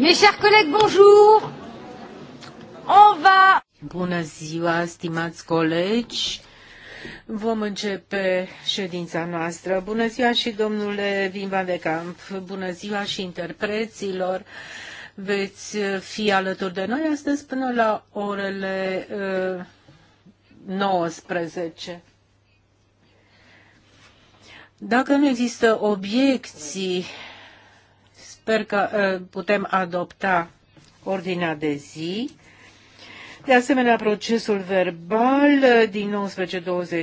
Mes chers collègues, bonjour. On va... Bună ziua, stimați colegi. Vom începe ședința noastră. Bună ziua și domnule Vin Van de Camp. Bună ziua și interpreților. Veți fi alături de noi astăzi până la orele uh, 19. Dacă nu există obiecții, Sper că uh, putem adopta ordinea de zi. De asemenea, procesul verbal uh, din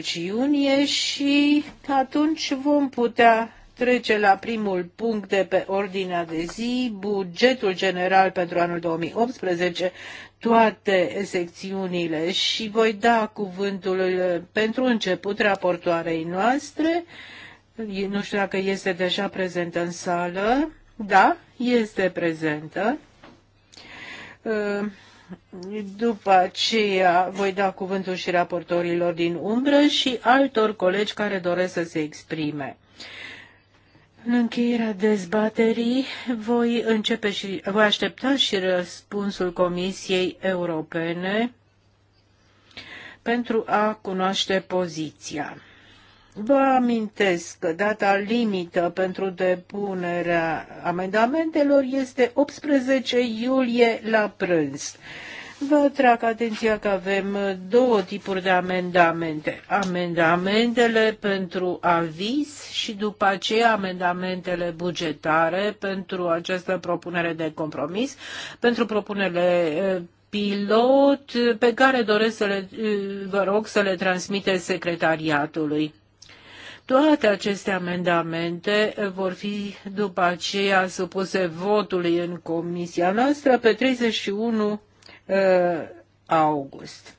19-20 iunie și atunci vom putea trece la primul punct de pe ordinea de zi, bugetul general pentru anul 2018, toate secțiunile și voi da cuvântul uh, pentru început raportoarei noastre. Nu știu dacă este deja prezentă în sală. Da, este prezentă. Uh, după aceea voi da cuvântul și raportorilor din umbră și altor colegi care doresc să se exprime. În încheierea dezbaterii voi începe și voi aștepta și răspunsul Comisiei Europene pentru a cunoaște poziția. Vă amintesc că data limită pentru depunerea amendamentelor este 18 iulie la prânz. Vă trag atenția că avem două tipuri de amendamente. Amendamentele pentru aviz și după aceea amendamentele bugetare pentru această propunere de compromis, pentru propunerile pilot pe care doresc să le, vă rog să le transmite secretariatului. Toate aceste amendamente vor fi după aceea supuse votului în comisia noastră pe 31 uh, august.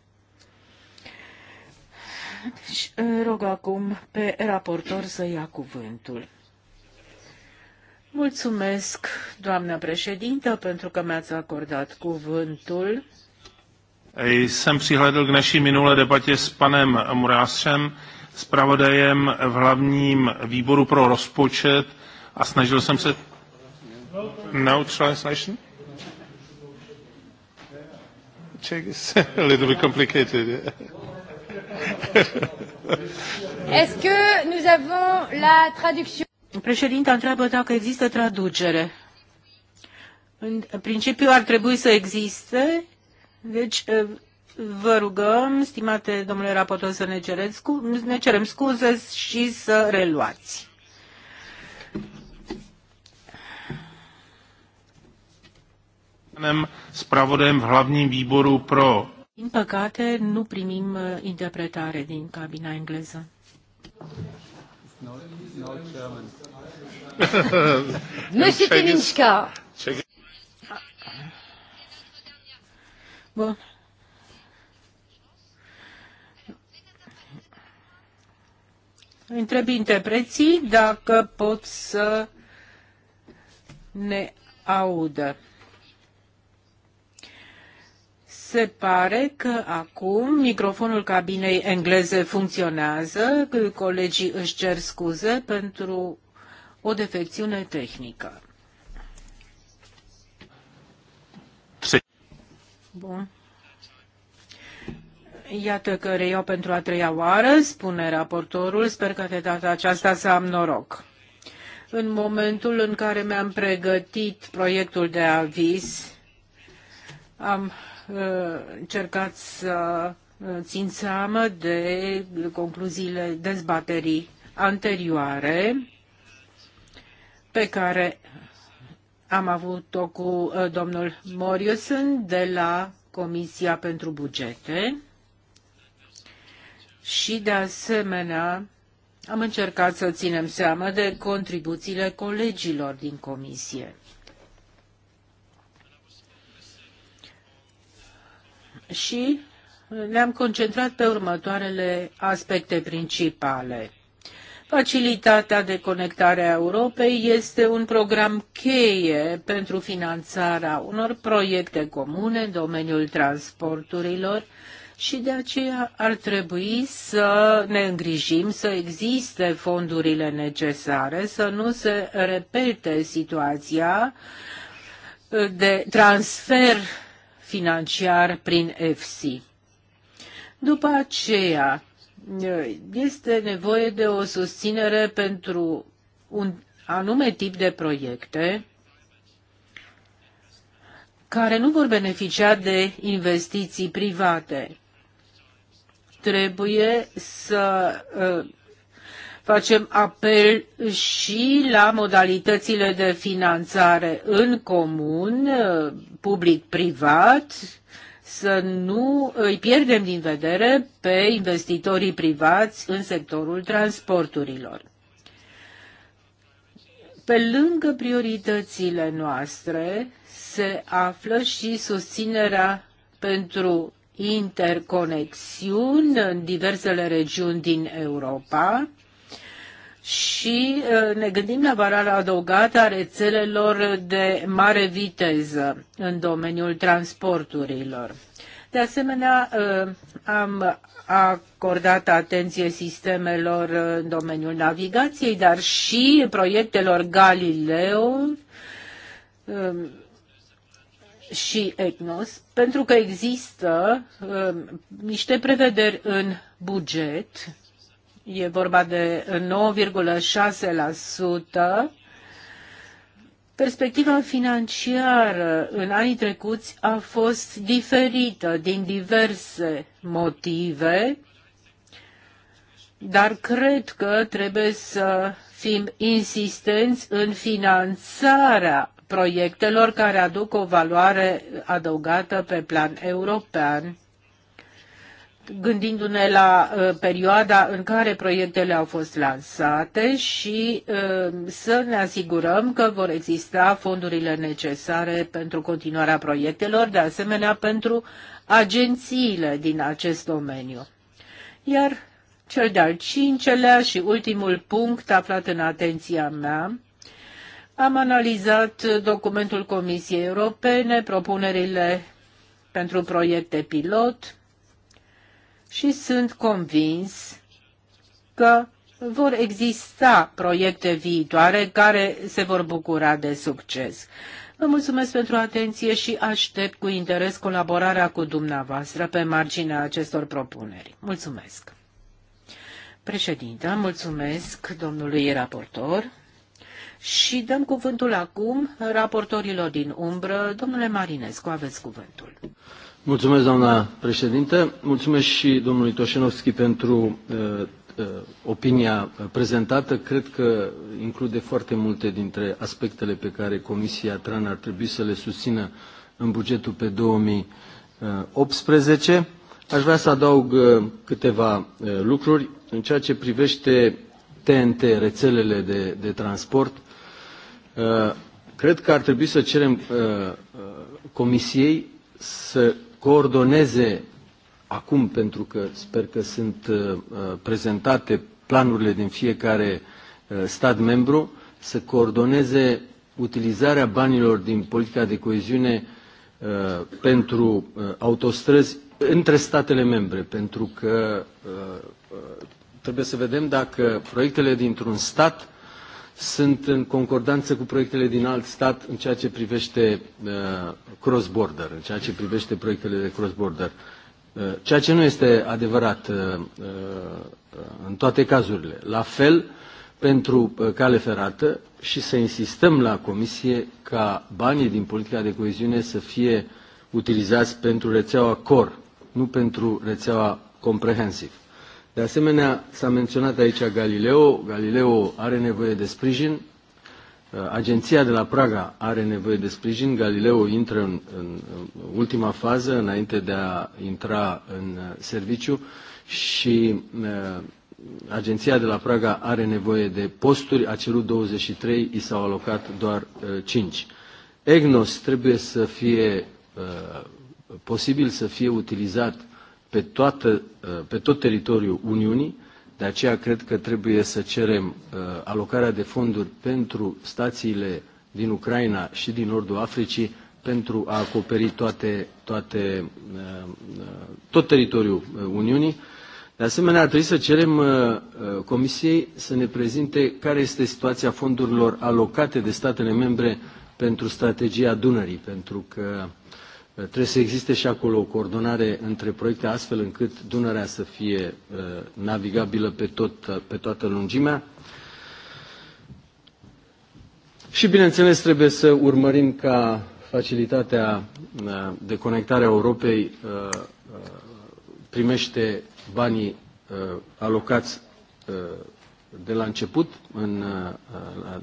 Deci, uh, rog acum pe raportor să ia cuvântul. Mulțumesc, doamnă președintă, pentru că mi-ați acordat cuvântul. Jsem přihlédl k naší minulé debatě s panem Murásem zpravodajem v hlavním výboru pro rozpočet a snažil jsem se... No translation? Czech is a little bit complicated. Est-ce que nous avons la traduction? Președinte întreabă dacă există traducere. În principiu ar trebui să existe, deci vă rugăm, stimate domnule raportor, să ne, cereți, ne cerem scuze și să reluați. Spravodajem v hlavním výboru pro. Din păcate, nu primim uh, interpretare din cabina engleză. Nu no nici Telinska. Bun. întreb interpreții dacă pot să ne audă. Se pare că acum microfonul cabinei engleze funcționează, colegii își cer scuze pentru o defecțiune tehnică. Bun. Iată că reiau pentru a treia oară, spune raportorul, sper că de data aceasta să am noroc. În momentul în care mi-am pregătit proiectul de aviz, am uh, încercat să uh, țin seama de concluziile dezbaterii anterioare pe care am avut-o cu uh, domnul Moriusen de la Comisia pentru Bugete și, de asemenea, am încercat să ținem seama de contribuțiile colegilor din comisie. Și ne-am concentrat pe următoarele aspecte principale. Facilitatea de conectare a Europei este un program cheie pentru finanțarea unor proiecte comune în domeniul transporturilor, și de aceea ar trebui să ne îngrijim să existe fondurile necesare, să nu se repete situația de transfer financiar prin EFSI. După aceea, este nevoie de o susținere pentru un anume tip de proiecte care nu vor beneficia de investiții private trebuie să uh, facem apel și la modalitățile de finanțare în comun, uh, public-privat, să nu îi pierdem din vedere pe investitorii privați în sectorul transporturilor. Pe lângă prioritățile noastre se află și susținerea pentru interconexiuni în diversele regiuni din Europa și uh, ne gândim la valoarea adăugată a rețelelor de mare viteză în domeniul transporturilor. De asemenea, uh, am acordat atenție sistemelor în domeniul navigației, dar și proiectelor Galileo, um, și EGNOS, pentru că există uh, niște prevederi în buget, e vorba de 9,6%, Perspectiva financiară în anii trecuți a fost diferită din diverse motive, dar cred că trebuie să fim insistenți în finanțarea proiectelor care aduc o valoare adăugată pe plan european, gândindu-ne la uh, perioada în care proiectele au fost lansate și uh, să ne asigurăm că vor exista fondurile necesare pentru continuarea proiectelor, de asemenea pentru agențiile din acest domeniu. Iar cel de-al cincelea și ultimul punct aflat în atenția mea am analizat documentul Comisiei Europene, propunerile pentru proiecte pilot și sunt convins că vor exista proiecte viitoare care se vor bucura de succes. Vă mulțumesc pentru atenție și aștept cu interes colaborarea cu dumneavoastră pe marginea acestor propuneri. Mulțumesc! Președinte, mulțumesc domnului raportor. Și dăm cuvântul acum raportorilor din umbră. Domnule Marinescu, aveți cuvântul. Mulțumesc, doamna președintă. Mulțumesc și domnului Toșenovski pentru uh, uh, opinia prezentată. Cred că include foarte multe dintre aspectele pe care Comisia TRAN ar trebui să le susțină în bugetul pe 2018. Uh, Aș vrea să adaug uh, câteva lucruri. În ceea ce privește TNT, rețelele de, de transport, Uh, cred că ar trebui să cerem uh, uh, Comisiei să coordoneze acum, pentru că sper că sunt prezentate planurile din fiecare stat membru, să coordoneze utilizarea banilor din politica de coeziune pentru autostrăzi între statele membre, pentru că trebuie să vedem dacă proiectele dintr-un stat sunt în concordanță cu proiectele din alt stat în ceea ce privește uh, cross-border, în ceea ce privește proiectele de cross-border. Uh, ceea ce nu este adevărat uh, în toate cazurile. La fel, pentru cale ferată și să insistăm la Comisie ca banii din politica de coeziune să fie utilizați pentru rețeaua core, nu pentru rețeaua comprehensive. De asemenea, s-a menționat aici Galileo. Galileo are nevoie de sprijin. Uh, agenția de la Praga are nevoie de sprijin. Galileo intră în, în ultima fază, înainte de a intra în uh, serviciu și uh, agenția de la Praga are nevoie de posturi, a cerut 23, i s-au alocat doar 5. EGNOS trebuie să fie posibil să fie utilizat pe, toată, uh, pe tot teritoriul Uniunii, de aceea cred că trebuie să cerem uh, alocarea de fonduri pentru stațiile din Ucraina și din Nordul Africii pentru a acoperi toate, toate, uh, tot teritoriul Uniunii. De asemenea, ar trebui să cerem Comisiei să ne prezinte care este situația fondurilor alocate de statele membre pentru strategia Dunării, pentru că uh, Uh, trebuie să existe și acolo o coordonare între proiecte astfel încât Dunărea să fie uh, navigabilă pe, tot, pe toată lungimea. Și, bineînțeles, trebuie să urmărim ca facilitatea uh, de conectare a Europei primește banii alocați de la, început, în,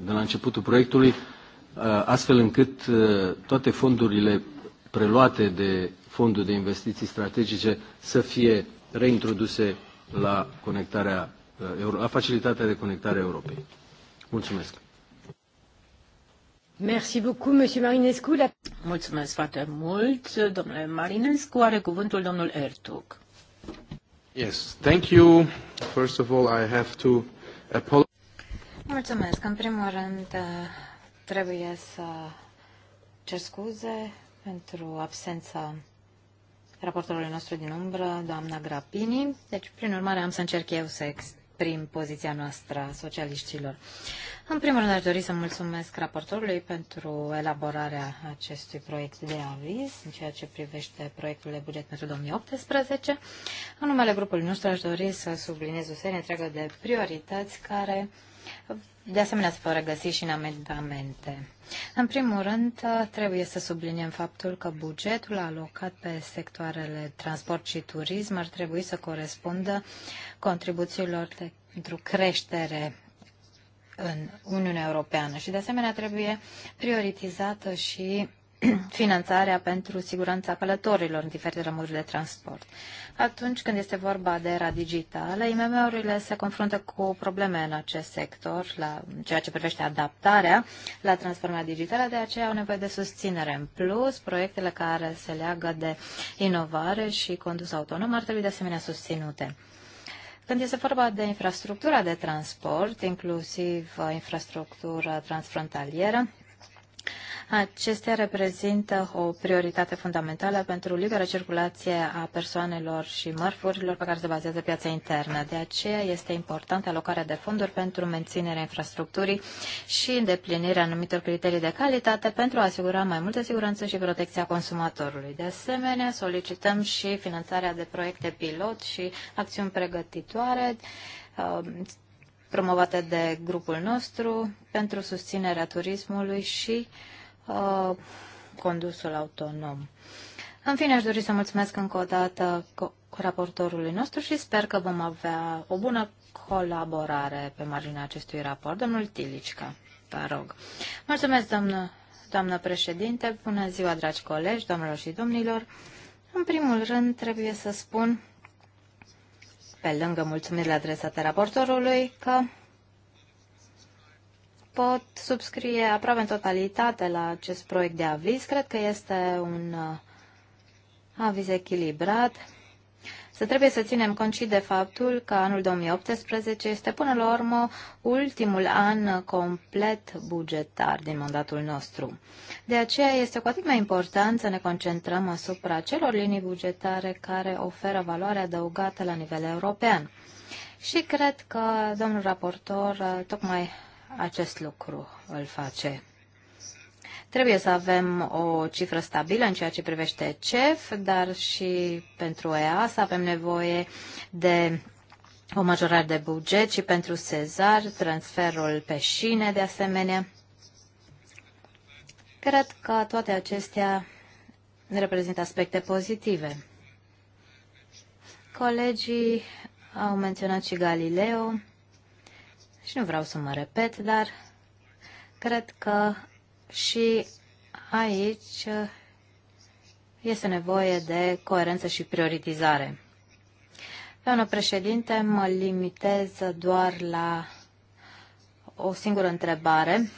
de la începutul proiectului, astfel încât toate fondurile preluate de Fondul de Investiții Strategice să fie reintroduse la, conectarea, uh, la facilitatea de conectare a Europei. Mulțumesc! Merci beaucoup, Monsieur Marinescu. La... Mulțumesc foarte mult, domnule Marinescu. Are cuvântul domnul Ertug. Yes, thank you. First of all, I have to apologize. Mulțumesc. În primul rând, trebuie să cer scuze pentru absența raportorului nostru din umbră, doamna Grapini. Deci, prin urmare, am să încerc eu să exprim poziția noastră a socialiștilor. În primul rând, aș dori să mulțumesc raportorului pentru elaborarea acestui proiect de aviz în ceea ce privește proiectul de buget pentru 2018. În numele grupului nostru aș dori să subliniez o serie întreagă de priorități care uh, de asemenea, se vor regăsi și în amendamente. În primul rând, trebuie să subliniem faptul că bugetul alocat pe sectoarele transport și turism ar trebui să corespundă contribuțiilor pentru creștere în Uniunea Europeană și, de asemenea, trebuie prioritizată și finanțarea pentru siguranța călătorilor în diferite ramuri de transport. Atunci când este vorba de era digitală, IMM-urile se confruntă cu probleme în acest sector, la ceea ce privește adaptarea la transformarea digitală, de aceea au nevoie de susținere. În plus, proiectele care se leagă de inovare și condus autonom ar trebui de asemenea susținute. Când este vorba de infrastructura de transport, inclusiv infrastructura transfrontalieră, Acestea reprezintă o prioritate fundamentală pentru libera circulație a persoanelor și mărfurilor pe care se bazează piața internă. De aceea este importantă alocarea de fonduri pentru menținerea infrastructurii și îndeplinirea anumitor criterii de calitate pentru a asigura mai multă siguranță și protecția consumatorului. De asemenea, solicităm și finanțarea de proiecte pilot și acțiuni pregătitoare um, promovate de grupul nostru pentru susținerea turismului și uh, uh, condusul autonom. În fine, aș dori să mulțumesc încă o dată cu raportorului nostru și sper că vom avea o bună colaborare pe marginea acestui raport. Domnul Tilicica, vă rog. Mulțumesc, doamnă, doamnă președinte. Bună ziua, dragi colegi, domnilor și domnilor. În primul rând, trebuie să spun, pe lângă mulțumirile adresate raportorului, că pot subscrie aproape în totalitate la acest proiect de aviz. Cred că este un uh, aviz echilibrat. Se trebuie să ținem cont și de faptul că anul 2018 este până la urmă ultimul an complet bugetar din mandatul nostru. De aceea este cu atât mai important să ne concentrăm asupra celor linii bugetare care oferă valoare adăugată la nivel european. Și cred că domnul raportor uh, tocmai acest lucru îl face. Trebuie să avem o cifră stabilă în ceea ce privește CEF, dar și pentru EAS avem nevoie de o majorare de buget și pentru Cezar, transferul pe șine de asemenea. Cred că toate acestea reprezintă aspecte pozitive. Colegii au menționat și Galileo. Și nu vreau să mă repet, dar cred că și aici este nevoie de coerență și prioritizare. Doamnă președinte, mă limitez doar la o singură întrebare,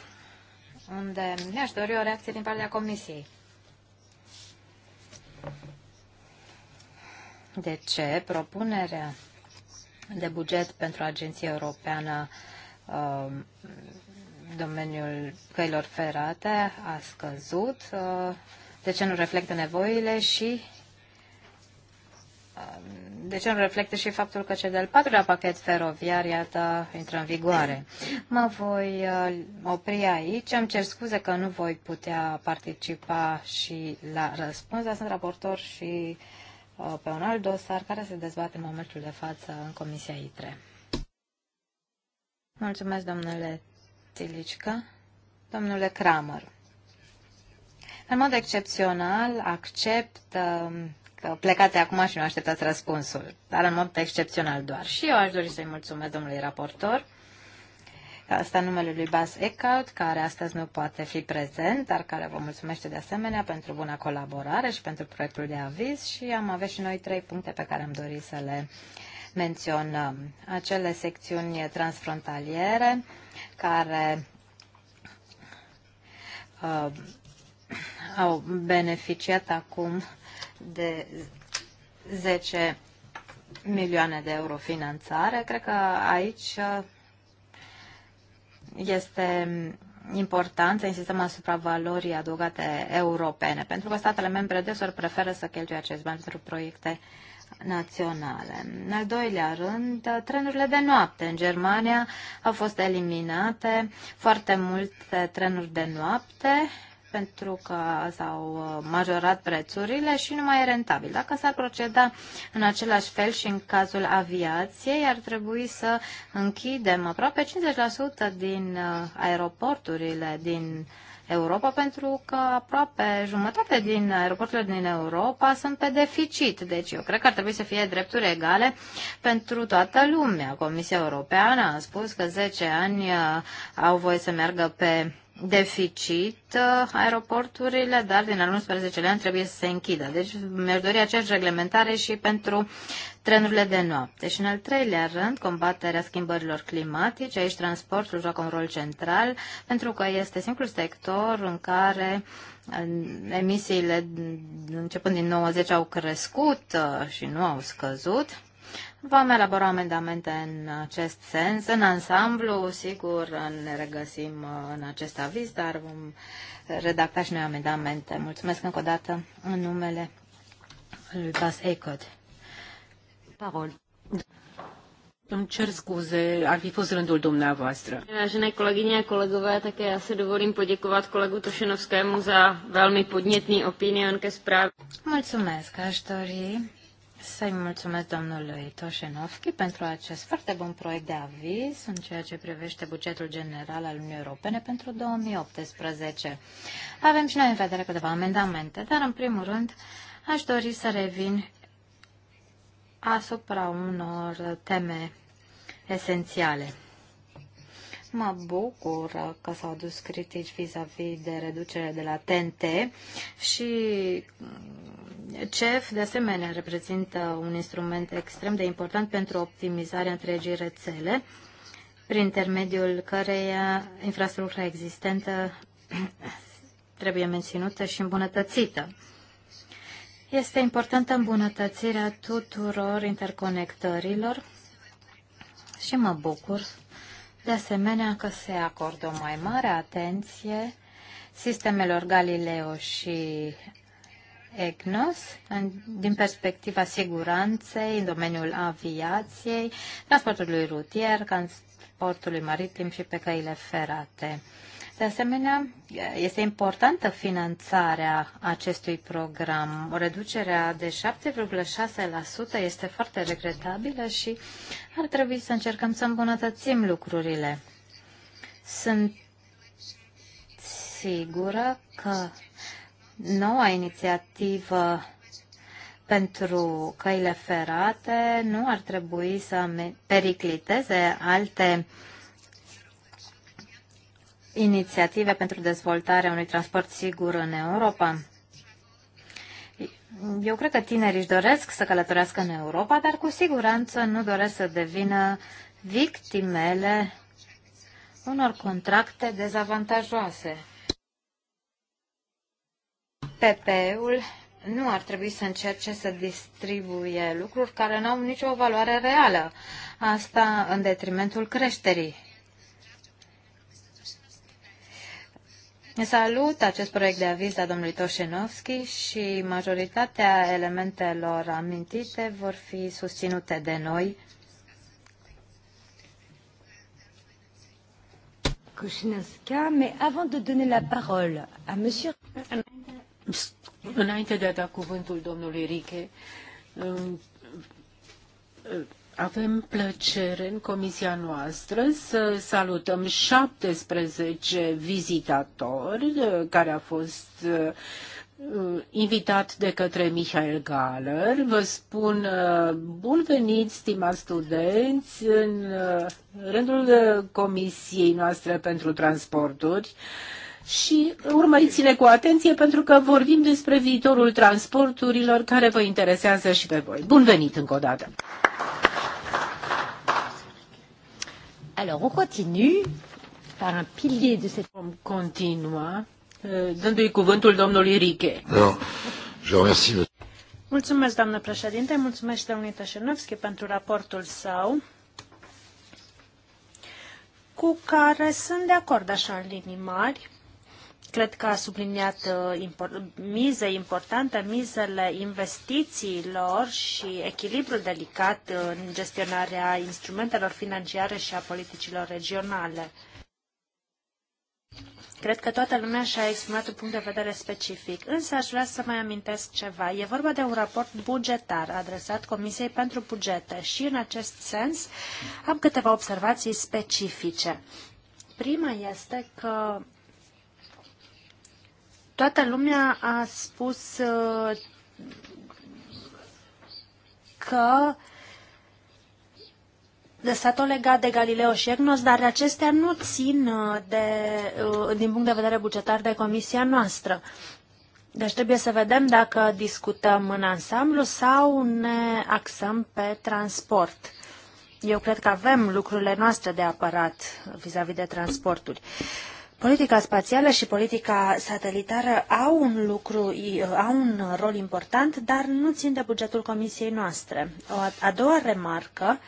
unde mi-aș dori o reacție din partea Comisiei. De ce propunerea de buget pentru Agenția Europeană uh, Um, domeniul căilor ferate a scăzut, uh, de ce nu reflectă nevoile și um, de ce nu reflectă și faptul că cel de-al patrulea pachet feroviar, iată, intră în vigoare. Mă voi uh, opri aici. Îmi cer scuze că nu voi putea participa și la răspuns, dar sunt raportor și uh, pe un alt dosar care se dezbate în momentul de față în Comisia ITRE. Mulțumesc, domnule Tilicica. Domnule Kramer. În mod excepțional, accept um, că plecate acum și nu așteptați răspunsul, dar în mod excepțional doar. Și eu aș dori să-i mulțumesc domnului raportor, asta numele lui Bas Eckhout, care astăzi nu poate fi prezent, dar care vă mulțumește de asemenea pentru buna colaborare și pentru proiectul de aviz și am avut și noi trei puncte pe care am dorit să le menționăm. Acele secțiuni transfrontaliere care uh, au beneficiat acum de 10 milioane de euro finanțare. Cred că aici uh, este important să insistăm asupra valorii adăugate europene, pentru că statele membre desor preferă să cheltuie acest bani pentru proiecte uh, naționale. În al doilea rând, trenurile de noapte. În Germania au fost eliminate foarte multe trenuri de noapte pentru că s-au uh, majorat prețurile și nu mai e rentabil. Dacă s-ar proceda în același fel și în cazul aviației, ar trebui să închidem aproape 50% din uh, aeroporturile din Europa, pentru că aproape jumătate din aeroporturile din Europa sunt pe deficit. Deci eu cred că ar trebui să fie drepturi egale pentru toată lumea. Comisia Europeană a spus că 10 ani uh, au voie să meargă pe deficit uh, aeroporturile, dar din al 11-lea an trebuie să se închidă. Deci mi-aș dori aceeași reglementare și pentru trenurile de noapte. Și în al treilea rând, combaterea schimbărilor climatice. Aici transportul joacă un rol central pentru că este singurul sector în care emisiile începând din 90 au crescut uh, și nu au scăzut. Vom elabora amendamente în acest sens. În ansamblu, sigur, ne regăsim în acest aviz, dar vom redacta și noi amendamente. Mulțumesc încă o dată în numele lui Bas Ecod. Parol. Îmi cer scuze, ar fi fost rândul dumneavoastră. Vážené kolegyně a kolegové, také já se dovolím poděkovat kolegu Tošenovskému za velmi podnětný opinion ke zprávě. Mulțumesc, aș dori să-i mulțumesc domnului Toșenovski pentru acest foarte bun proiect de aviz în ceea ce privește bugetul general al Uniunii Europene pentru 2018. Avem și noi în vedere câteva amendamente, dar în primul rând aș dori să revin asupra unor teme esențiale. Mă bucur că s-au dus critici vis-a-vis -vis de reducere de la TNT și CEF, de asemenea, reprezintă un instrument extrem de important pentru optimizarea întregii rețele, prin intermediul căreia infrastructura existentă trebuie menținută și îmbunătățită. Este importantă îmbunătățirea tuturor interconectărilor și mă bucur de asemenea că se acordă o mai mare atenție sistemelor Galileo și EGNOS în, din perspectiva siguranței în domeniul aviației, transportului rutier, transportului maritim și pe căile ferate. De asemenea, este importantă finanțarea acestui program. O reducere de 7,6% este foarte regretabilă și ar trebui să încercăm să îmbunătățim lucrurile. Sunt sigură că noua inițiativă pentru căile ferate nu ar trebui să pericliteze alte inițiative pentru dezvoltarea unui transport sigur în Europa. Eu cred că tinerii își doresc să călătorească în Europa, dar cu siguranță nu doresc să devină victimele unor contracte dezavantajoase. PP-ul nu ar trebui să încerce să distribuie lucruri care nu au nicio valoare reală. Asta în detrimentul creșterii. Salut acest proiect de aviz la domnului Toșenovski și majoritatea elementelor amintite vor fi susținute de noi. Kouchinska, mai avant de donner la parole a monsieur... Înainte de a da cuvântul domnului Riche, avem plăcere în comisia noastră să salutăm 17 vizitatori care a fost uh, invitat de către Michael Galer. Vă spun uh, bun venit, stimați studenți, în uh, rândul comisiei noastre pentru transporturi și urmăriți-le cu atenție pentru că vorbim despre viitorul transporturilor care vă interesează și pe voi. Bun venit încă o dată! Alors, on continue par un pilier de cette... On continua eh, dându-i cuvântul domnului Riche. Je remercie. Mulțumesc, doamnă președinte, mulțumesc domnului Tășenovski pentru raportul său cu care sunt de acord așa în linii mari. Cred că a subliniat uh, import, mize importante, mizele investițiilor și echilibrul delicat în gestionarea instrumentelor financiare și a politicilor regionale. Cred că toată lumea și-a exprimat un punct de vedere specific, însă aș vrea să mai amintesc ceva. E vorba de un raport bugetar adresat Comisiei pentru Bugete și, în acest sens, am câteva observații specifice. Prima este că Toată lumea a spus uh, că de statul legat de Galileo și EGNOS, dar acestea nu țin uh, de, uh, din punct de vedere bugetar de comisia noastră. Deci trebuie să vedem dacă discutăm în ansamblu sau ne axăm pe transport. Eu cred că avem lucrurile noastre de apărat vis-a-vis -vis de transporturi. Uh, Politica spațială și politica satelitară au un lucru, au un rol important, dar nu țin de bugetul comisiei noastre. O a doua remarcă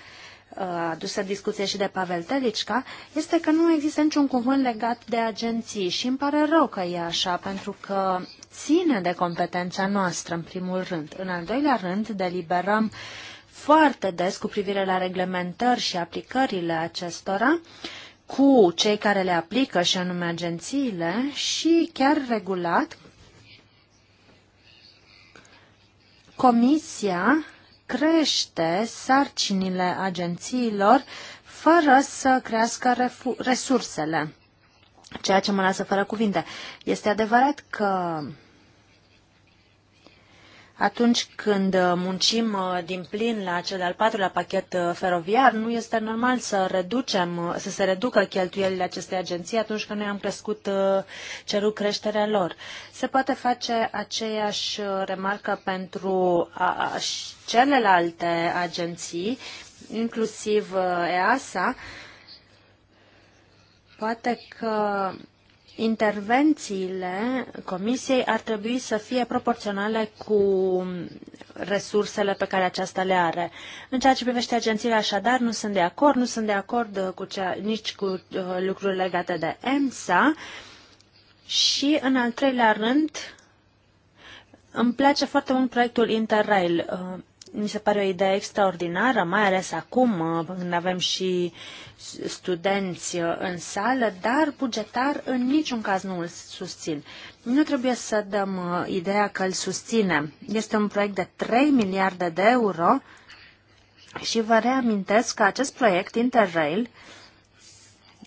uh, adusă discuție și de Pavel Telicca, este că nu există niciun cuvânt legat de agenții și îmi pare rău că e așa, pentru că ține de competența noastră, în primul rând. În al doilea rând, deliberăm foarte des cu privire la reglementări și aplicările acestora cu cei care le aplică, și anume agențiile, și chiar regulat Comisia crește sarcinile agențiilor fără să crească resursele. Ceea ce mă lasă fără cuvinte. Este adevărat că atunci când uh, muncim uh, din plin la cel de-al patrulea pachet uh, feroviar, nu este normal să reducem, să se reducă cheltuielile acestei agenții atunci când noi am crescut cerul creșterea lor. Se poate face aceeași remarcă pentru a, celelalte agenții, inclusiv EASA. Poate că intervențiile Comisiei ar trebui să fie proporționale cu resursele pe care aceasta le are. În ceea ce privește agențiile, așadar, nu sunt de acord, nu sunt de acord uh, cu cea, nici cu uh, lucruri legate de EMSA și, în al treilea rând, îmi place foarte mult proiectul Interrail. Uh, mi se pare o idee extraordinară, mai ales acum uh, când avem și studenți uh, în sală, dar bugetar în niciun caz nu îl susțin. Nu trebuie să dăm uh, ideea că îl susținem. Este un proiect de 3 miliarde de euro și vă reamintesc că acest proiect Interrail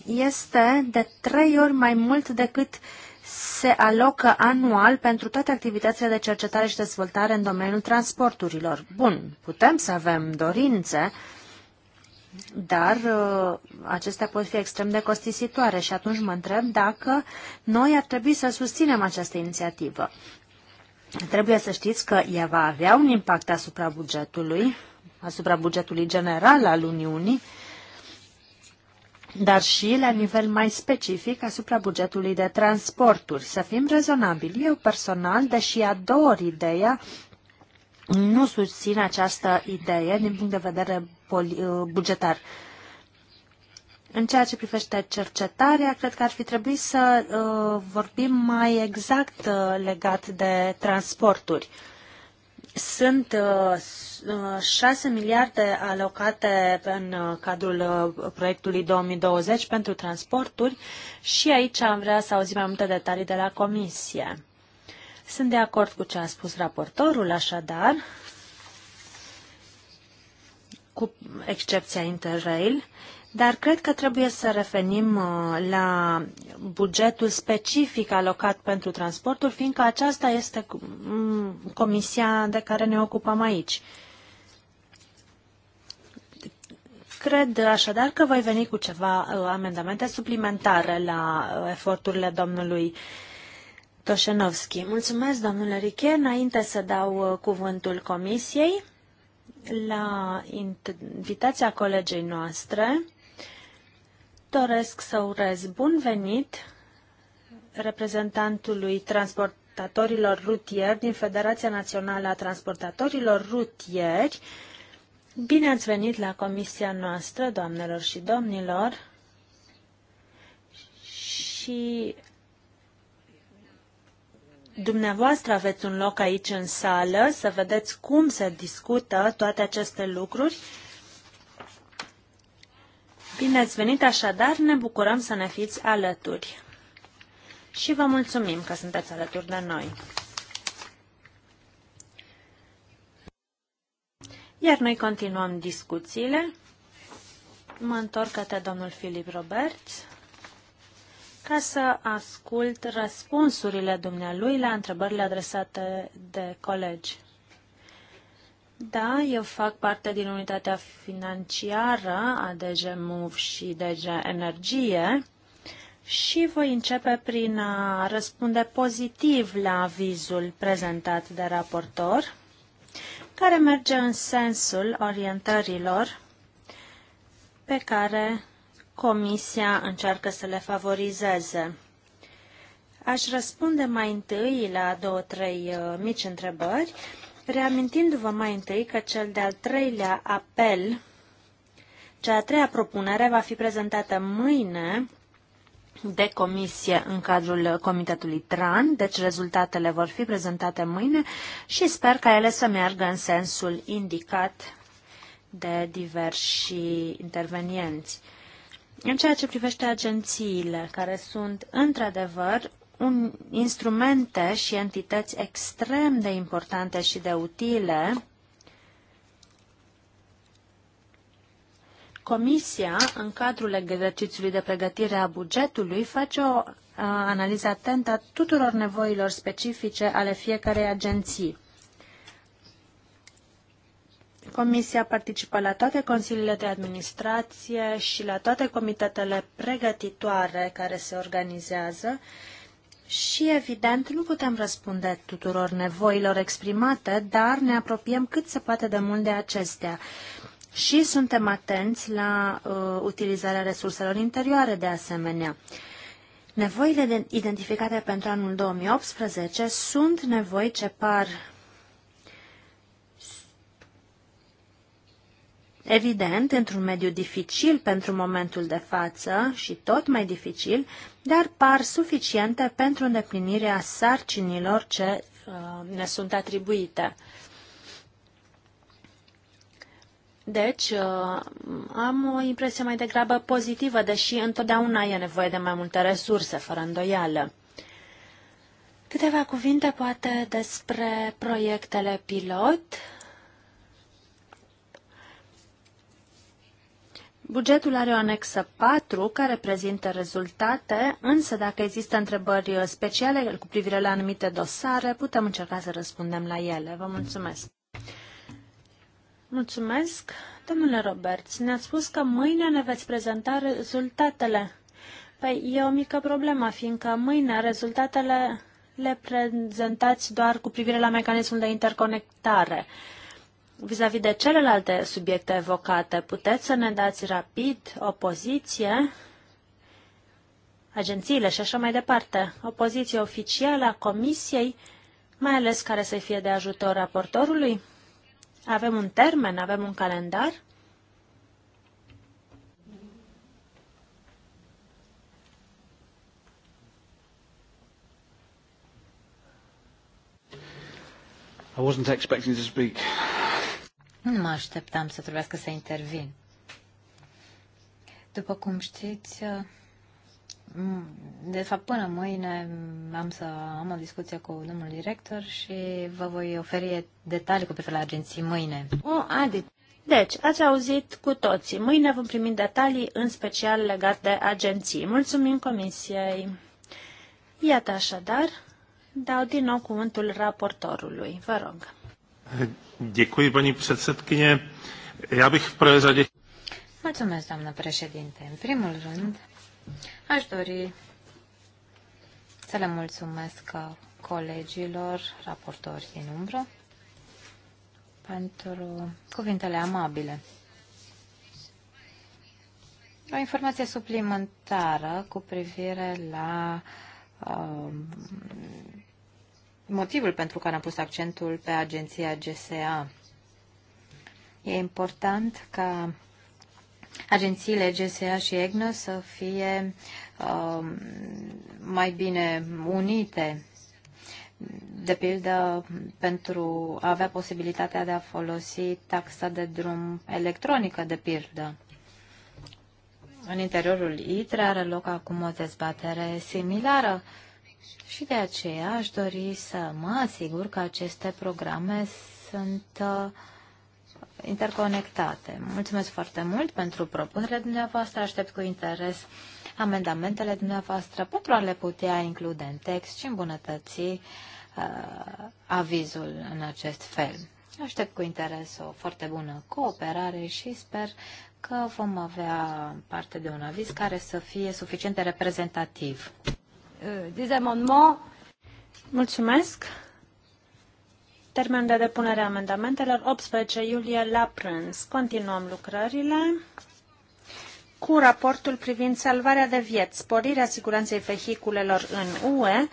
este de trei ori mai mult decât uh, se alocă anual pentru toate activitățile de cercetare și dezvoltare în domeniul transporturilor. Bun, putem să avem dorințe, dar uh, acestea pot fi extrem de costisitoare și atunci mă întreb dacă noi ar trebui să susținem această inițiativă. Trebuie să știți că ea va avea un impact asupra bugetului, asupra bugetului general al Uniunii, dar și la nivel mai specific asupra bugetului de transporturi. Să fim rezonabili. Eu personal, deși ador ideea, nu susțin această idee din punct de vedere uh, bugetar. În ceea ce privește cercetarea, cred că ar fi trebuit să uh, vorbim mai exact uh, legat de transporturi. Uh, sunt 6 uh, uh, miliarde alocate în uh, cadrul proiectului 2020 pentru transporturi și aici am vrea să auzim mai multe detalii de la Comisie. Sunt de acord cu ce a spus raportorul, așadar, cu excepția Interrail dar cred că trebuie să revenim uh, la bugetul specific alocat pentru transportul, fiindcă aceasta este mm, comisia de care ne ocupăm aici. Cred așadar că voi veni cu ceva uh, amendamente suplimentare la uh, eforturile domnului Toșenovski. Mulțumesc, domnule Riche. Înainte să dau cuvântul comisiei, la invitația colegei noastre, doresc să urez bun venit reprezentantului transportatorilor rutieri din Federația Națională a Transportatorilor Rutieri. Bine ați venit la comisia noastră, doamnelor și domnilor. Și dumneavoastră aveți un loc aici în sală să vedeți cum se discută toate aceste lucruri Bine ați venit așadar, ne bucurăm să ne fiți alături. Și vă mulțumim că sunteți alături de noi. Iar noi continuăm discuțiile. Mă întorc către domnul Filip Roberts ca să ascult răspunsurile dumnealui la întrebările adresate de colegi. Da, eu fac parte din unitatea financiară a DG Move și DG Energie și voi începe prin a răspunde pozitiv la avizul prezentat de raportor, care merge în sensul orientărilor pe care Comisia încearcă să le favorizeze. Aș răspunde mai întâi la două, trei uh, mici întrebări Reamintindu-vă mai întâi că cel de-al treilea apel, cea a treia propunere va fi prezentată mâine de comisie în cadrul Comitetului TRAN, deci rezultatele vor fi prezentate mâine și sper ca ele să meargă în sensul indicat de diversi intervenienți. În ceea ce privește agențiile, care sunt într-adevăr un, instrumente și entități extrem de importante și de utile, Comisia, în cadrul exercițiului de pregătire a bugetului, face o analiză atentă a tuturor nevoilor specifice ale fiecarei agenții. Comisia participă la toate consiliile de administrație și la toate comitetele pregătitoare care se organizează și, evident, nu putem răspunde tuturor nevoilor exprimate, dar ne apropiem cât se poate de mult de acestea. Și suntem atenți la uh, utilizarea resurselor interioare, de asemenea. Nevoile identificate pentru anul 2018 sunt nevoi ce par Evident, într-un mediu dificil pentru momentul de față și tot mai dificil, dar par suficiente pentru îndeplinirea sarcinilor ce uh, ne sunt atribuite. Deci, uh, am o impresie mai degrabă pozitivă, deși întotdeauna e nevoie de mai multe resurse, fără îndoială. Câteva cuvinte poate despre proiectele pilot Bugetul are o anexă 4 care prezintă rezultate, însă dacă există întrebări speciale cu privire la anumite dosare, putem încerca să răspundem la ele. Vă mulțumesc! Mulțumesc! Domnule Robert. ne a spus că mâine ne veți prezenta rezultatele. Păi e o mică problemă, fiindcă mâine rezultatele le prezentați doar cu privire la mecanismul de interconectare. Uh, Vis-a-vis -vis de celelalte subiecte evocate, puteți să ne dați rapid o poziție, agențiile și așa mai departe, o poziție oficială a Comisiei, mai ales care să fie de ajutor raportorului? Avem un termen, avem un calendar? I wasn't expecting to speak. Nu mă așteptam să trebuiască să intervin. După cum știți, de fapt până mâine am să am o discuție cu domnul director și vă voi oferi detalii cu privire la agenții mâine. O, oh, Adi. Deci, ați auzit cu toții. Mâine vom primi detalii, în special legate de agenții. Mulțumim Comisiei. Iată așadar, dau din nou cuvântul raportorului. Vă rog. Eh, Děkuji, paní předsedkyně. Já bych v prvé řadě... Mulțumesc, doamnă președinte. În primul rând, aș dori să le mulțumesc colegilor, raportori din umbră, pentru cuvintele amabile. O informație suplimentară cu privire la uh, motivul pentru care am pus accentul pe agenția GSA. E important ca agențiile GSA și EGNO să fie uh, mai bine unite, de pildă pentru a avea posibilitatea de a folosi taxa de drum electronică, de pildă. În interiorul ITRE are loc acum o dezbatere similară și de aceea aș dori să mă asigur că aceste programe sunt uh, interconectate. Mulțumesc foarte mult pentru propunerea dumneavoastră. Aștept cu interes amendamentele dumneavoastră pentru a le putea include în text și îmbunătăți uh, avizul în acest fel. Aștept cu interes o foarte bună cooperare și sper că vom avea parte de un aviz care să fie suficient de reprezentativ. Euh, des amendements. Mulțumesc. Termen de depunere a amendamentelor 18 iulie la prânz. Continuăm lucrările cu raportul privind salvarea de vieți, sporirea siguranței vehiculelor în UE,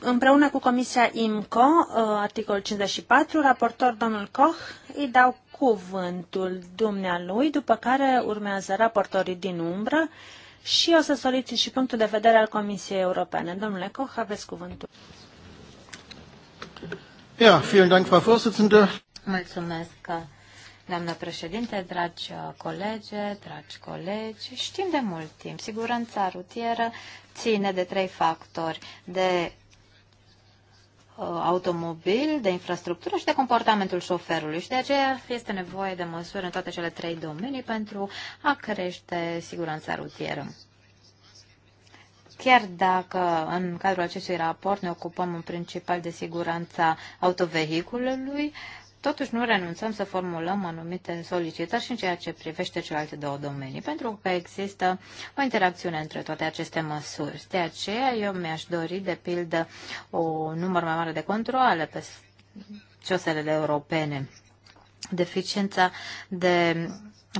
împreună cu Comisia IMCO, uh, articol 54, raportor domnul Koch, îi dau cuvântul dumnealui, după care urmează raportorii din umbră și o să solicit și punctul de vedere al Comisiei Europene. Domnule Koch, aveți cuvântul. Ja, vielen Dank, Frau Vorsitzende. Mulțumesc, doamnă președinte, dragi colegi, dragi colegi. Știm de mult timp, siguranța rutieră ține de trei factori, de Uh, automobil, de infrastructură și de comportamentul șoferului. Și de aceea este nevoie de măsuri în toate cele trei domenii pentru a crește siguranța rutieră. Chiar dacă în cadrul acestui raport ne ocupăm în principal de siguranța autovehiculului, Totuși nu renunțăm să formulăm anumite solicitări și în ceea ce privește celelalte două domenii, pentru că există o interacțiune între toate aceste măsuri. De aceea eu mi-aș dori, de pildă, o număr mai mare de controle pe ciosele europene. Deficiența de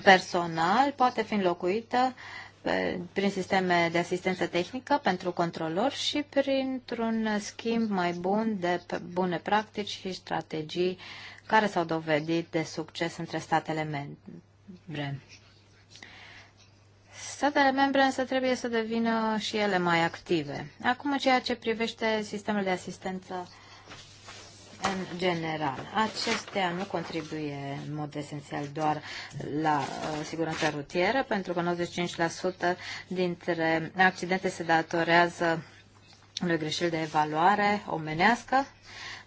personal poate fi înlocuită prin sisteme de asistență tehnică pentru controlori și printr-un schimb mai bun de bune practici și strategii care s-au dovedit de succes între statele membre. Statele membre însă trebuie să devină și ele mai active. Acum, ceea ce privește sistemul de asistență în general. Acestea nu contribuie în mod esențial doar la uh, siguranța rutieră, pentru că 95% dintre accidente se datorează unui greșel de evaluare omenească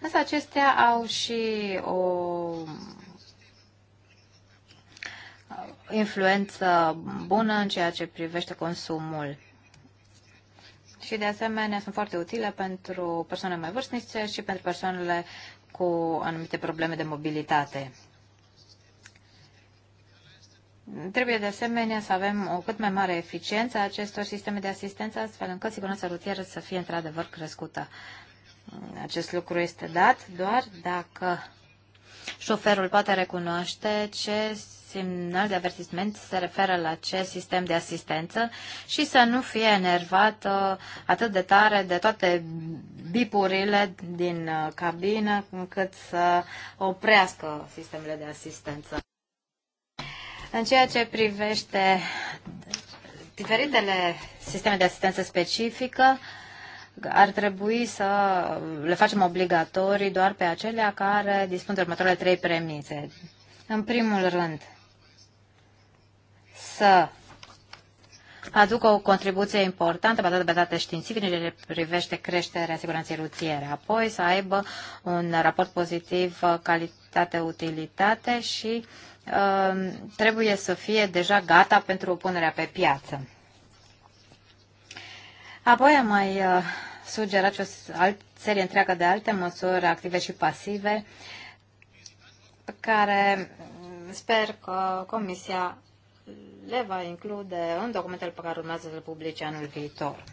Însă acestea au și o influență bună în ceea ce privește consumul. Și de asemenea sunt foarte utile pentru persoane mai vârstnice și pentru persoanele cu anumite probleme de mobilitate. Trebuie de asemenea să avem o cât mai mare eficiență a acestor sisteme de asistență, astfel încât siguranța rutieră să fie într-adevăr crescută. Acest lucru este dat doar dacă șoferul poate recunoaște ce semnal de avertisment se referă la ce sistem de asistență și să nu fie enervat uh, atât de tare de toate bipurile din uh, cabină încât să oprească sistemele de asistență. În ceea ce privește diferitele sisteme de asistență specifică, ar trebui să le facem obligatorii doar pe acelea care dispun de următoarele trei premise. În primul rând, să aducă o contribuție importantă bazată pe date științifice în ce privește creșterea siguranței rutiere, apoi să aibă un raport pozitiv uh, calitate-utilitate și uh, trebuie să fie deja gata pentru punerea pe piață. Apoi am mai uh, sugerat o serie întreagă de alte măsuri active și pasive care mm, sper că Comisia le va include în documentele pe care urmează să le publice anul viitor.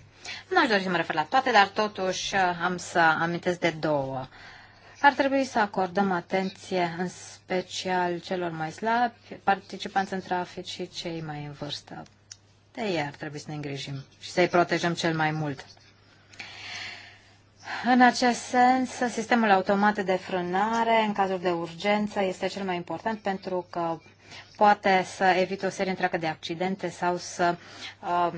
Nu aș dori să mă refer la toate, dar totuși uh, am să amintesc de două. Ar trebui să acordăm atenție în special celor mai slabi, participanți în trafic și cei mai în vârstă de ei ar trebui să ne îngrijim și să-i protejăm cel mai mult. În acest sens, sistemul automat de frânare în cazul de urgență este cel mai important pentru că poate să evite o serie întreagă de accidente sau să uh,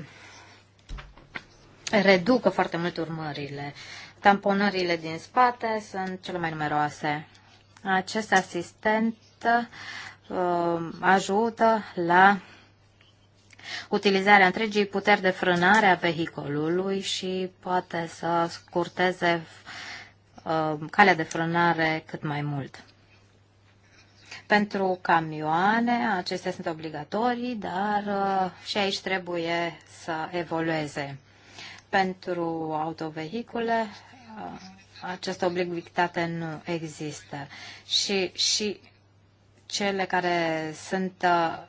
reducă foarte mult urmările. Tamponările din spate sunt cele mai numeroase. Acest asistent uh, ajută la utilizarea întregii puteri de frânare a vehiculului și poate să scurteze uh, calea de frânare cât mai mult. Pentru camioane, acestea sunt obligatorii, dar uh, și aici trebuie să evolueze. Pentru autovehicule, uh, această obligativitate nu există. Și, și cele care sunt uh,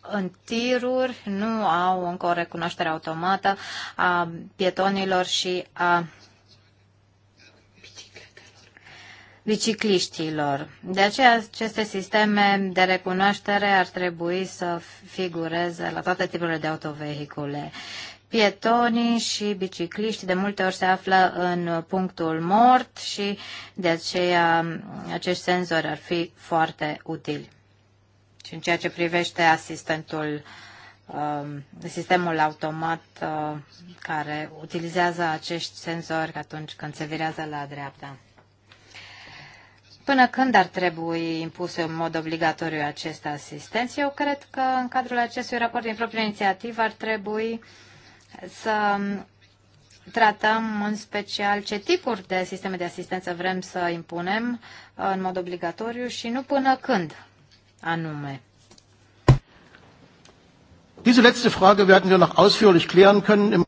în tiruri nu au încă o recunoaștere automată a pietonilor și a bicicliștilor. De aceea, aceste sisteme de recunoaștere ar trebui să figureze la toate tipurile de autovehicule. Pietonii și bicicliștii de multe ori se află în punctul mort și de aceea acești senzori ar fi foarte utili. Și deci, în ceea ce privește asistentul, um, sistemul automat uh, care utilizează acești senzori atunci când se virează la dreapta. Până când ar trebui impus în mod obligatoriu acest asistenți? Eu cred că în cadrul acestui raport din proprie inițiativă ar trebui să um, tratăm în special ce tipuri de sisteme de asistență vrem să impunem uh, în mod obligatoriu și nu până când anume. Diese letzte Frage werden wir noch ausführlich klären können. Im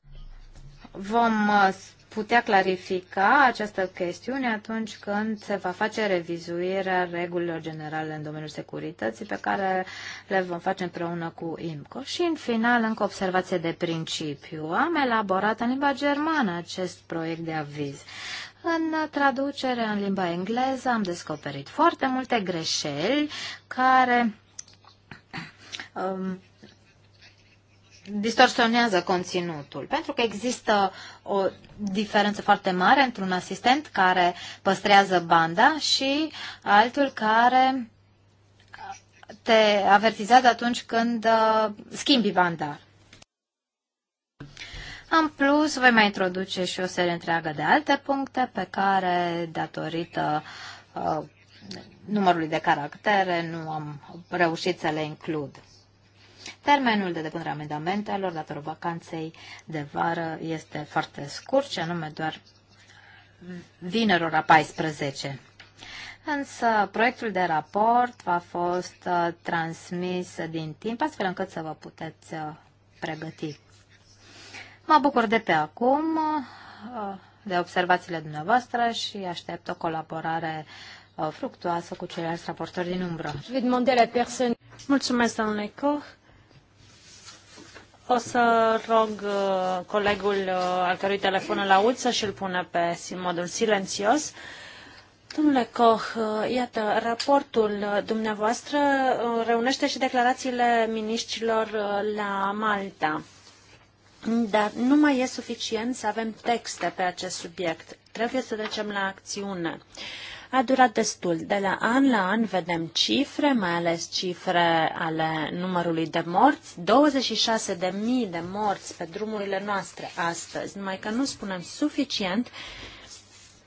Vom uh, putea clarifica această chestiune atunci când se va face revizuirea regulilor generale în domeniul securității pe care le vom face împreună cu IMCO. Și în final, încă observație de principiu. Am elaborat în limba germană acest proiect de aviz. În traducere în limba engleză am descoperit foarte multe greșeli care um, distorsionează conținutul, pentru că există o diferență foarte mare între un asistent care păstrează banda și altul care te avertizează atunci când uh, schimbi banda. În plus, voi mai introduce și o serie întreagă de alte puncte pe care, datorită uh, numărului de caractere, nu am reușit să le includ. Termenul de depunere a amendamentelor datorită vacanței de vară este foarte scurt, și anume doar vineri ora 14. Însă proiectul de raport a fost uh, transmis din timp, astfel încât să vă puteți uh, pregăti. Mă bucur de pe acum uh, de observațiile dumneavoastră și aștept o colaborare uh, fructuoasă cu ceilalți raportori din umbră. Mulțumesc, domnule Koch. O să rog uh, colegul al cărui telefon îl aud să și-l pună pe modul silențios. Domnule Koch, iată, raportul dumneavoastră reunește și declarațiile miniștilor la Malta. Dar nu mai e suficient să avem texte pe acest subiect. Trebuie să trecem la acțiune. A durat destul. De la an la an vedem cifre, mai ales cifre ale numărului de morți. 26.000 de morți pe drumurile noastre astăzi. Numai că nu spunem suficient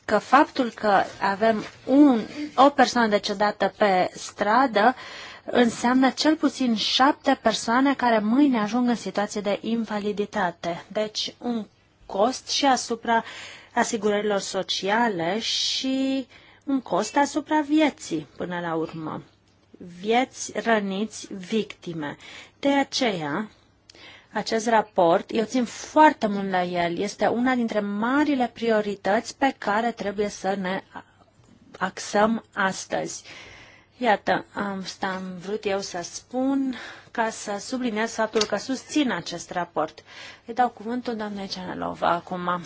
că faptul că avem un, o persoană decedată pe stradă uh, înseamnă cel puțin șapte persoane care mâine ajung în situație de invaliditate. Deci un cost și asupra asigurărilor sociale și un cost asupra vieții până la urmă. Vieți răniți, victime. De aceea, acest raport, eu țin foarte mult la el, este una dintre marile priorități pe care trebuie să ne axăm astăzi. Iată, asta am vrut eu să spun ca să subliniez faptul că susțin acest raport. Îi dau cuvântul doamnei Cianelova acum.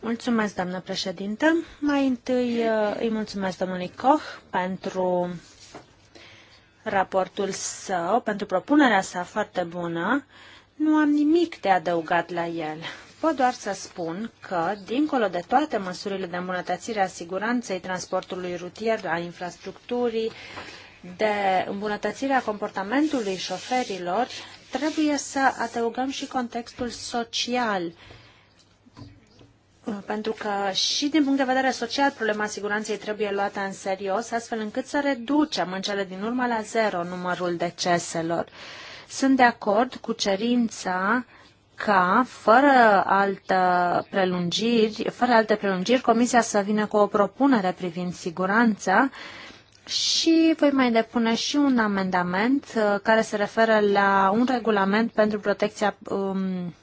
Mulțumesc, doamnă președintă. Mai întâi uh, îi mulțumesc domnului Koch pentru raportul său, pentru propunerea sa foarte bună. Nu am nimic de adăugat la el. Pot doar să spun că, dincolo de toate măsurile de îmbunătățire a siguranței transportului rutier, a infrastructurii, de îmbunătățirea comportamentului șoferilor, trebuie să adăugăm și contextul social. Pentru că și din punct de vedere social problema siguranței trebuie luată în serios, astfel încât să reducem în cele din urmă la zero numărul deceselor. Sunt de acord cu cerința ca, fără, altă prelungiri, fără alte prelungiri, Comisia să vină cu o propunere privind siguranța și voi mai depune și un amendament uh, care se referă la un regulament pentru protecția um,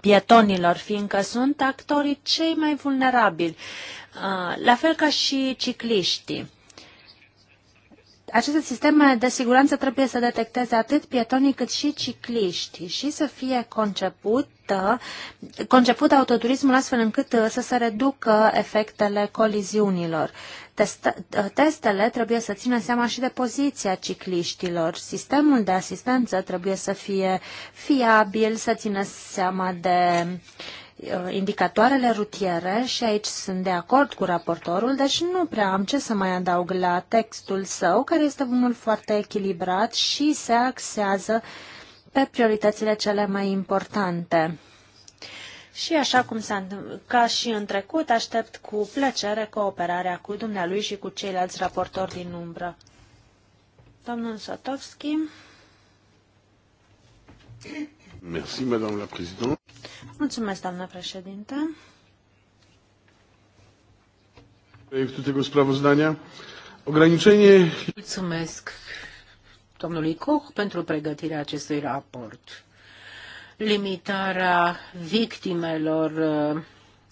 pietonilor, fiindcă sunt actorii cei mai vulnerabili, uh, la fel ca și cicliștii aceste sisteme de siguranță trebuie să detecteze atât pietonii cât și cicliști și să fie concepută, conceput autoturismul astfel încât uh, să se reducă efectele coliziunilor. Uh, testele trebuie să țină seama și de poziția cicliștilor. Sistemul de asistență trebuie să fie fiabil, să țină seama de uh, Uh, indicatoarele rutiere și aici sunt de acord cu raportorul, deci nu prea am ce să mai adaug la textul său, care este unul foarte echilibrat și se axează pe prioritățile cele mai importante. Și așa cum s-a ca și în trecut, aștept cu plăcere cooperarea cu dumnealui și cu ceilalți raportori din umbră. Domnul Sotovski. Merci, Madame la Présidente. Mulțumesc, doamnă președinte. Proiectul tego sprawozdania. Ograniczenie... Mulțumesc domnului Koch pentru pregătirea acestui raport. Limitarea victimelor uh,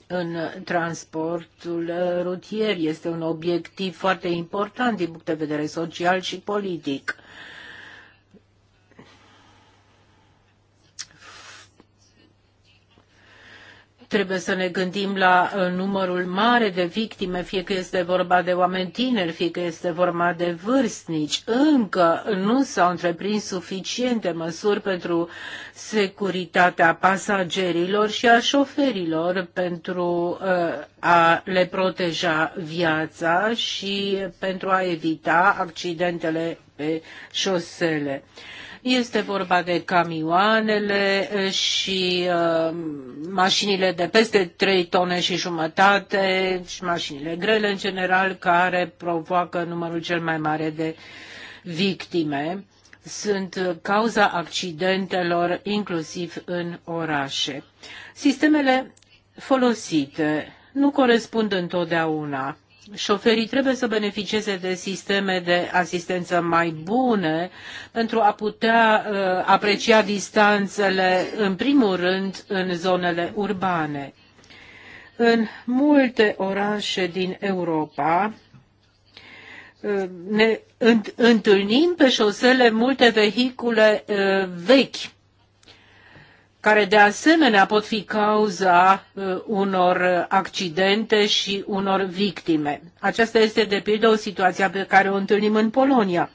în transportul uh, rutier este un obiectiv foarte important din punct de vedere social și politic. Trebuie să ne gândim la uh, numărul mare de victime, fie că este vorba de oameni tineri, fie că este vorba de vârstnici. Încă nu s-au întreprins suficiente măsuri pentru securitatea pasagerilor și a șoferilor pentru uh, a le proteja viața și pentru a evita accidentele pe șosele. Este vorba de camioanele eh, și eh, mașinile de peste 3 tone și jumătate și mașinile grele în general care provoacă numărul cel mai mare de victime. Sunt cauza accidentelor inclusiv în orașe. Sistemele folosite nu corespund întotdeauna Șoferii trebuie să beneficieze de sisteme de asistență mai bune pentru a putea uh, aprecia distanțele, în primul rând, în zonele urbane. În multe orașe din Europa uh, ne întâlnim pe șosele multe vehicule uh, vechi care de asemenea pot fi cauza uh, unor uh, accidente și unor victime. Aceasta este de pildă o situație pe care o întâlnim în Polonia.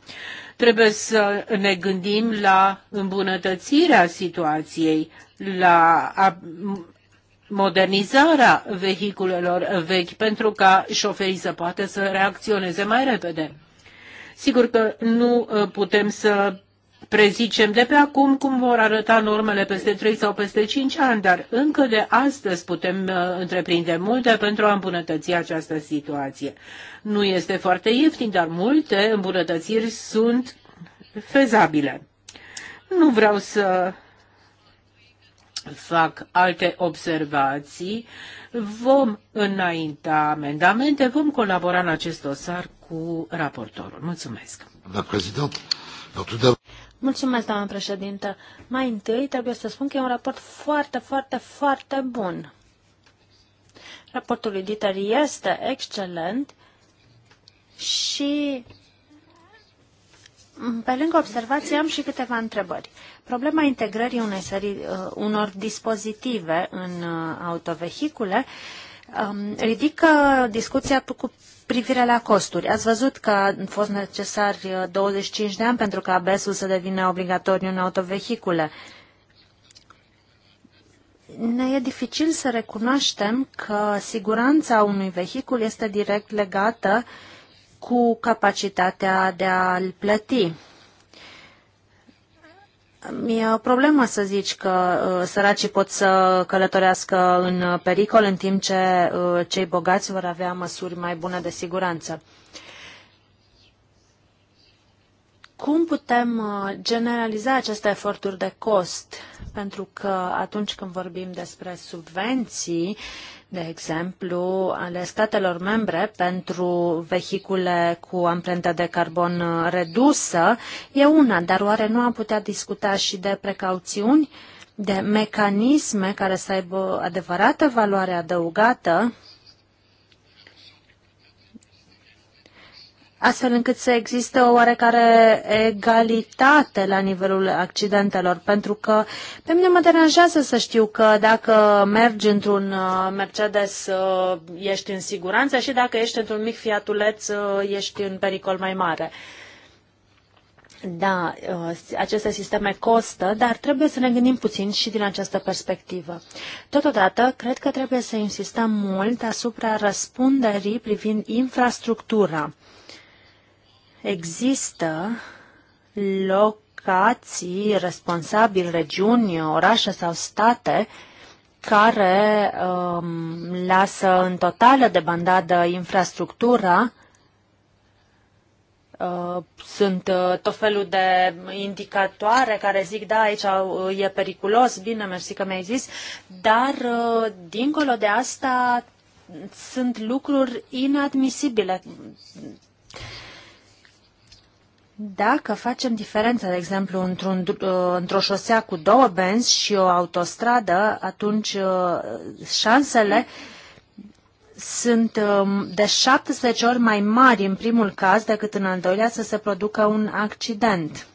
Trebuie să ne gândim la îmbunătățirea situației, la modernizarea vehiculelor vechi pentru ca șoferii să poată să reacționeze mai repede. Sigur că nu uh, putem să prezicem de pe acum cum vor arăta normele peste 3 sau peste 5 ani, dar încă de astăzi putem uh, întreprinde multe pentru a îmbunătăți această situație. Nu este foarte ieftin, dar multe îmbunătățiri sunt fezabile. Nu vreau să fac alte observații. Vom înainta amendamente, vom colabora în acest dosar cu raportorul. Mulțumesc. La președinte, Mulțumesc, doamnă președintă. Mai întâi trebuie să spun că e un raport foarte, foarte, foarte bun. Raportul lui Dieter este excelent și pe lângă observații am și câteva întrebări. Problema integrării unei serii, uh, unor dispozitive în uh, autovehicule um, ridică discuția cu privire la costuri, ați văzut că a fost necesar 25 uh, de ani pentru ca ABS-ul să devină obligatoriu în autovehicule. Ne e dificil să recunoaștem că siguranța unui vehicul este direct legată cu capacitatea de a-l plăti. E o problemă să zici că uh, săracii pot să călătorească în uh, pericol, în timp ce uh, cei bogați vor avea măsuri mai bune de siguranță. Cum putem generaliza aceste eforturi de cost? Pentru că atunci când vorbim despre subvenții, de exemplu, ale statelor membre pentru vehicule cu amprentă de carbon redusă e una, dar oare nu am putea discuta și de precauțiuni, de mecanisme care să aibă adevărată valoare adăugată astfel încât să existe o oarecare egalitate la nivelul accidentelor, pentru că pe mine mă deranjează să știu că dacă mergi într-un uh, Mercedes uh, ești în siguranță și dacă ești într-un mic fiatuleț uh, ești în pericol mai mare. Da, aceste sisteme costă, dar trebuie să ne gândim puțin și din această perspectivă. Totodată, cred că trebuie să insistăm mult asupra răspunderii privind infrastructura. Există locații responsabili, regiuni, orașe sau state care um, lasă în totală de bandadă infrastructura uh, sunt uh, tot felul de indicatoare care zic, da, aici uh, e periculos, bine, mersi că mi-ai zis, dar dincolo de asta sunt lucruri inadmisibile. Dacă facem diferența, de exemplu, într o uh, într-o șosea cu două benzi și o autostradă, atunci uh, șansele sunt um, de 17 ori mai mari în primul caz decât în al doilea să se producă un accident.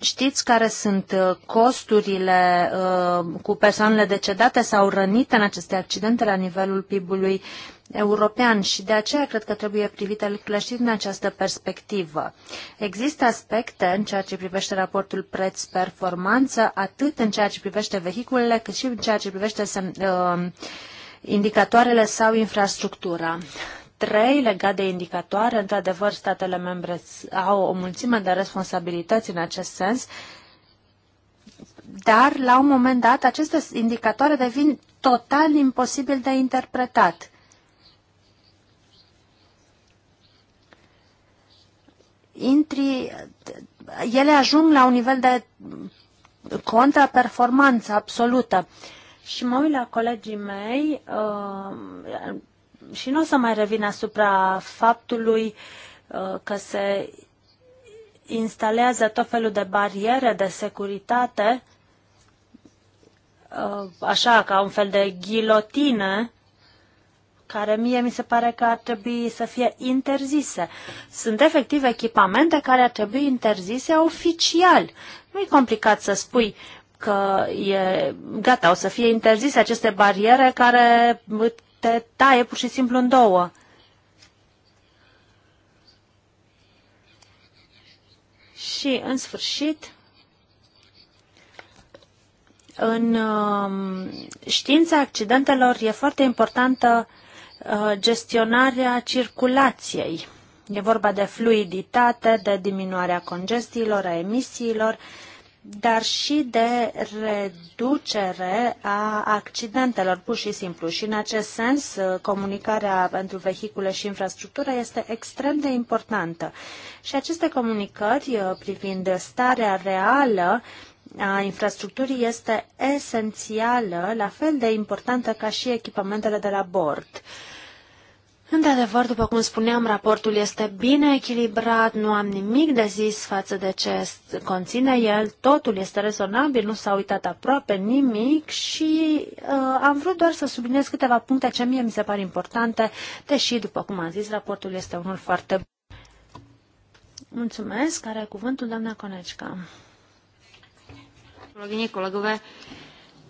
Știți care sunt uh, costurile uh, cu persoanele decedate sau rănite în aceste accidente la nivelul PIB-ului european și de aceea cred că trebuie privite lucrurile și din această perspectivă. Există aspecte în ceea ce privește raportul preț-performanță, atât în ceea ce privește vehiculele, cât și în ceea ce privește sem- uh, indicatoarele sau infrastructura. 3, legat de indicatoare, într-adevăr, statele membre au o mulțime de responsabilități în acest sens, dar la un moment dat aceste indicatoare devin total imposibil de interpretat. Intri, ele ajung la un nivel de contraperformanță absolută. Și mă uit la colegii mei, uh, și nu o să mai revin asupra faptului uh, că se instalează tot felul de bariere de securitate, uh, așa ca un fel de ghilotine, care mie mi se pare că ar trebui să fie interzise. Sunt efectiv echipamente care ar trebui interzise oficial. Nu e complicat să spui că e gata, o să fie interzise aceste bariere care te taie pur și simplu în două. Și, în sfârșit, în um, știința accidentelor e foarte importantă uh, gestionarea circulației. E vorba de fluiditate, de diminuarea congestiilor, a emisiilor, dar și de reducere a accidentelor, pur și simplu. Și în acest sens, comunicarea pentru vehicule și infrastructură este extrem de importantă. Și aceste comunicări uh, privind starea reală a infrastructurii este esențială, la fel de importantă ca și echipamentele de la bord. Uh, Într-adevăr, după cum spuneam, raportul este bine echilibrat, nu am nimic de zis față de ce conține el, totul este rezonabil, nu s-a uitat aproape nimic și uh, am vrut doar să subliniez câteva puncte ce mie mi se par importante, deși, după cum am zis, raportul este unul foarte bun. Mulțumesc. Are cuvântul doamna Conecica. Kolegyně, kolegové,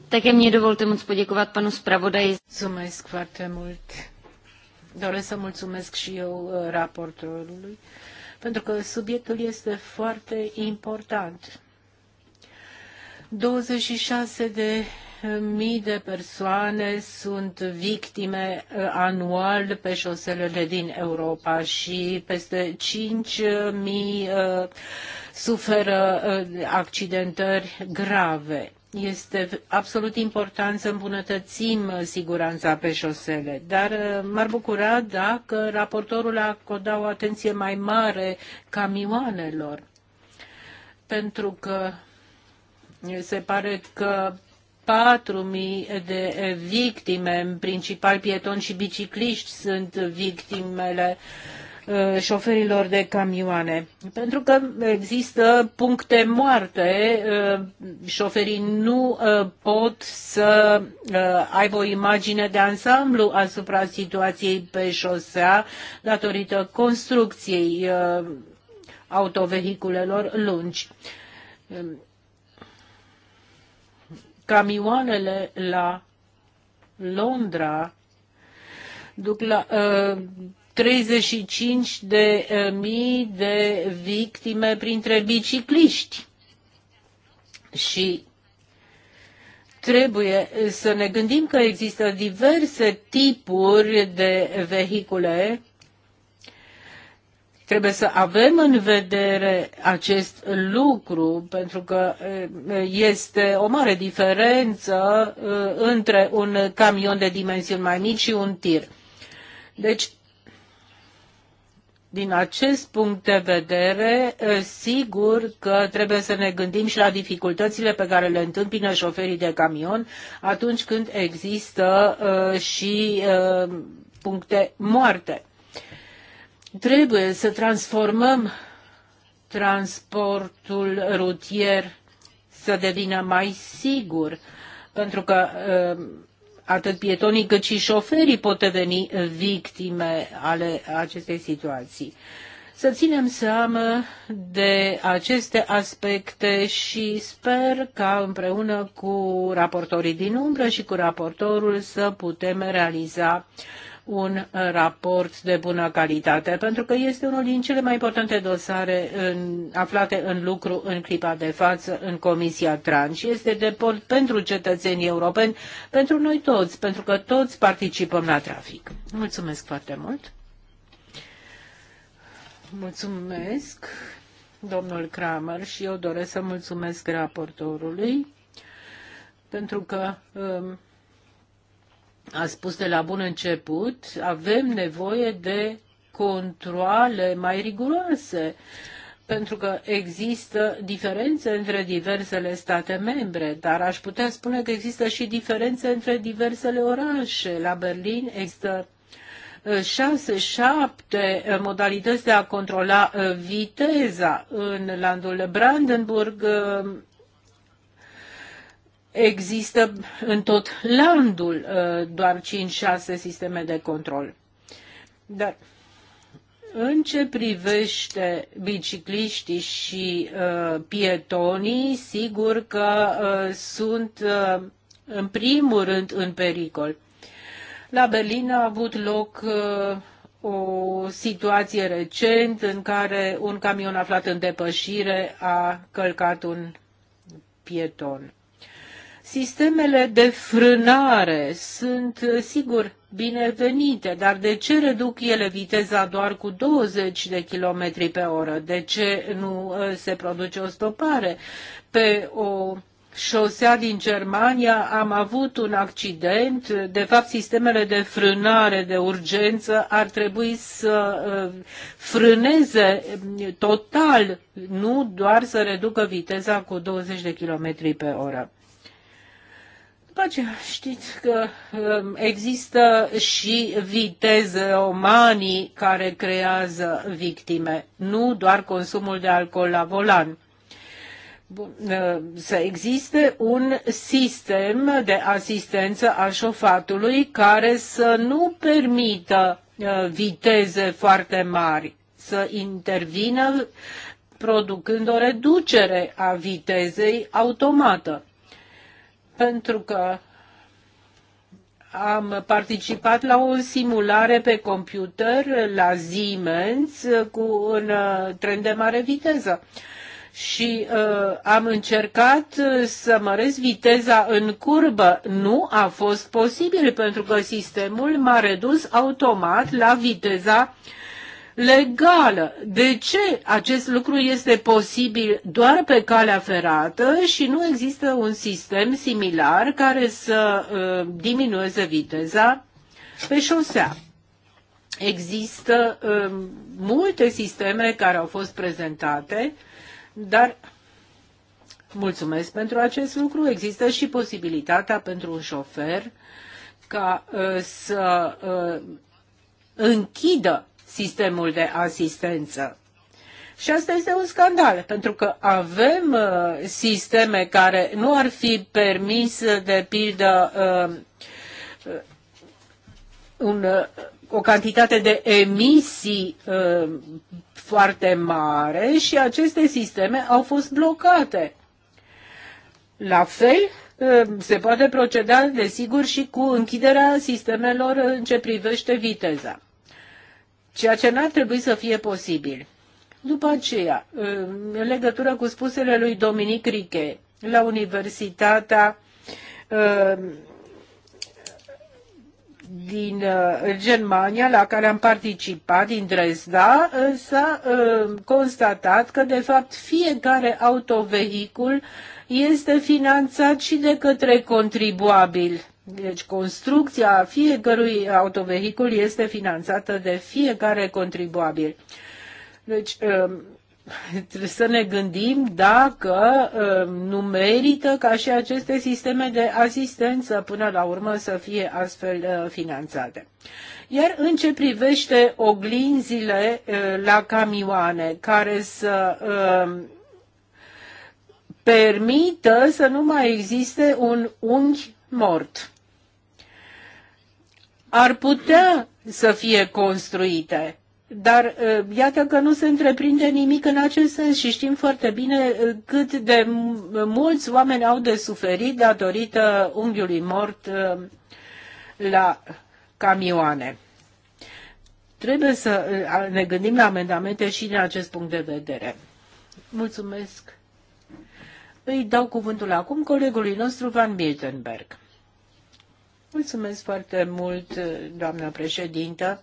také mě dovolte moc poděkovat panu zpravodaji. Mulțumesc foarte mult doresc să mulțumesc și eu uh, raportorului, pentru că subiectul este foarte important. 26 de uh, mii de persoane sunt victime uh, anual pe șoselele din Europa și peste 5 mii suferă accidentări grave. Este absolut important să îmbunătățim uh, siguranța pe șosele, dar uh, m-ar bucura dacă raportorul acorda o atenție mai mare camioanelor, pentru că se pare că 4.000 de victime, în principal pietoni și bicicliști sunt victimele uh, Uh, șoferilor de camioane. Pentru că există puncte moarte, uh, șoferii nu uh, pot să aibă o imagine de ansamblu asupra situației pe șosea datorită construcției autovehiculelor lungi. Um, camioanele la Londra duc la uh, 35 de eh, mii de victime printre bicicliști. Și trebuie să ne gândim că există diverse tipuri de vehicule. Trebuie să avem în vedere acest lucru, pentru că eh, este o mare diferență eh, între un camion de dimensiuni mai mici și un tir. Deci, din acest punct de vedere, ă, sigur că trebuie să ne gândim și la dificultățile pe care le întâmpină șoferii de camion atunci când există uh, și uh, puncte moarte. Trebuie să transformăm transportul rutier să devină mai sigur, pentru că uh, atât pietonii cât și șoferii pot deveni victime ale acestei situații. Să ținem seamă de aceste aspecte și sper ca împreună cu raportorii din umbră și cu raportorul să putem realiza un uh, raport de bună calitate, pentru că este unul din cele mai importante dosare în, aflate în lucru în clipa de față în Comisia Tran și este de port pentru cetățenii europeni, pentru noi toți, pentru că toți participăm la trafic. Mulțumesc foarte mult! Mulțumesc, domnul Kramer, și eu doresc să mulțumesc raportorului pentru că um, a spus de la bun început, avem nevoie de controle mai riguroase, pentru că există diferențe între diversele state membre, dar aș putea spune că există și diferențe între diversele orașe. La Berlin există ă, șase, șapte ă, modalități de a controla ă, viteza. În landul Brandenburg există în tot landul uh, doar 5-6 sisteme de control. Dar în ce privește bicicliștii și uh, pietonii, sigur că uh, sunt uh, în primul rând în pericol. La Berlin a avut loc uh, o situație recent în care un camion aflat în depășire a călcat un pieton. Sistemele de frânare sunt, sigur, binevenite, dar de ce reduc ele viteza doar cu 20 de km pe oră? De ce nu ă, se produce o stopare? Pe o șosea din Germania am avut un accident. De fapt, sistemele de frânare de urgență ar trebui să ă, frâneze total, nu doar să reducă viteza cu 20 de km pe oră. Păi, știți că um, există și viteze omanii care creează victime, nu doar consumul de alcool la volan. Bun, uh, să existe un sistem de asistență a șofatului care să nu permită uh, viteze foarte mari, să intervină producând o reducere a vitezei automată pentru că am participat la o simulare pe computer la Siemens cu un uh, tren de mare viteză și uh, am încercat să măresc viteza în curbă. Nu a fost posibil pentru că sistemul m-a redus automat la viteza uh, legală. De ce acest lucru este posibil doar pe calea ferată și nu există un sistem similar care să uh, diminueze viteza pe șosea? Există uh, multe sisteme care au fost prezentate, dar mulțumesc pentru acest lucru. Există și posibilitatea pentru un șofer ca uh, să uh, închidă sistemul de asistență. Și asta este un scandal, pentru că avem uh, sisteme care nu ar fi permis, de pildă, uh, uh un, uh, o cantitate de emisii uh, foarte mare și aceste sisteme au fost blocate. La fel, uh, se poate proceda, desigur, și cu închiderea sistemelor în ce privește viteza ceea ce n-ar trebui să fie posibil. După aceea, în legătură cu spusele lui Dominic Riche, la Universitatea uh, din uh, Germania, la care am participat, din Dresda, s-a uh, constatat că, de fapt, fiecare autovehicul este finanțat și de către contribuabil. Deci construcția fiecărui autovehicul este finanțată de fiecare contribuabil. Deci um, trebuie să ne gândim dacă um, nu merită ca și aceste sisteme de asistență până la urmă să fie astfel uh, finanțate. Iar în ce privește oglinzile uh, la camioane care să um, permită să nu mai existe un unghi mort ar putea să fie construite. Dar uh, iată că nu se întreprinde nimic în acest sens și știm foarte bine uh, cât de mulți oameni au de suferit datorită unghiului mort uh, la camioane. Trebuie să ne gândim la amendamente și din acest punct de vedere. Mulțumesc. Îi dau cuvântul acum colegului nostru Van Miltenberg. Mulțumesc foarte mult, doamna președintă.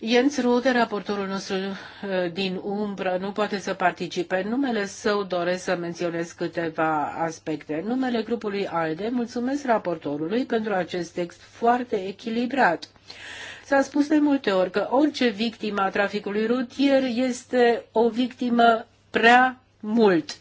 Jens Rude, raportorul nostru eh, din umbră, nu poate să participe. În numele său doresc să menționez câteva aspecte. În numele grupului ALDE, mulțumesc raportorului pentru acest text foarte echilibrat. S-a spus de multe ori că orice victimă a traficului rutier este o victimă prea mult.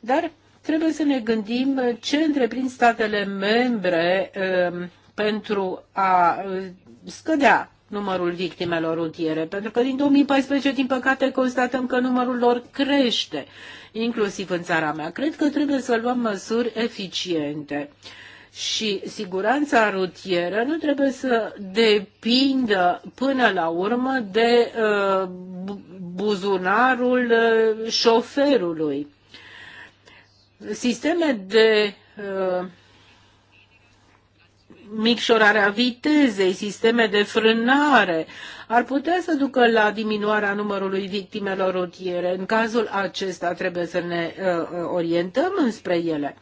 Dar Trebuie să ne gândim uh, ce întreprind statele membre um, pentru a uh, scădea numărul victimelor rutiere, pentru că din 2014, din păcate, constatăm că numărul lor crește, inclusiv în țara mea. Cred că trebuie să luăm măsuri eficiente. Și siguranța rutieră nu trebuie să depindă până la urmă de uh, buzunarul uh, șoferului sisteme de uh, micșorare a vitezei, sisteme de frânare, ar putea să ducă la diminuarea numărului victimelor rutiere. În cazul acesta trebuie să ne uh, uh, orientăm înspre ele.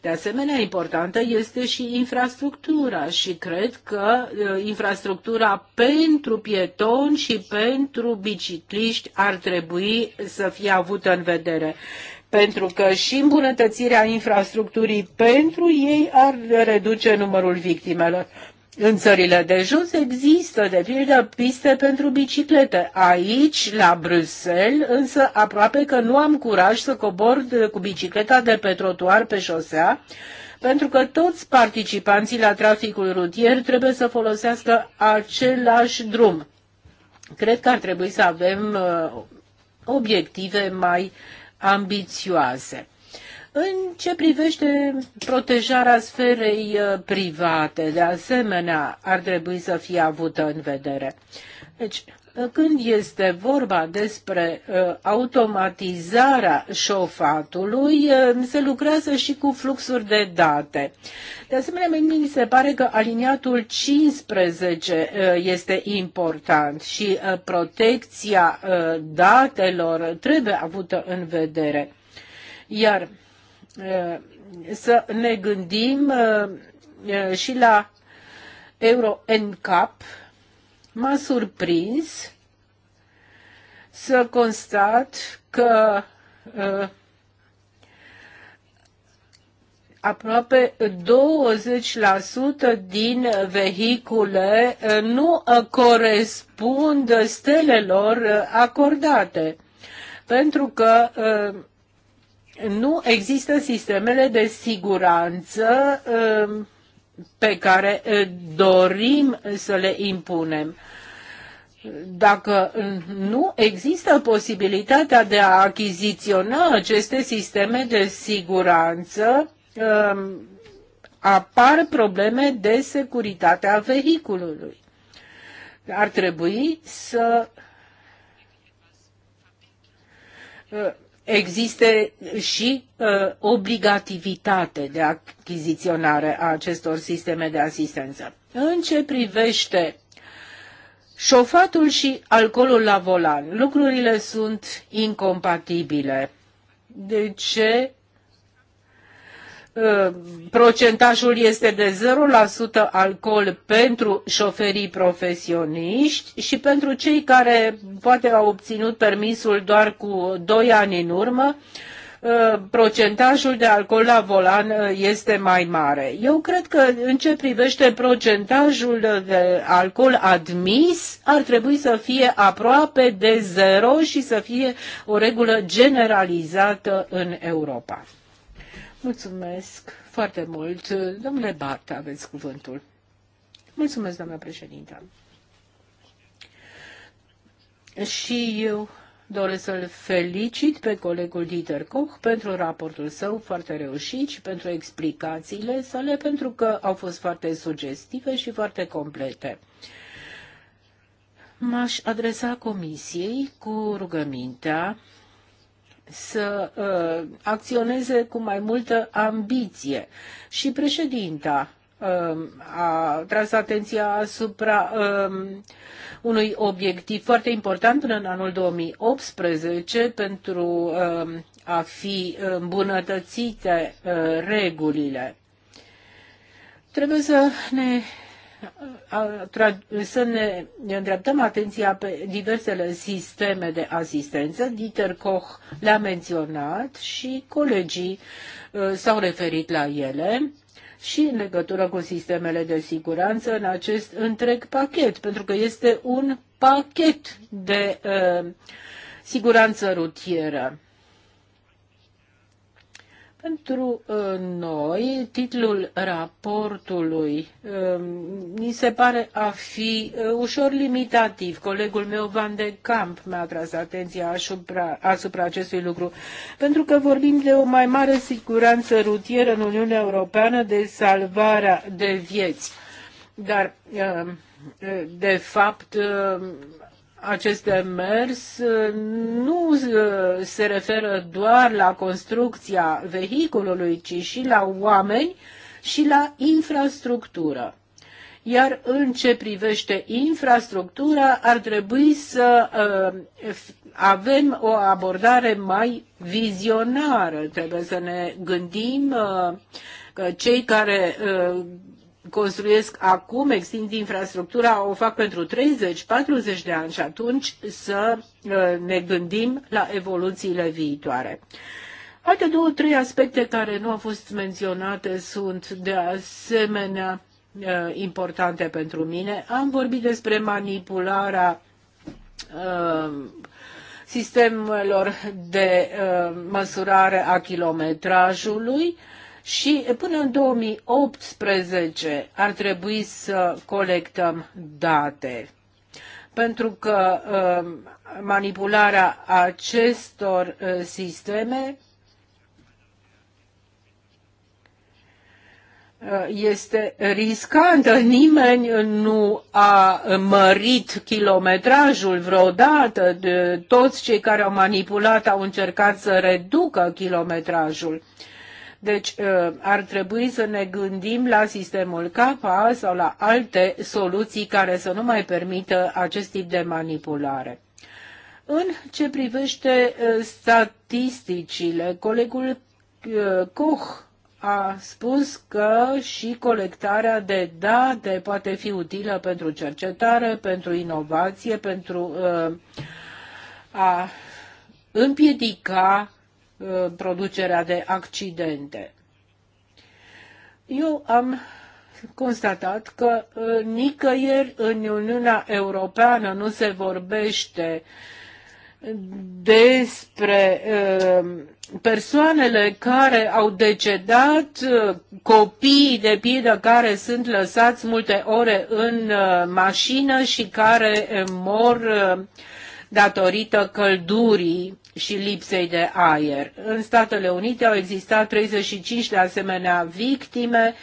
De asemenea, importantă este și infrastructura și cred că infrastructura pentru pietoni și pentru bicicliști ar trebui să fie avută în vedere pentru că și îmbunătățirea infrastructurii pentru ei ar reduce numărul victimelor. În țările de jos există, de pildă, piste pentru biciclete. Aici, la Bruxelles, însă aproape că nu am curaj să cobor cu bicicleta de pe trotuar pe șosea, pentru că toți participanții la traficul rutier trebuie să folosească același drum. Cred că ar trebui să avem uh, obiective mai uh, ambițioase. În ce privește protejarea sferei uh, private, de asemenea, ar trebui să fie avută în vedere. Deci, când este vorba despre ă, automatizarea șofatului, ă, se lucrează și cu fluxuri de date. De asemenea, mi se pare că aliniatul 15 ă, este important și protecția datelor trebuie avută în vedere. Iar să ne gândim și la Euro NCAP, M-a surprins să constat că uh, aproape 20% din vehicule uh, nu uh, corespund stelelor uh, acordate, pentru că nu există sistemele de siguranță pe care dorim să le impunem. Dacă nu există posibilitatea de a achiziționa aceste sisteme de siguranță, apar probleme de securitate a vehiculului. Ar trebui să existe și uh, obligativitate de achiziționare a acestor sisteme de asistență. În ce privește șofatul și alcoolul la volan, lucrurile sunt incompatibile. De ce Uh, procentajul este de 0% alcool pentru șoferii profesioniști și pentru cei care poate au obținut permisul doar cu 2 ani în urmă, uh, procentajul de alcool la volan uh, este mai mare. Eu cred că în ce privește procentajul de alcool admis, ar trebui să fie aproape de zero și să fie o regulă generalizată în Europa. Mulțumesc foarte mult. Domnule Bart, aveți cuvântul. Mulțumesc, doamna președintă. Și eu doresc să-l felicit pe colegul Dieter Koch pentru raportul său foarte reușit și pentru explicațiile sale, pentru că au fost foarte sugestive și foarte complete. M-aș adresa comisiei cu rugămintea să uh, acționeze cu mai multă ambiție. Și președinta uh, a tras atenția asupra uh, unui obiectiv foarte important până în anul 2018 pentru uh, a fi îmbunătățite uh, regulile. Trebuie să ne să ne îndreptăm atenția pe diversele sisteme de asistență. Dieter Koch le-a menționat și colegii s-au referit la ele și în legătură cu sistemele de siguranță în acest întreg pachet, pentru că este un pachet de uh, siguranță rutieră. Pentru uh, noi, titlul raportului mi um, se pare a fi uh, ușor limitativ. Colegul meu, Van de Camp, mi-a tras atenția asupra, asupra acestui lucru, pentru că vorbim de o mai mare siguranță rutieră în Uniunea Europeană de salvarea de vieți. Dar, um, de fapt, um, acest demers nu uh, se referă doar la construcția vehiculului, ci și la oameni și la infrastructură. Iar în ce privește infrastructura, ar trebui să uh, avem o abordare mai vizionară. Trebuie să ne gândim uh, că cei care construiesc acum, extind infrastructura, o fac pentru 30-40 de ani și atunci să uh, ne gândim la evoluțiile viitoare. Alte două, trei aspecte care nu au fost menționate sunt de asemenea uh, importante pentru mine. Am vorbit despre manipularea uh, sistemelor de măsurare a kilometrajului și până în 2018 ar trebui să colectăm date pentru că um, manipularea acestor uh, sisteme uh, este riscantă. Nimeni nu a mărit kilometrajul vreodată. Toți cei care au manipulat au încercat să reducă kilometrajul. Uh, deci uh, ar trebui să ne gândim la sistemul CAPA sau la alte soluții care să nu mai permită acest tip de manipulare. În ce privește uh, statisticile, colegul uh, Koch a spus că și colectarea de date poate fi utilă pentru cercetare, pentru inovație, pentru a împiedica producerea de accidente. Eu am constatat că uh, nicăieri în Uniunea Europeană nu se vorbește despre uh, persoanele care au decedat, uh, copiii de pildă care sunt lăsați multe ore în mașină și care mor datorită căldurii și lipsei de aer. În Statele Unite au existat 35 de asemenea victime,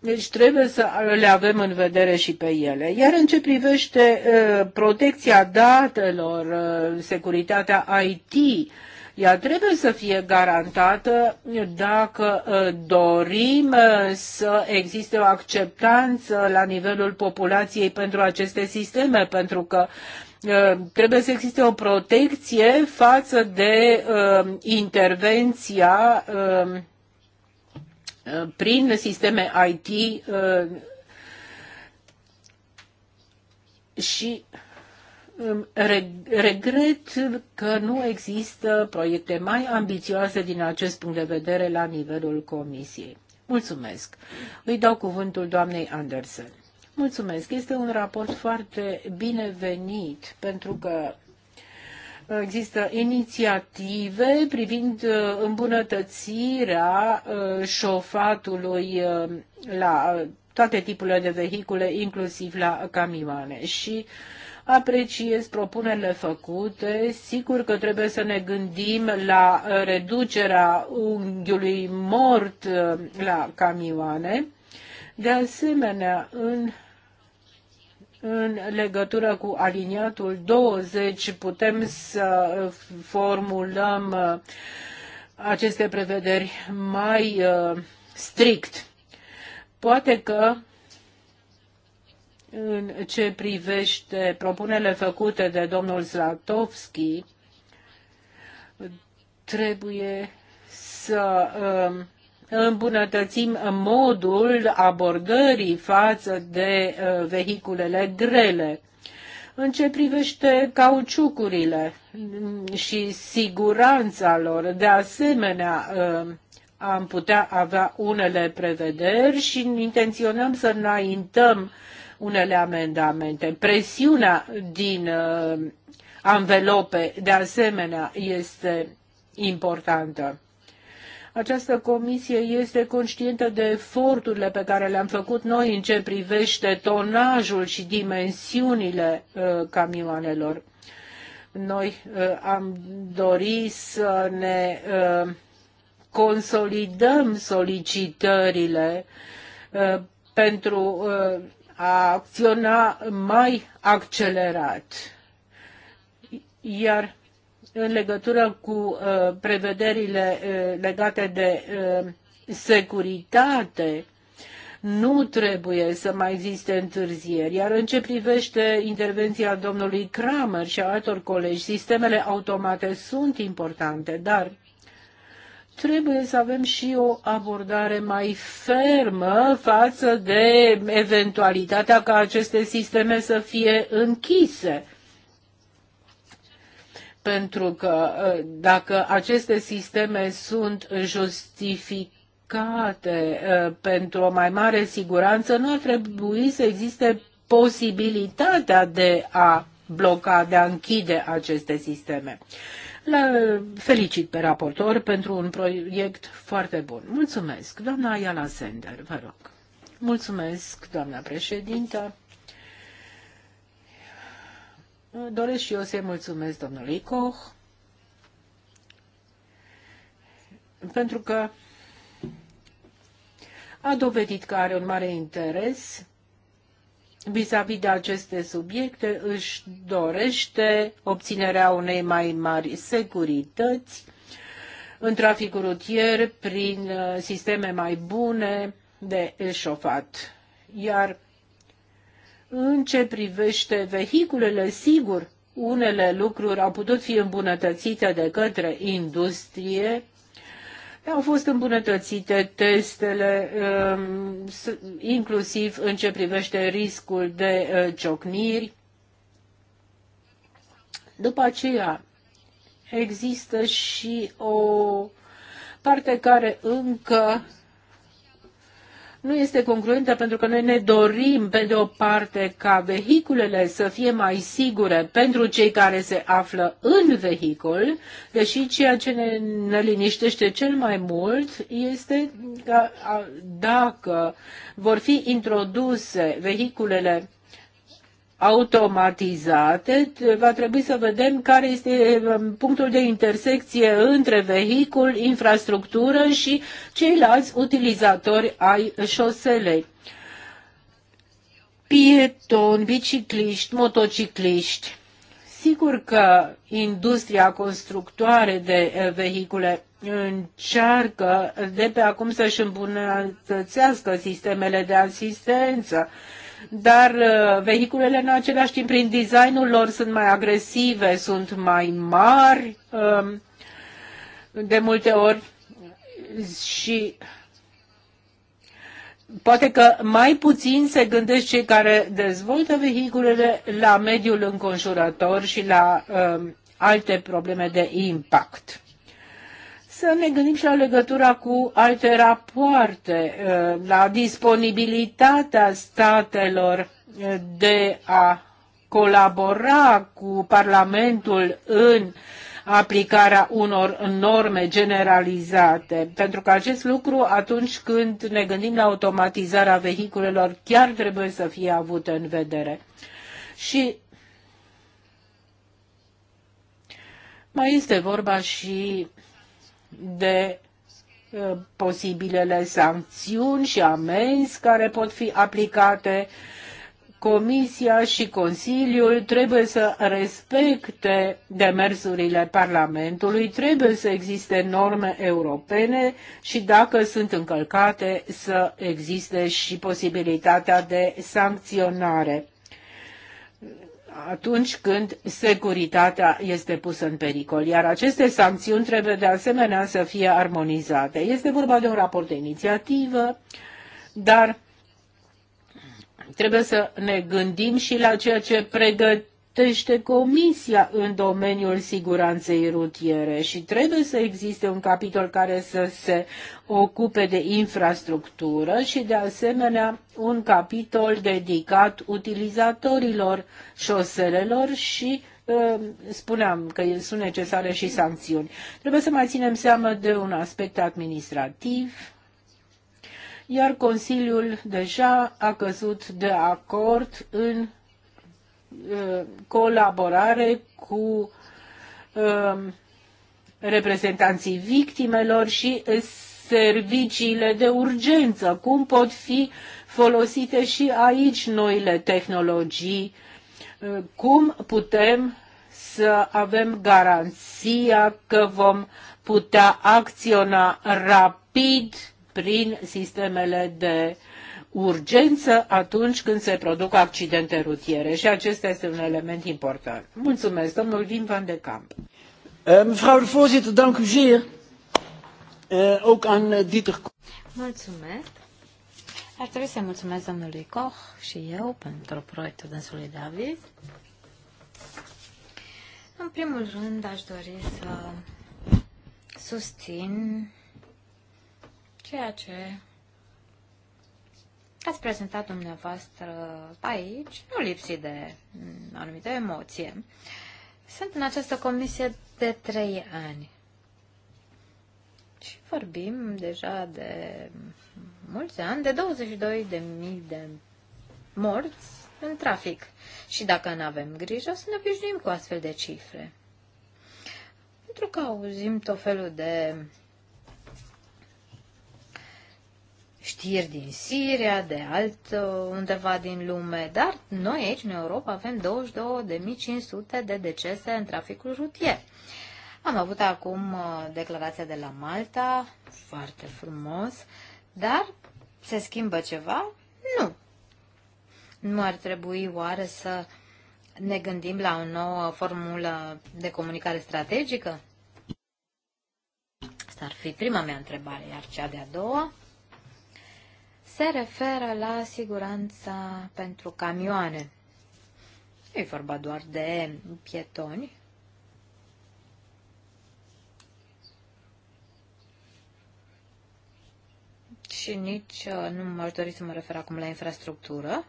deci trebuie să le avem în vedere și pe ele. Iar în ce privește uh, protecția datelor, uh, securitatea IT, ea trebuie să fie garantată dacă uh, dorim să existe o acceptanță la nivelul populației pentru aceste sisteme, pentru că Uh, trebuie să existe o protecție față de uh, intervenția uh, prin sisteme IT și um, regret că nu există proiecte mai ambițioase din acest punct de vedere la nivelul Comisiei. Mulțumesc. Îi dau cuvântul doamnei Andersen. Mulțumesc. Este un raport foarte binevenit pentru că uh, există inițiative privind uh, îmbunătățirea uh, șofatului la toate tipurile de vehicule, inclusiv la camioane. Și apreciez propunerile făcute. Sigur că trebuie să ne gândim la reducerea unghiului mort la camioane. De asemenea, în în legătură cu aliniatul 20 putem să formulăm uh, aceste prevederi mai uh, strict. Poate că în ce privește propunerile făcute de domnul Zlatovski, trebuie să uh, îmbunătățim modul abordării față de uh, vehiculele grele. În ce privește cauciucurile și siguranța lor, de asemenea, uh, am putea avea unele prevederi și intenționăm să înaintăm unele amendamente. Presiunea din uh, anvelope, de asemenea, este importantă. Această comisie este conștientă de eforturile pe care le-am făcut noi în ce privește tonajul și dimensiunile uh, camioanelor. Noi uh, am dorit să ne uh, consolidăm solicitările pentru a acționa mai accelerat. Iar în legătură cu uh, prevederile uh, legate de uh, securitate, nu trebuie să mai existe întârzieri. Iar în ce privește intervenția domnului Kramer și a altor colegi, sistemele automate sunt importante, dar trebuie să avem și o abordare mai fermă față de eventualitatea ca aceste sisteme să fie închise pentru că ă, dacă aceste sisteme sunt justificate ă, pentru o mai mare siguranță, nu ar trebui să existe posibilitatea de a bloca, de a închide aceste sisteme. Le felicit pe raportor pentru un proiect foarte bun. Mulțumesc, doamna Ayala Sender, vă rog. Mulțumesc, doamna președintă. Doresc și eu să-i mulțumesc domnului Koch pentru că a dovedit că are un mare interes vis-a-vis -vis de aceste subiecte, își dorește obținerea unei mai mari securități în traficul rutier prin uh, sisteme mai bune de eșofat. Iar în ce privește vehiculele, sigur, unele lucruri au putut fi îmbunătățite de către industrie, au fost îmbunătățite testele, um, inclusiv în ce privește riscul de uh, ciocniri. După aceea, există și o parte care încă nu este congruentă pentru că noi ne dorim, pe de o parte, ca vehiculele să fie mai sigure pentru cei care se află în vehicul, deși ceea ce ne, ne liniștește cel mai mult este că dacă vor fi introduse vehiculele automatizate, va trebui să vedem care este um, punctul de intersecție între vehicul, infrastructură și ceilalți utilizatori ai șoselei. Pietoni, bicicliști, motocicliști. Sigur că industria constructoare de uh, vehicule încearcă de pe acum să-și îmbunătățească sistemele de asistență dar uh, vehiculele în același timp, prin designul lor, sunt mai agresive, sunt mai mari um, de multe ori și poate că mai puțin se gândesc cei care dezvoltă vehiculele la mediul înconjurător și la um, alte probleme de impact să ne gândim și la legătura cu alte rapoarte, uh, la disponibilitatea statelor uh, de a colabora cu Parlamentul în aplicarea unor norme generalizate, pentru că acest lucru atunci când ne gândim la automatizarea vehiculelor chiar trebuie să fie avut în vedere. Și mai este vorba și de uh, posibilele sancțiuni și amenzi care pot fi aplicate. Comisia și Consiliul trebuie să respecte demersurile Parlamentului, trebuie să existe norme europene și dacă sunt încălcate să existe și posibilitatea de sancționare atunci când securitatea este pusă în pericol, iar aceste sancțiuni trebuie de asemenea să fie armonizate. Este vorba de un raport de inițiativă, dar trebuie să ne gândim și la ceea ce pregătim trește comisia în domeniul siguranței rutiere și trebuie să existe un capitol care să se ocupe de infrastructură și de asemenea un capitol dedicat utilizatorilor șoselelor și uh, spuneam că sunt necesare și sancțiuni. Trebuie să mai ținem seama de un aspect administrativ, iar Consiliul deja a căzut de acord în colaborare cu um, reprezentanții victimelor și serviciile de urgență, cum pot fi folosite și aici noile tehnologii, uh, cum putem să avem garanția că vom putea acționa rapid prin sistemele de urgență atunci când se produc accidente rutiere și acesta este un element important. Mulțumesc, domnul Wim van de Camp. Eh, mevrouw de voorzitter, dank u zeer. Eh, ook aan eh, Dieter Mulțumesc. Ar trebui să mulțumesc domnului Koch și eu pentru proiectul dânsului de În primul rând aș dori să susțin ceea ce ați prezentat dumneavoastră aici, nu lipsi de mm, anumită emoție. Sunt în această comisie de trei ani și vorbim deja de mulți ani, de 22.000 de de morți în trafic. Și dacă nu avem grijă, o să ne obișnuim cu astfel de cifre. Pentru că auzim tot felul de știri din Siria, de alt uh, undeva din lume, dar noi aici, în Europa, avem 22.500 de decese în traficul rutier. Am avut acum uh, declarația de la Malta, foarte frumos, dar se schimbă ceva? Nu. Nu ar trebui oare să ne gândim la o nouă formulă de comunicare strategică? Asta ar fi prima mea întrebare, iar cea de-a doua se referă la siguranța pentru camioane. Nu e vorba doar de pietoni. Și nici uh, nu m-aș dori să mă refer acum la infrastructură.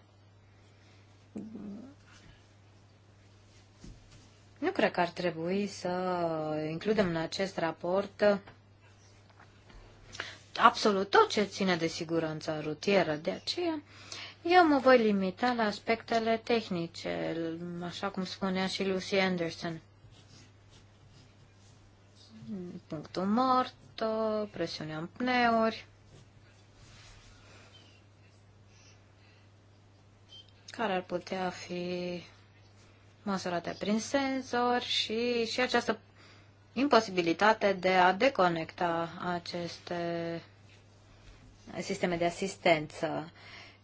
Nu cred că ar trebui să includem în acest raport absolut tot ce ține de siguranța rutieră. De aceea, eu mă voi limita la aspectele tehnice, așa cum spunea și Lucy Anderson. Punctul mort, presiunea în pneuri, care ar putea fi măsurate prin senzor și, și această imposibilitate de a deconecta aceste sisteme de asistență.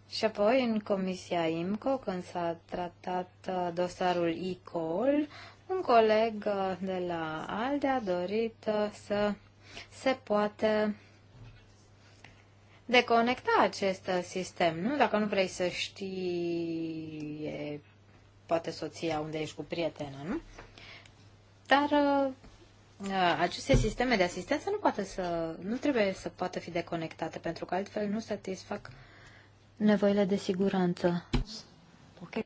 Și apoi, în Comisia IMCO, când s-a tratat uh, dosarul ICOL, un coleg uh, de la ALDE a dorit uh, să se poate deconecta acest sistem, nu? Dacă nu vrei să știi, poate soția unde ești cu prietena, nu? Dar Uh, aceste sisteme de asistență nu, poate să, nu trebuie să poată fi deconectate, pentru că altfel nu satisfac nevoile de siguranță. Okay.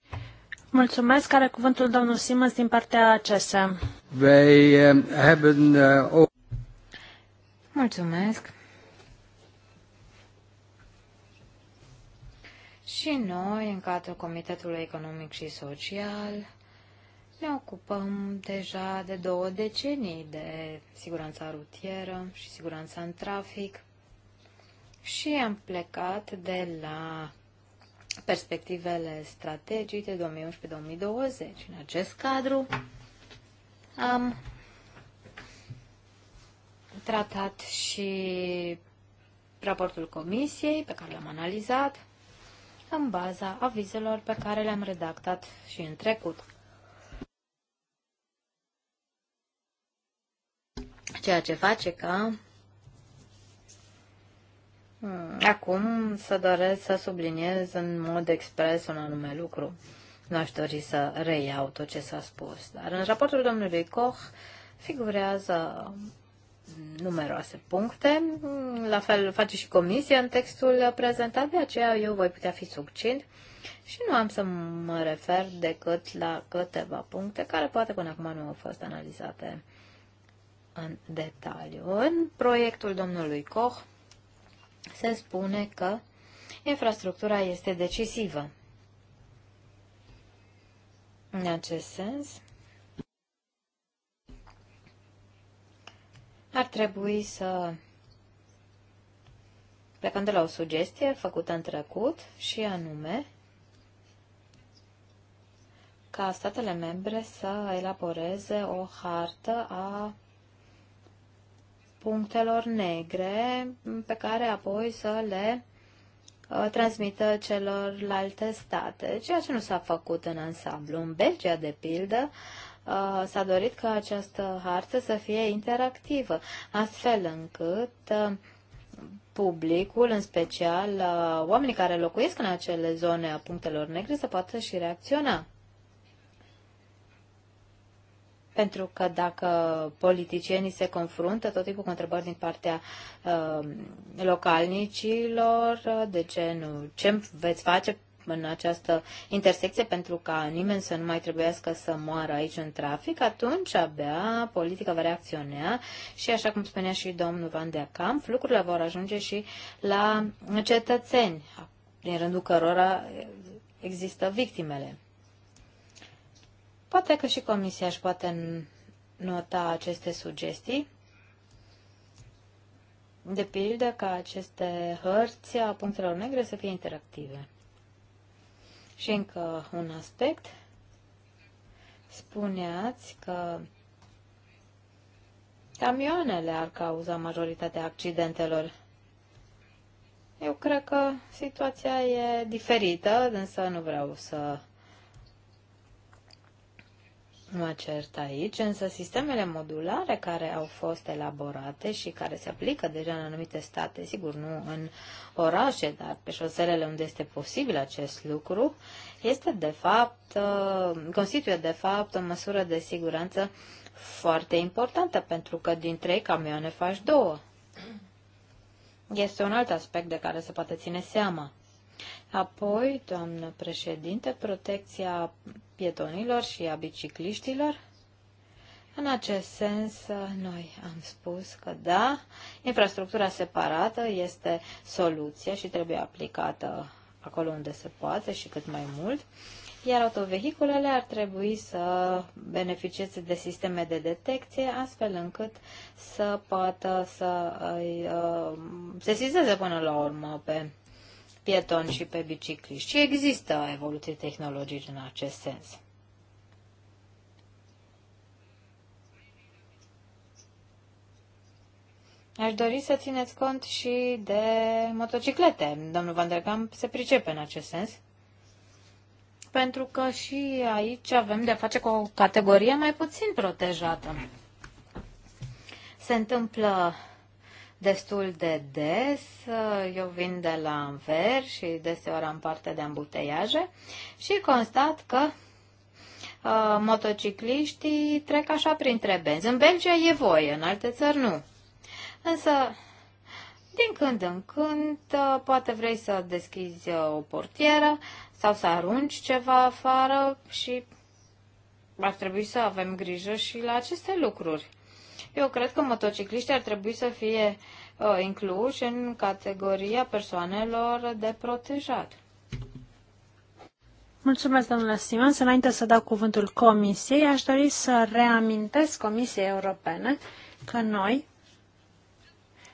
Mulțumesc. Care cuvântul domnul Simons din partea CESE? Um, uh, Mulțumesc. Și noi, în cadrul Comitetului Economic și Social, ne ocupăm deja de două decenii de siguranța rutieră și siguranța în trafic și am plecat de la perspectivele strategice 2011-2020. În acest cadru am tratat și raportul comisiei pe care l-am analizat în baza avizelor pe care le-am redactat și în trecut. ceea ce face ca hmm, acum să doresc să subliniez în mod expres un anume lucru. Nu aș dori să reiau tot ce s-a spus, dar în raportul domnului Koch figurează numeroase puncte. La fel face și comisia în textul prezentat, de aceea eu voi putea fi succint și nu am să mă refer decât la câteva puncte care poate până acum nu au fost analizate în detaliu. În proiectul domnului Koch se spune că infrastructura este decisivă. În acest sens, ar trebui să plecăm de la o sugestie făcută în trecut și anume ca statele membre să elaboreze o hartă a punctelor negre pe care apoi să le uh, transmită celorlalte state, ceea ce nu s-a făcut în ansamblu. În Belgia, de pildă, uh, s-a dorit ca această hartă să fie interactivă, astfel încât uh, publicul, în special oamenii care locuiesc în acele zone a punctelor negre, să poată și reacționa. Pentru că dacă politicienii se confruntă tot timpul cu întrebări din partea uh, localnicilor, uh, de genul ce veți face în această intersecție pentru ca nimeni să nu mai trebuiască să moară aici în trafic, atunci abia politica va reacționa și, așa cum spunea și domnul Van de Camp, lucrurile vor ajunge și la cetățeni, din rândul cărora există victimele. Poate că și Comisia își poate nota aceste sugestii. De pildă ca aceste hărți a punctelor negre să fie interactive. Și încă un aspect. Spuneați că camioanele ar cauza majoritatea accidentelor. Eu cred că situația e diferită, însă nu vreau să mă cert aici, însă sistemele modulare care au fost elaborate și care se aplică deja în anumite state, sigur nu în orașe, dar pe șoselele unde este posibil acest lucru, este de fapt, uh, constituie de fapt o măsură de siguranță foarte importantă, pentru că din trei camioane faci două. Este un alt aspect de care se poate ține seama. Apoi, doamnă președinte, protecția pietonilor și a bicicliștilor. În acest sens, noi am spus că da, infrastructura separată este soluția și trebuie aplicată acolo unde se poate și cât mai mult, iar autovehiculele ar trebui să beneficieze de sisteme de detecție, astfel încât să poată să îi uh, sesizeze până la urmă pe pietoni și pe bicicliști. Și există evoluții tehnologice în acest sens. Aș dori să țineți cont și de motociclete. Domnul Van der Kamp se pricepe în acest sens. Pentru că și aici avem de-a face cu o categorie mai puțin protejată. Se întâmplă destul de des. Eu vin de la Anver și deseori am parte de ambuteiaje și constat că uh, motocicliștii trec așa printre benzi. În Belgia e voie, în alte țări nu. Însă, din când în când, uh, poate vrei să deschizi uh, o portieră sau să arunci ceva afară și ar trebui să avem grijă și la aceste lucruri. Eu cred că motocicliștii ar trebui să fie uh, incluși în categoria persoanelor de protejat. Mulțumesc, domnule Simons. Înainte să dau cuvântul Comisiei, aș dori să reamintesc Comisiei Europene că noi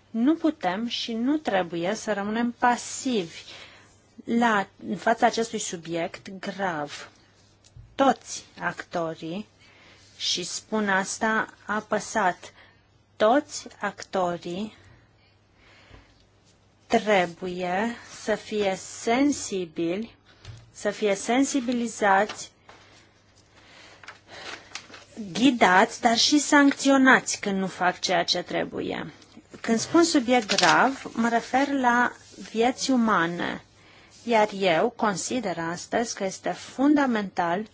nu putem și nu trebuie să rămânem pasivi la, în fața acestui subiect grav. Toți actorii și spun asta apăsat. Toți actorii trebuie să fie sensibili, să fie sensibilizați, ghidați, dar și sancționați când nu fac ceea ce trebuie. Când spun subiect grav, mă refer la vieți umane, iar eu consider astăzi că este fundamental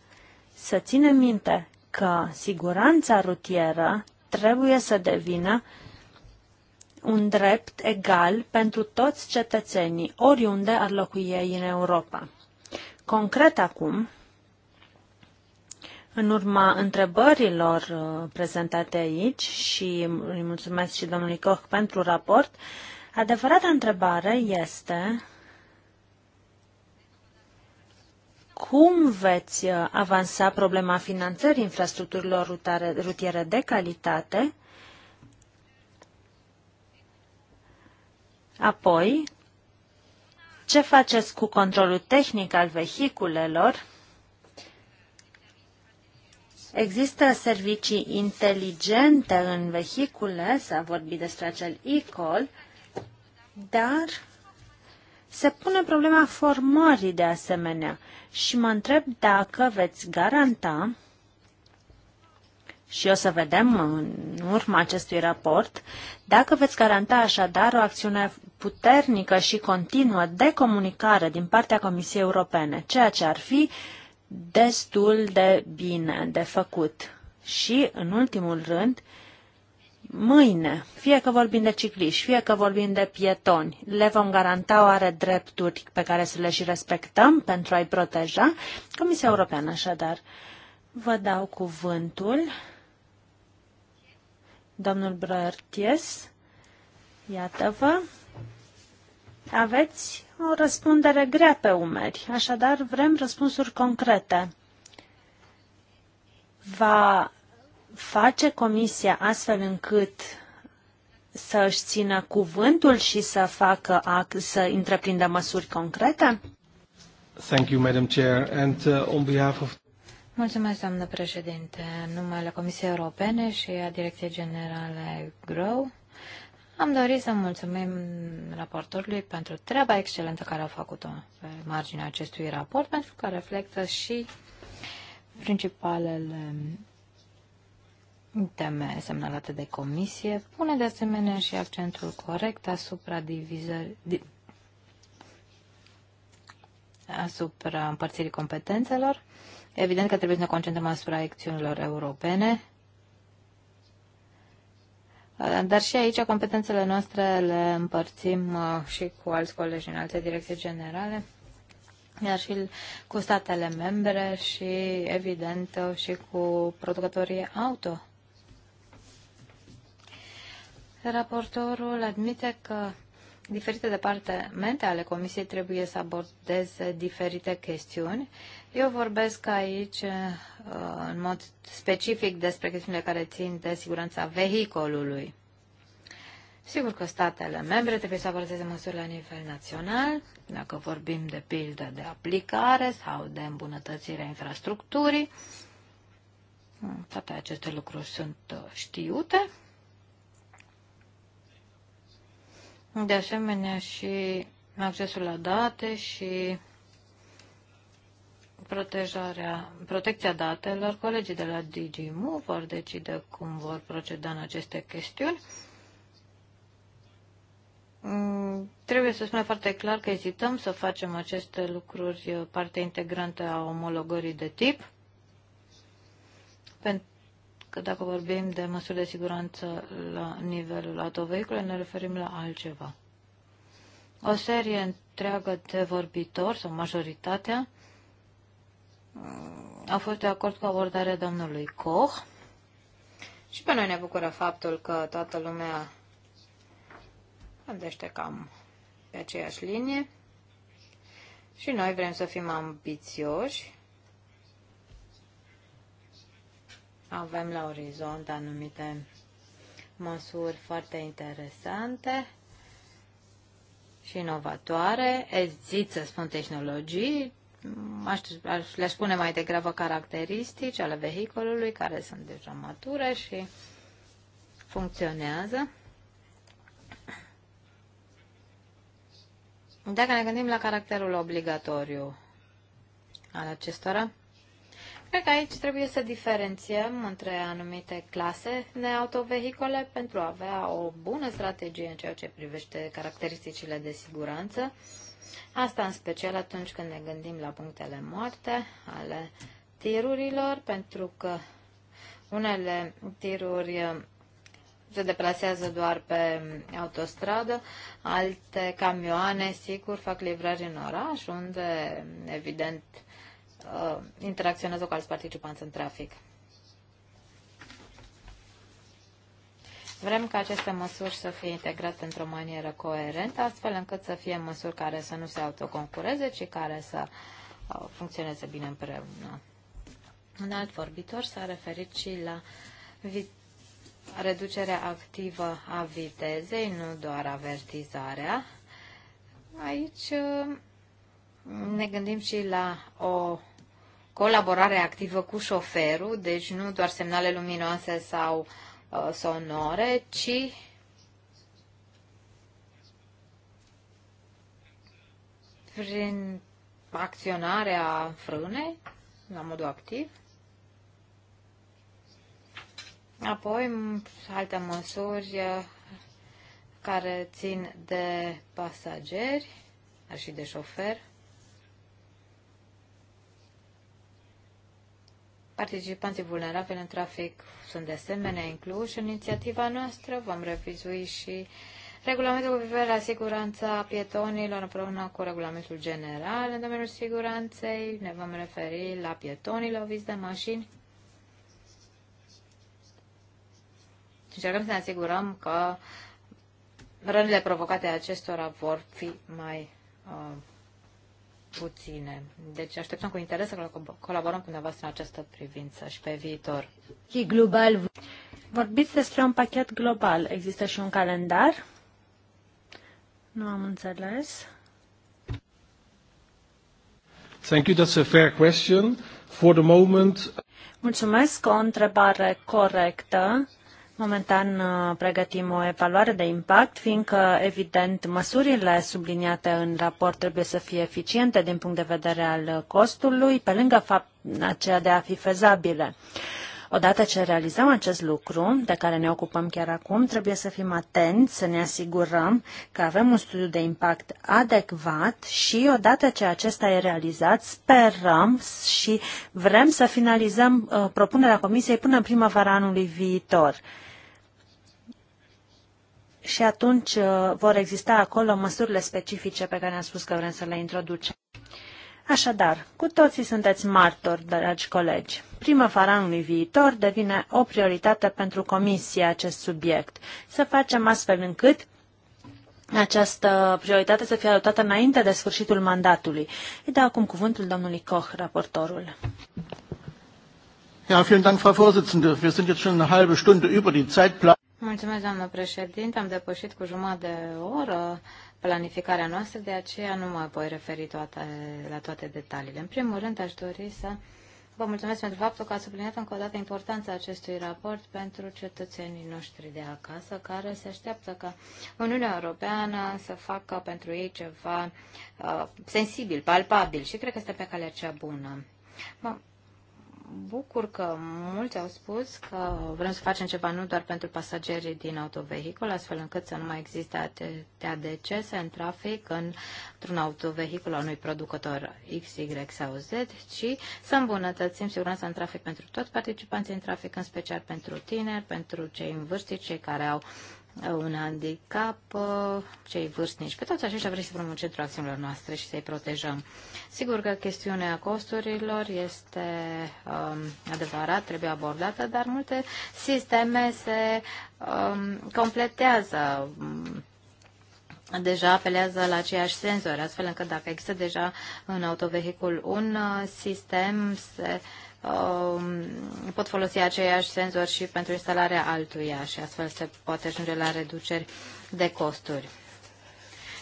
să ținem minte că siguranța rutieră trebuie să devină un drept egal pentru toți cetățenii, oriunde ar locui ei în Europa. Concret acum, în urma întrebărilor uh, prezentate aici și îi mulțumesc și domnului Koch pentru raport, adevărata întrebare este cum veți uh, avansa problema finanțării infrastructurilor rutiere de calitate? Apoi, ce faceți cu controlul tehnic al vehiculelor? Există servicii inteligente în vehicule, s-a vorbit despre acel e-call, dar se pune problema formării de asemenea și mă întreb dacă veți garanta și o să vedem în urma acestui raport, dacă veți garanta așadar o acțiune puternică și continuă de comunicare din partea Comisiei Europene, ceea ce ar fi destul de bine de făcut. Și, în ultimul rând, uh, mâine, fie că vorbim de cicliști, fie că vorbim de pietoni, le vom garanta oare drepturi pe care să le și respectăm pentru a-i proteja? Comisia Europeană, așadar, vă dau cuvântul. Domnul Brărties, iată-vă, aveți o răspundere grea pe umeri, așadar vrem răspunsuri concrete. Va face Comisia astfel încât să își țină cuvântul și să facă act, să întreprindă măsuri concrete? Thank you, Madam Chair. And uh, on behalf of Mulțumesc, doamnă președinte. În numele Comisiei Europene și a Direcției Generale GROW, am dorit să mulțumim raportorului pentru treaba excelentă care a făcut-o pe marginea acestui raport, pentru că reflectă și principalele teme semnalate de comisie, pune de asemenea și accentul corect asupra divizării di, asupra împărțirii competențelor. Evident că trebuie să ne concentrăm asupra acțiunilor europene, dar și aici competențele noastre le împărțim uh, și cu alți colegi în alte direcții generale, iar și cu statele membre și, evident, uh, și cu producătorii auto. Raportorul admite că diferite departamente ale Comisiei trebuie să abordeze diferite chestiuni. Eu vorbesc aici uh, în mod specific despre chestiunile care țin de siguranța vehicolului. Sigur că statele membre trebuie să abordeze măsuri la nivel național, dacă vorbim de pildă de aplicare sau de îmbunătățirea infrastructurii. Toate aceste lucruri sunt uh, știute. de asemenea și accesul la date și protejarea, protecția datelor. Colegii de la DigiMu vor decide cum vor proceda în aceste chestiuni. Mm, trebuie să spunem foarte clar că ezităm să facem aceste lucruri parte integrantă a omologării de tip, pentru că dacă vorbim de măsuri de siguranță la nivelul autovehicului, ne referim la altceva. O serie întreagă de vorbitori, sau majoritatea, mm, au fost de acord cu abordarea domnului Koch. Și pe noi ne bucură faptul că toată lumea gândește cam pe aceeași linie. Și noi vrem să fim ambițioși avem la orizont anumite măsuri foarte interesante și inovatoare. Ezit să spun tehnologii, aș, aș, le-aș spune mai degrabă caracteristici ale vehiculului, care sunt deja mature și funcționează. Dacă ne gândim la caracterul obligatoriu al acestora, Cred că aici trebuie să diferențiem între anumite clase de autovehicole pentru a avea o bună strategie în ceea ce privește caracteristicile de siguranță. Asta în special atunci când ne gândim la punctele moarte ale tirurilor, pentru că unele tiruri se deplasează doar pe autostradă, alte camioane, sigur, fac livrări în oraș, unde, evident, uh, interacționează cu alți participanți în trafic. Vrem ca aceste măsuri să fie integrate într-o manieră coerentă, astfel încât să fie măsuri care să nu se autoconcureze, ci care să uh, funcționeze bine împreună. Un alt vorbitor s-a referit și la reducerea activă a vitezei, nu doar avertizarea. Aici uh, ne gândim și la o colaborare activă cu șoferul, deci nu doar semnale luminoase sau uh, sonore, ci prin acționarea frânei, la modul activ. Apoi, alte măsuri uh, care țin de pasageri, dar și de șofer. Participanții vulnerabili în trafic sunt de asemenea incluși în inițiativa noastră. Vom revizui și regulamentul cu privire la siguranța pietonilor împreună cu regulamentul general în domeniul siguranței. Ne vom referi la pietonii loviți de mașini. Încercăm să ne asigurăm că rănile provocate acestora vor fi mai uh, puține. Deci așteptăm cu interes să colaborăm cu dumneavoastră în această privință și pe viitor. Global. Vorbiți despre un pachet global. Există și un calendar? Nu am înțeles. Thank you. That's a fair question. For the moment... Mulțumesc, o întrebare corectă. Momentan uh, pregătim o evaluare de impact, fiindcă, evident, măsurile subliniate în raport trebuie să fie eficiente din punct de vedere al uh, costului, pe lângă fapt aceea de a fi fezabile. Odată ce realizăm acest lucru, de care ne ocupăm chiar acum, trebuie să fim atenți, să ne asigurăm că avem un studiu de impact adecvat și odată ce acesta e realizat, sperăm și vrem să finalizăm uh, propunerea Comisiei până în primăvara anului viitor și atunci uh, vor exista acolo măsurile specifice pe care am spus că vrem să le introducem. Așadar, cu toții sunteți martori, dragi colegi. Primăvara anului viitor devine o prioritate pentru Comisie acest subiect. Să facem astfel încât această prioritate să fie adoptată înainte de sfârșitul mandatului. Îi dau acum cuvântul domnului Koch, raportorul. Ja, vielen Dank, Frau Vorsitzende. Wir sind jetzt schon eine halbe Stunde über die Zeitplan. Mulțumesc, doamnă președinte. Am depășit cu jumătate de oră planificarea noastră, de aceea nu mă voi referi toate, la toate detaliile. În primul rând, aș dori să vă mulțumesc pentru faptul că ați subliniat încă o dată importanța acestui raport pentru cetățenii noștri de acasă, care se așteaptă ca Uniunea Europeană să facă pentru ei ceva uh, sensibil, palpabil și cred că este pe calea cea bună. Bun bucur că mulți au spus că vrem să facem ceva nu doar pentru pasagerii din autovehicul, astfel încât să nu mai existe atâtea decese în trafic în, într-un autovehicul al unui producător X, Y sau Z, ci să îmbunătățim siguranța în trafic pentru toți participanții în trafic, în special pentru tineri, pentru cei în vârstă, cei care au uh, un handicap, uh, cei vârstnici. Pe toți aceștia vrem să vrem în centrul acțiunilor noastre și să-i protejăm. Sigur că chestiunea costurilor este um, adevărat, trebuie abordată, dar multe sisteme se um, completează. Um, deja apelează la aceiași senzori, astfel încât dacă există deja în autovehicul un uh, sistem, se um, pot folosi aceiași senzori și pentru instalarea altuia și astfel se poate ajunge la reduceri de costuri.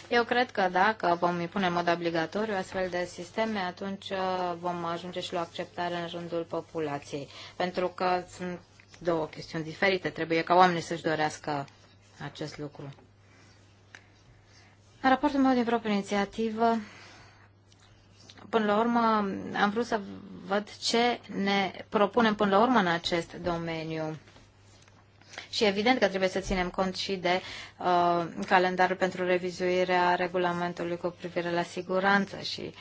Eu cred că dacă vom impune în mod obligatoriu astfel de sisteme, atunci uh, vom ajunge și la acceptare în rândul populației. Pentru că sunt două chestiuni diferite. Trebuie ca oamenii să-și dorească acest lucru. În raportul meu din propria inițiativă, până la urmă, am vrut să văd ce ne propunem până la urmă în acest domeniu. Și evident că trebuie să ținem cont și de uh, calendarul pentru revizuirea regulamentului cu privire la siguranță și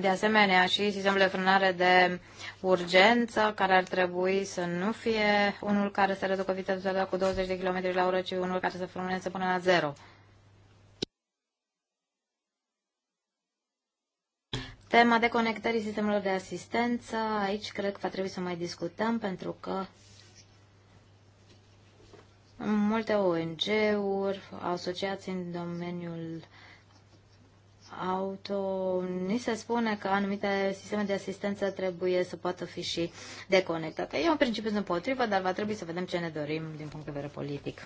De asemenea, și sistemul de frânare de urgență, care ar trebui să nu fie unul care să reducă viteza cu 20 de km la oră, ci unul care să frâneze până la zero. Tema de conectării sistemelor de asistență, aici cred că va trebui să mai discutăm pentru că multe ONG-uri, asociații în domeniul auto, ni se spune că anumite sisteme de asistență trebuie să poată fi și deconectate. Eu în principiu sunt potrivă, dar va trebui să vedem ce ne dorim din punct de vedere politic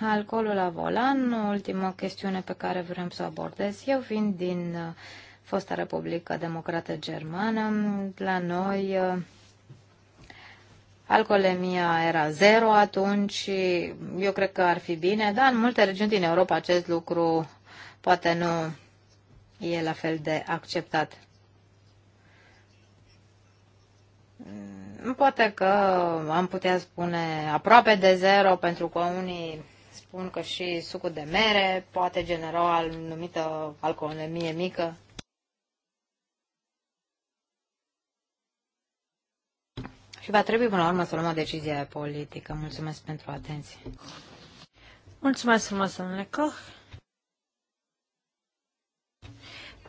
alcoolul la volan, ultima chestiune pe care vrem să o abordez. Eu vin din uh, fosta Republică Democrată Germană. La noi uh, alcoolemia era zero atunci și eu cred că ar fi bine, dar în multe regiuni din Europa acest lucru poate nu e la fel de acceptat. Poate că am putea spune aproape de zero, pentru că unii spun că și sucul de mere poate genera o anumită alcoolemie mică. Și va trebui până la urmă să luăm o decizie politică. Mulțumesc pentru atenție. Mulțumesc frumos, domnule Koch.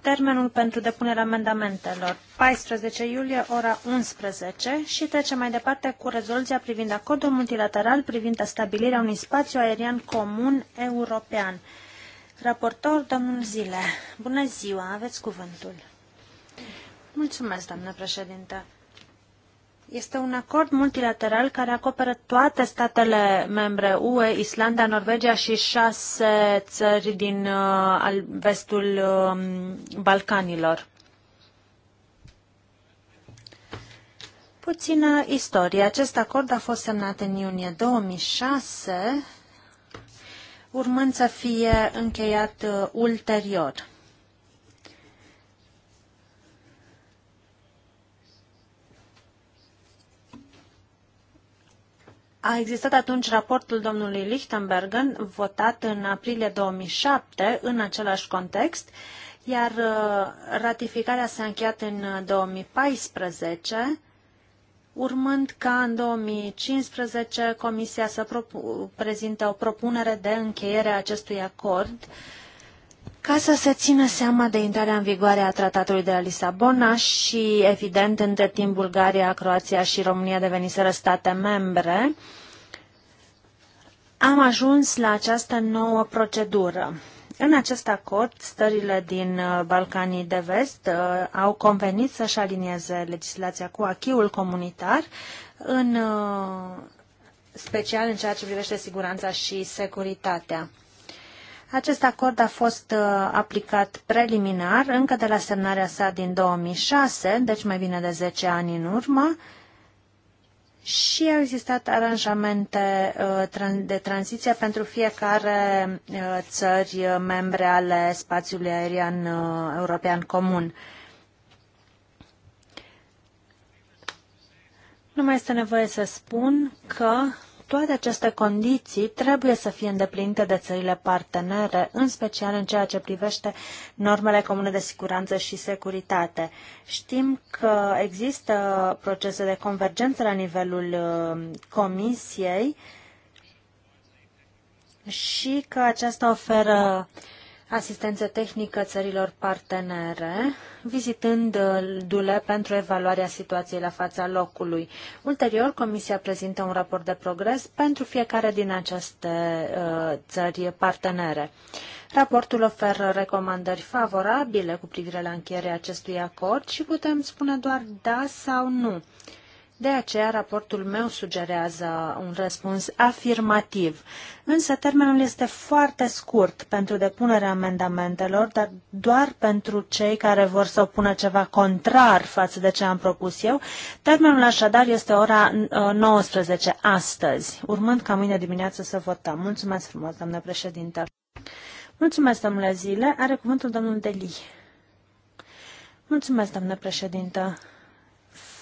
termenul pentru depunerea amendamentelor 14 iulie, ora 11 și trecem mai departe cu rezoluția privind acordul multilateral privind stabilirea unui spațiu aerian comun european. Raportor, domnul Zile. Bună ziua, aveți cuvântul. Mulțumesc, doamnă președinte. Este un acord multilateral care acoperă toate statele membre UE, Islanda, Norvegia și șase țări din uh, vestul um, Balcanilor. Puțină istorie. Acest acord a fost semnat în iunie 2006, urmând să fie încheiat uh, ulterior. A existat atunci raportul domnului Lichtenbergen, votat în aprilie 2007, în același context, iar uh, ratificarea s-a încheiat în 2014, uh, urmând ca în 2015 Comisia să prezinte o propunere de încheiere a acestui acord ca să se țină seama de intrarea în vigoare a tratatului de la Lisabona și, evident, între timp Bulgaria, Croația și România deveniseră state membre, am ajuns la această nouă procedură. În acest acord, stările din uh, Balcanii de Vest uh, au convenit să-și alinieze legislația cu achiul comunitar, în uh, special în ceea ce privește siguranța și securitatea. Acest acord a fost uh, aplicat preliminar încă de la semnarea sa din 2006, deci mai bine de 10 ani în urmă, și au existat aranjamente uh, de tranziție pentru fiecare uh, țări membre ale spațiului aerian european comun. Nu mai este nevoie să spun că toate aceste condiții trebuie să fie îndeplinite de țările partenere, în special în ceea ce privește normele comune de siguranță și securitate. Știm că există procese de convergență la nivelul uh, Comisiei și că aceasta oferă uh, asistență tehnică țărilor partenere, vizitând uh, dule pentru evaluarea situației la fața locului. Ulterior, Comisia prezintă un raport de progres pentru fiecare din aceste uh, țări partenere. Raportul oferă recomandări favorabile cu privire la încheierea acestui acord și putem spune doar da sau nu. De aceea, raportul meu sugerează un răspuns afirmativ. Însă, termenul este foarte scurt pentru depunerea amendamentelor, dar doar pentru cei care vor să opună ceva contrar față de ce am propus eu. Termenul așadar este ora 19 uh, astăzi, urmând ca mâine dimineață să votăm. Mulțumesc frumos, doamnă președinte. Mulțumesc, domnule Zile. Are cuvântul domnul Deli. Mulțumesc, doamnă președinte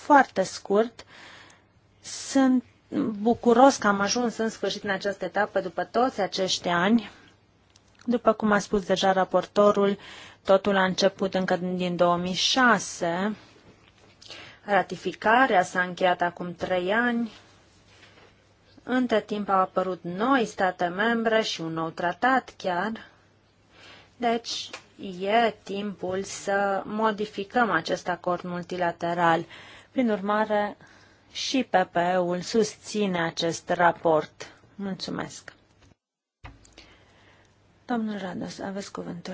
foarte scurt. Sunt bucuros că am ajuns în sfârșit în această etapă după toți acești ani. După cum a spus deja raportorul, totul a început încă din 2006. Ratificarea s-a încheiat acum trei ani. Între timp au apărut noi state membre și un nou tratat chiar. Deci e timpul să modificăm acest acord multilateral. Prin urmare, și PPE-ul susține acest raport. Mulțumesc. Domnul Rados, aveți cuvântul.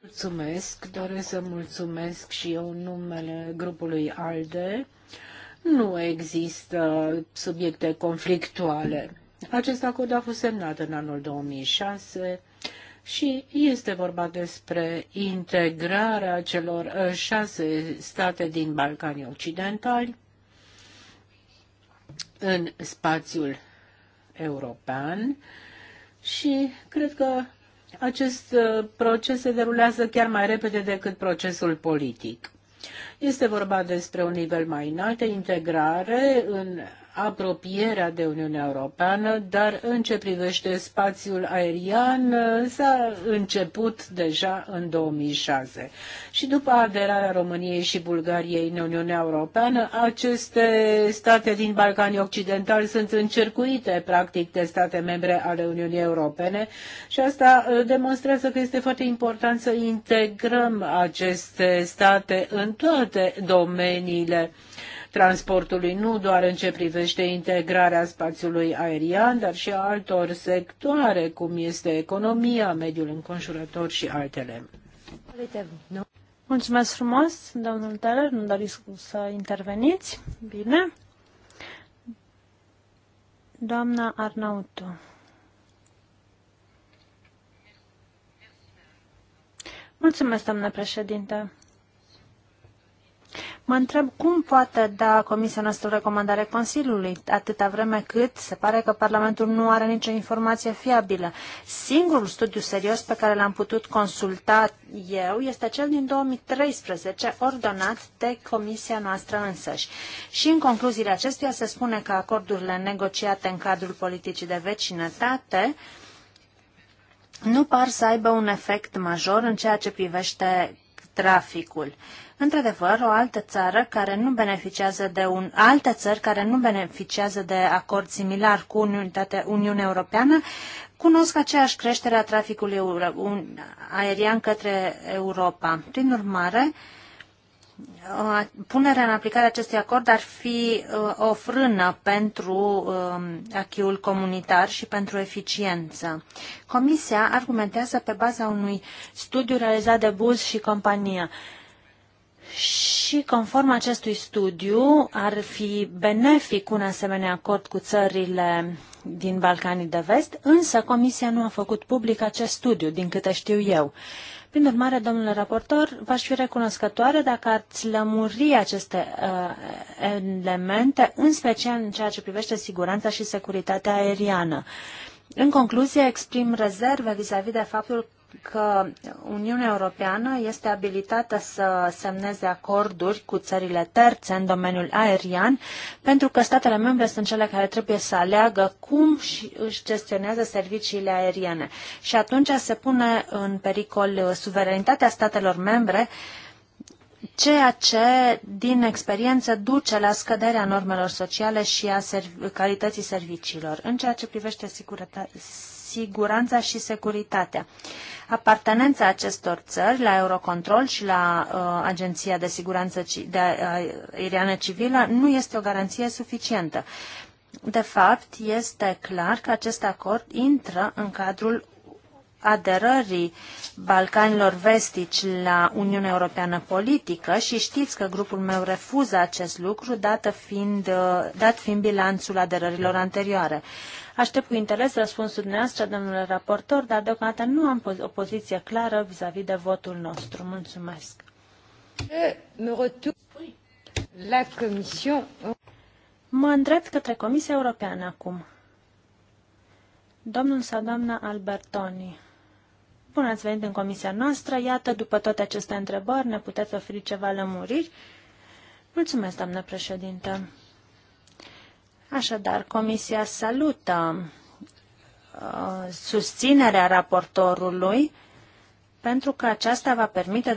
Mulțumesc, doresc să mulțumesc și eu numele grupului ALDE. Nu există subiecte conflictuale. Acest acord a fost semnat în anul 2006 și este vorba despre integrarea celor uh, șase state din Balcanii Occidentali în spațiul european și cred că acest uh, proces se derulează chiar mai repede decât procesul politic. Este vorba despre un nivel mai înalt de integrare în apropierea de Uniunea Europeană, dar în ce privește spațiul aerian s-a început deja în 2006. Și după aderarea României și Bulgariei în Uniunea Europeană, aceste state din Balcanii Occidentali sunt încercuite practic de state membre ale Uniunii Europene și asta uh, demonstrează că este foarte important să integrăm aceste state în toate domeniile transportului, nu doar în ce privește integrarea spațiului aerian, dar și a altor sectoare, cum este economia, mediul înconjurător și altele. Mulțumesc frumos, domnul Teller, nu doriți să interveniți. Bine. Doamna Arnautu. Mulțumesc, doamnă președinte. Mă întreb cum poate da Comisia noastră recomandare Consiliului, atâta vreme cât se pare că Parlamentul nu are nicio informație fiabilă. Singurul studiu serios pe care l-am putut consulta eu este cel din 2013, ordonat de Comisia noastră însăși. Și în concluziile acestuia se spune că acordurile negociate în cadrul politicii de vecinătate nu par să aibă un efect major în ceea ce privește traficul. Uh, Într-adevăr, o altă țară care nu beneficiază de un altă țări care nu beneficiază de acord similar cu Uniunea, Uniunea Europeană cunosc aceeași creștere a traficului aerian către Europa. Prin urmare, punerea în aplicare acestui acord ar fi o frână pentru um, achiul comunitar și pentru eficiență. Comisia argumentează pe baza unui studiu realizat de Buz și compania și conform acestui studiu ar fi benefic un asemenea acord cu țările din Balcanii de Vest, însă Comisia nu a făcut public acest studiu, din câte știu eu. Prin urmare, domnule raportor, v-aș fi recunoscătoare dacă ați lămuri aceste uh, elemente, în special în ceea ce privește siguranța și securitatea aeriană. În concluzie, exprim rezerve vis-a-vis -vis de faptul că Uniunea Europeană este abilitată să semneze acorduri cu țările terțe în domeniul aerian, pentru că statele membre sunt cele care trebuie să aleagă cum își gestionează serviciile aeriene. Și atunci se pune în pericol suveranitatea statelor membre, ceea ce, din experiență, duce la scăderea normelor sociale și a serv- calității serviciilor. În ceea ce privește siguranța și securitatea apartenența acestor țări la Eurocontrol și la uh, Agenția de Siguranță de uh, Aeriană Civilă nu este o garanție suficientă. De fapt, este clar că acest acord intră în cadrul aderării Balcanilor Vestici la Uniunea Europeană Politică și știți că grupul meu refuză acest lucru, dat fiind, uh, dat fiind bilanțul aderărilor anterioare. Aștept cu interes răspunsul dumneavoastră, domnule raportor, dar deocamdată nu am o poziție clară vis-a-vis -vis de votul nostru. Mulțumesc. Mă îndrept către Comisia Europeană acum. Domnul sau doamna Albertoni. Bun ați venit în comisia noastră. Iată, după toate aceste întrebări, ne puteți oferi ceva lămuriri. Mulțumesc, doamnă președintă. Așadar, Comisia salută uh, susținerea raportorului pentru că aceasta va permite,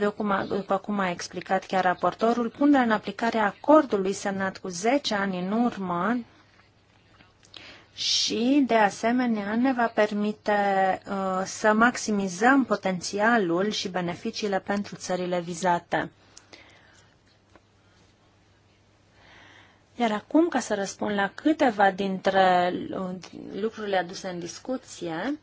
după cum a explicat chiar raportorul, punerea în aplicare a acordului semnat cu 10 ani în urmă și, de asemenea, ne va permite uh, să maximizăm potențialul și beneficiile pentru țările vizate. Iar acum, ca să răspund la câteva dintre lucrurile aduse în discuție,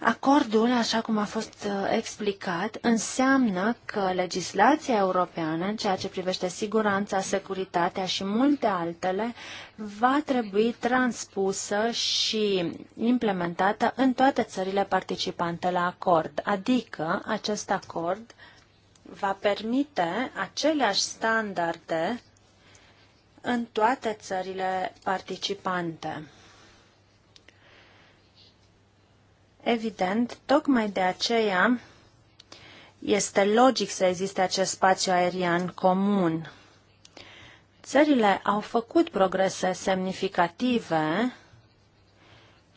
Acordul, așa cum a fost uh, explicat, înseamnă că legislația europeană, în ceea ce privește siguranța, securitatea și multe altele, va trebui transpusă și implementată în toate țările participante la acord. Adică, acest acord va permite aceleași standarde în toate țările participante. Evident, tocmai de aceea este logic să existe acest spațiu aerian comun. Țările au făcut progrese semnificative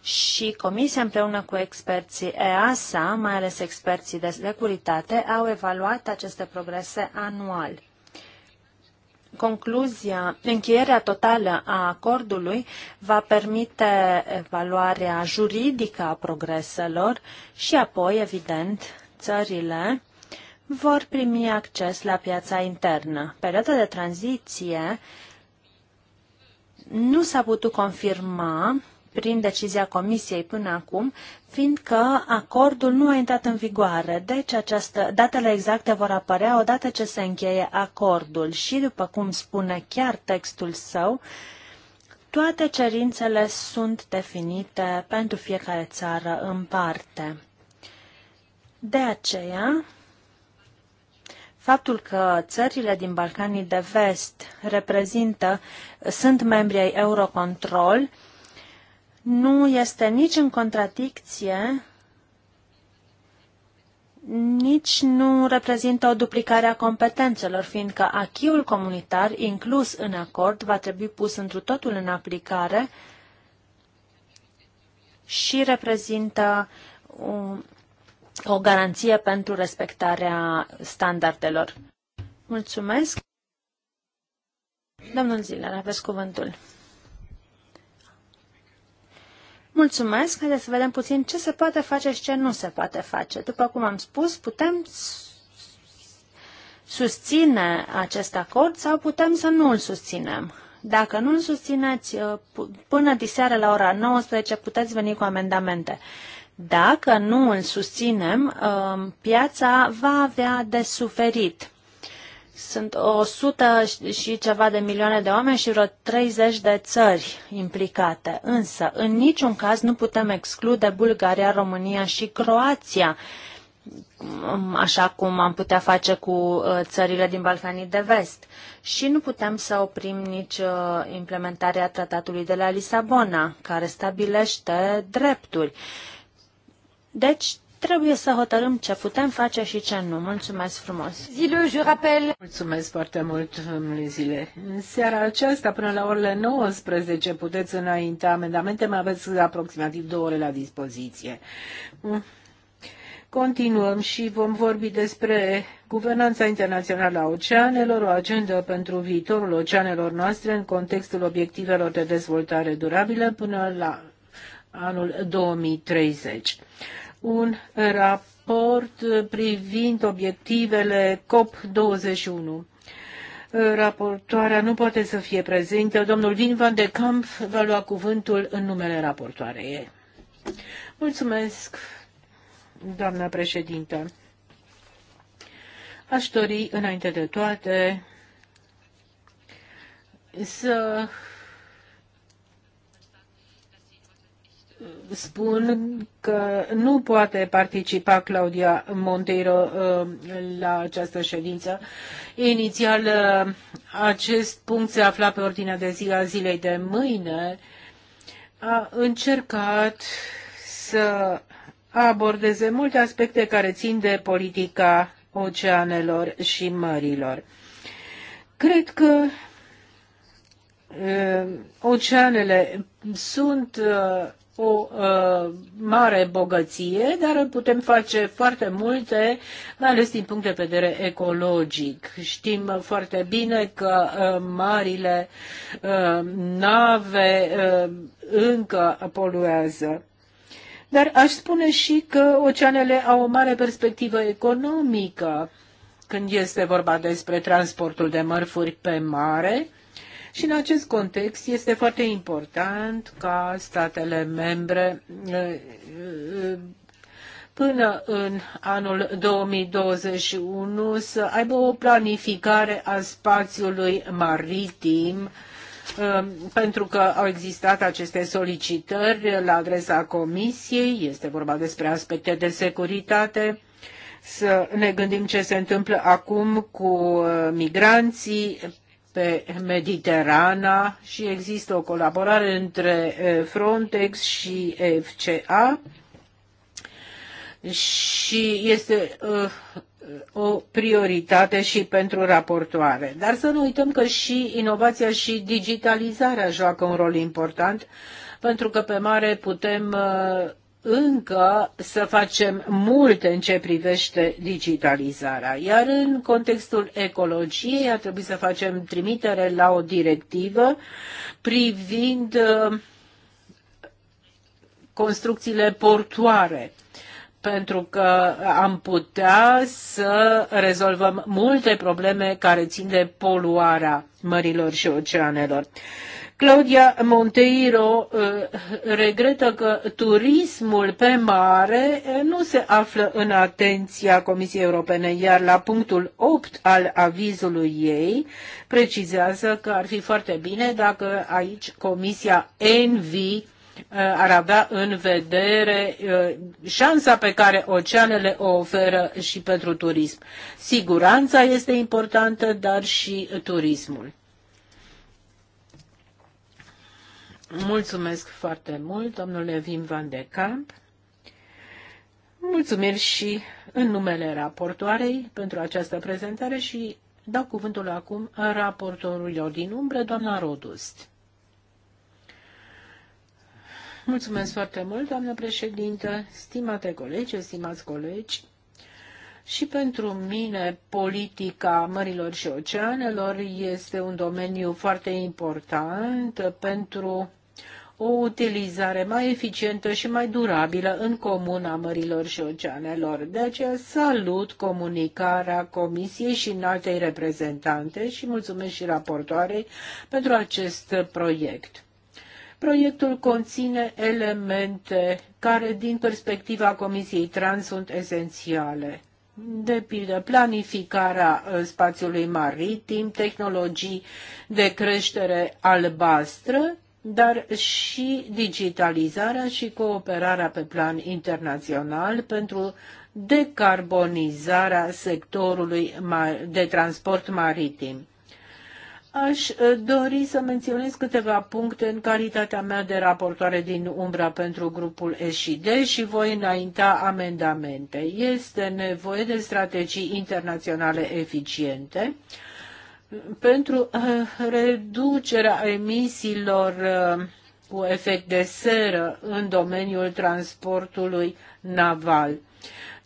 și Comisia împreună cu experții EASA, mai ales experții de securitate, au evaluat aceste progrese anual concluzia, încheierea totală a acordului va permite evaluarea juridică a progreselor și apoi, evident, țările vor primi acces la piața internă. Perioada de tranziție nu s-a putut confirma prin decizia Comisiei până acum, fiindcă acordul nu a intrat în vigoare. Deci această, datele exacte vor apărea odată ce se încheie acordul și, după cum spune chiar textul său, toate cerințele sunt definite pentru fiecare țară în parte. De aceea, faptul că țările din Balcanii de Vest reprezintă, sunt membri ai Eurocontrol, nu este nici în contradicție, nici nu reprezintă o duplicare a competențelor, fiindcă achiul comunitar inclus în acord va trebui pus întru totul în aplicare și reprezintă o garanție pentru respectarea standardelor. Mulțumesc. Domnul Ziller, aveți cuvântul. Mulțumesc, haideți să vedem puțin ce se poate face și ce nu se poate face. După cum am spus, putem susține acest acord sau putem să nu îl susținem. Dacă nu îl susțineți uh, până diseară la ora 19, puteți veni cu amendamente. Dacă nu îl susținem, uh, piața va avea de suferit. Sunt 100 și ceva de milioane de oameni și vreo 30 de țări implicate. Însă, în niciun caz nu putem exclude Bulgaria, România și Croația, așa cum am putea face cu uh, țările din Balcanii de Vest. Și nu putem să oprim nici uh, implementarea tratatului de la Lisabona, care stabilește drepturi. Deci, trebuie să hotărâm ce putem face și ce nu. Mulțumesc frumos! Zile, je rappel! Mulțumesc foarte mult, domnule Zile! În seara aceasta, până la orele 19, puteți înainta amendamente, mai aveți aproximativ două ore la dispoziție. Continuăm și vom vorbi despre guvernanța internațională a oceanelor, o agendă pentru viitorul oceanelor noastre în contextul obiectivelor de dezvoltare durabilă până la anul 2030 un raport privind obiectivele COP21. Raportoarea nu poate să fie prezentă. Domnul Vin van de Camp va lua cuvântul în numele raportoarei. Mulțumesc, doamna președintă. Aș dori, înainte de toate, să spun că nu poate participa Claudia Monteiro uh, la această ședință. Inițial, uh, acest punct se afla pe ordinea de zi a zilei de mâine. A încercat să abordeze multe aspecte care țin de politica oceanelor și mărilor. Cred că uh, oceanele sunt o uh, mare bogăție, dar putem face foarte multe, mai ales din punct de vedere ecologic. Știm foarte bine că uh, marile uh, nave uh, încă poluează. Dar aș spune și că oceanele au o mare perspectivă economică când este vorba despre transportul de mărfuri pe mare și în acest context este foarte important ca statele membre eh, eh, până în anul 2021 să aibă o planificare a spațiului maritim eh, pentru că au existat aceste solicitări la adresa Comisiei, este vorba despre aspecte de securitate, să ne gândim ce se întâmplă acum cu migranții pe Mediterana și există o colaborare între eh, Frontex și eh, FCA și este eh, o prioritate și pentru raportoare. Dar să nu uităm că și inovația și digitalizarea joacă un rol important pentru că pe mare putem încă să facem multe în ce privește digitalizarea, iar în contextul ecologiei ar trebui să facem trimitere la o directivă privind uh, construcțiile portoare pentru că am putea să rezolvăm multe probleme care țin de poluarea mărilor și oceanelor. Claudia Monteiro eh, regretă că turismul pe mare eh, nu se află în atenția Comisiei Europene, iar la punctul 8 al avizului ei precizează că ar fi foarte bine dacă aici Comisia Envi eh, ar avea în vedere șansa pe care oceanele o oferă și pentru turism. Siguranța este importantă, dar și turismul. Mulțumesc foarte mult, domnule Vim Van de Camp. Mulțumesc și în numele raportoarei pentru această prezentare și dau cuvântul acum raportorilor din umbră, doamna Rodust. Mulțumesc foarte mult, doamnă președintă, stimate colegi, stimați colegi. Și pentru mine politica mărilor și oceanelor este un domeniu foarte important pentru o utilizare mai eficientă și mai durabilă în comun a mărilor și oceanelor. De aceea salut comunicarea Comisiei și înaltei reprezentante și mulțumesc și raportoarei pentru acest proiect. Proiectul conține elemente care, din perspectiva Comisiei Trans, sunt esențiale de pildă planificarea uh, spațiului maritim, tehnologii de creștere albastră dar și digitalizarea și cooperarea pe plan internațional pentru decarbonizarea sectorului de transport maritim. Aș uh, dori să menționez câteva puncte în calitatea mea de raportoare din umbra pentru grupul SID și voi înainta amendamente. Este nevoie de strategii internaționale eficiente, pentru uh, reducerea emisiilor uh, cu efect de seră în domeniul transportului naval.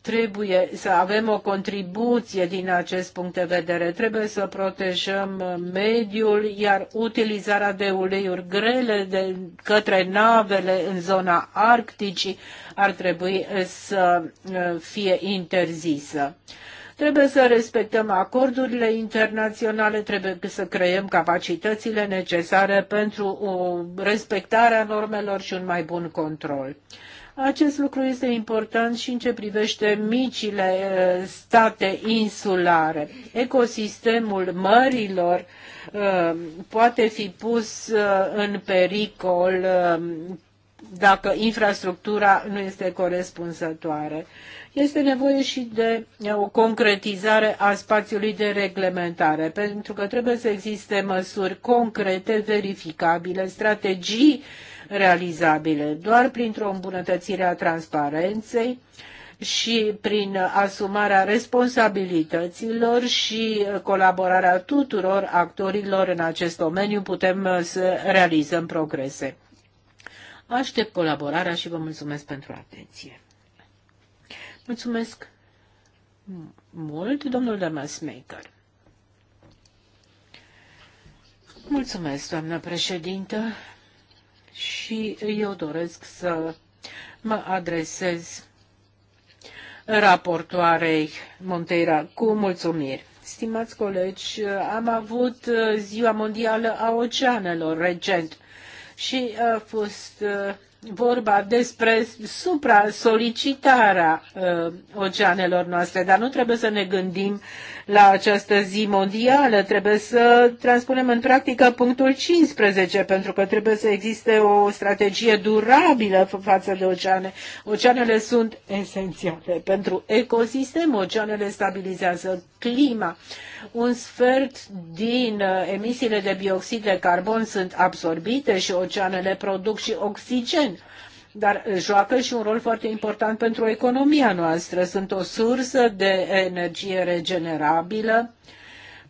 Trebuie să avem o contribuție din acest punct de vedere. Trebuie să protejăm uh, mediul, iar utilizarea de uleiuri grele de către navele în zona Arcticii ar trebui să fie interzisă. Trebuie să respectăm acordurile internaționale, trebuie să creăm capacitățile necesare pentru o respectare normelor și un mai bun control. Acest lucru este important și în ce privește micile state insulare. Ecosistemul mărilor poate fi pus în pericol dacă infrastructura nu este corespunzătoare este nevoie și de o concretizare a spațiului de reglementare, pentru că trebuie să existe măsuri concrete, verificabile, strategii realizabile, doar printr-o îmbunătățire a transparenței, și prin asumarea responsabilităților și colaborarea tuturor actorilor în acest domeniu putem să realizăm progrese. Aștept colaborarea și vă mulțumesc pentru atenție. Mulțumesc mult, domnul Damasmaker. Mulțumesc, doamnă președintă, și eu doresc să mă adresez raportoarei Monteira cu mulțumiri. Stimați colegi, am avut uh, Ziua Mondială a Oceanelor recent și a fost uh, vorba despre supra-solicitarea uh, oceanelor noastre, dar nu trebuie să ne gândim la această zi mondială. Trebuie să transpunem în practică punctul 15, pentru că trebuie să existe o strategie durabilă față de oceane. Oceanele sunt esențiale pentru ecosistem, oceanele stabilizează clima. Un sfert din uh, emisiile de bioxid de carbon sunt absorbite și oceanele produc și oxigen dar eh, joacă și un rol foarte important pentru economia noastră. Sunt o sursă de energie regenerabilă,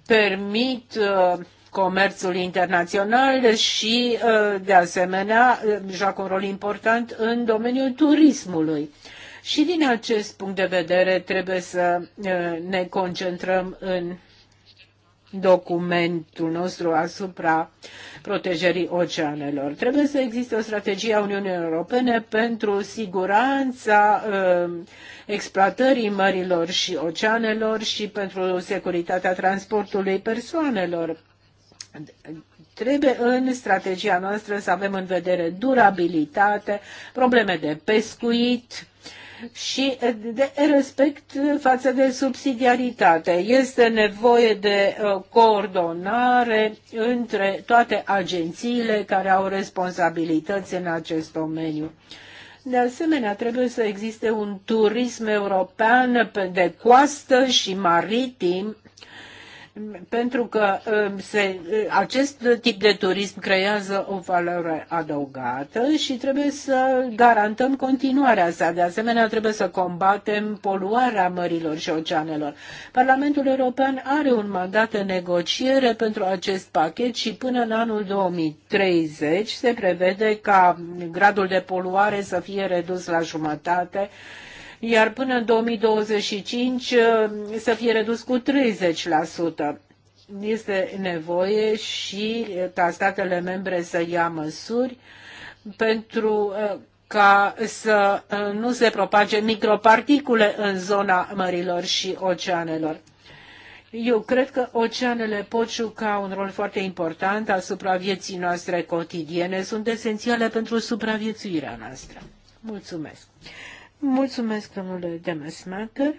permit eh, comerțul internațional și, eh, de asemenea, joacă un rol important în domeniul turismului. Și din acest punct de vedere trebuie să ne concentrăm în documentul nostru asupra protejării oceanelor. Trebuie să existe o strategie a Uniunii Europene pentru siguranța uh, exploatării mărilor și oceanelor și pentru securitatea transportului persoanelor. Trebuie în strategia noastră să avem în vedere durabilitate, probleme de pescuit, și de respect față de subsidiaritate. Este nevoie de uh, coordonare între toate agențiile care au responsabilități în acest domeniu. De asemenea, trebuie să existe un turism european de coastă și maritim pentru că um, se, uh, acest tip de turism creează o valoare adăugată și trebuie să garantăm continuarea sa. De asemenea, trebuie să combatem poluarea mărilor și oceanelor. Parlamentul European are un mandat de negociere pentru acest pachet și până în anul 2030 se prevede ca gradul de poluare să fie redus la jumătate iar până în 2025 uh, să fie redus cu 30%. Este nevoie și uh, ca statele membre să ia măsuri pentru uh, ca să nu se propage microparticule în zona mărilor și oceanelor. Eu cred că oceanele pot juca un rol foarte important asupra vieții noastre cotidiene, sunt esențiale pentru supraviețuirea noastră. Mulțumesc. Mulțumesc, domnule Demesmacher,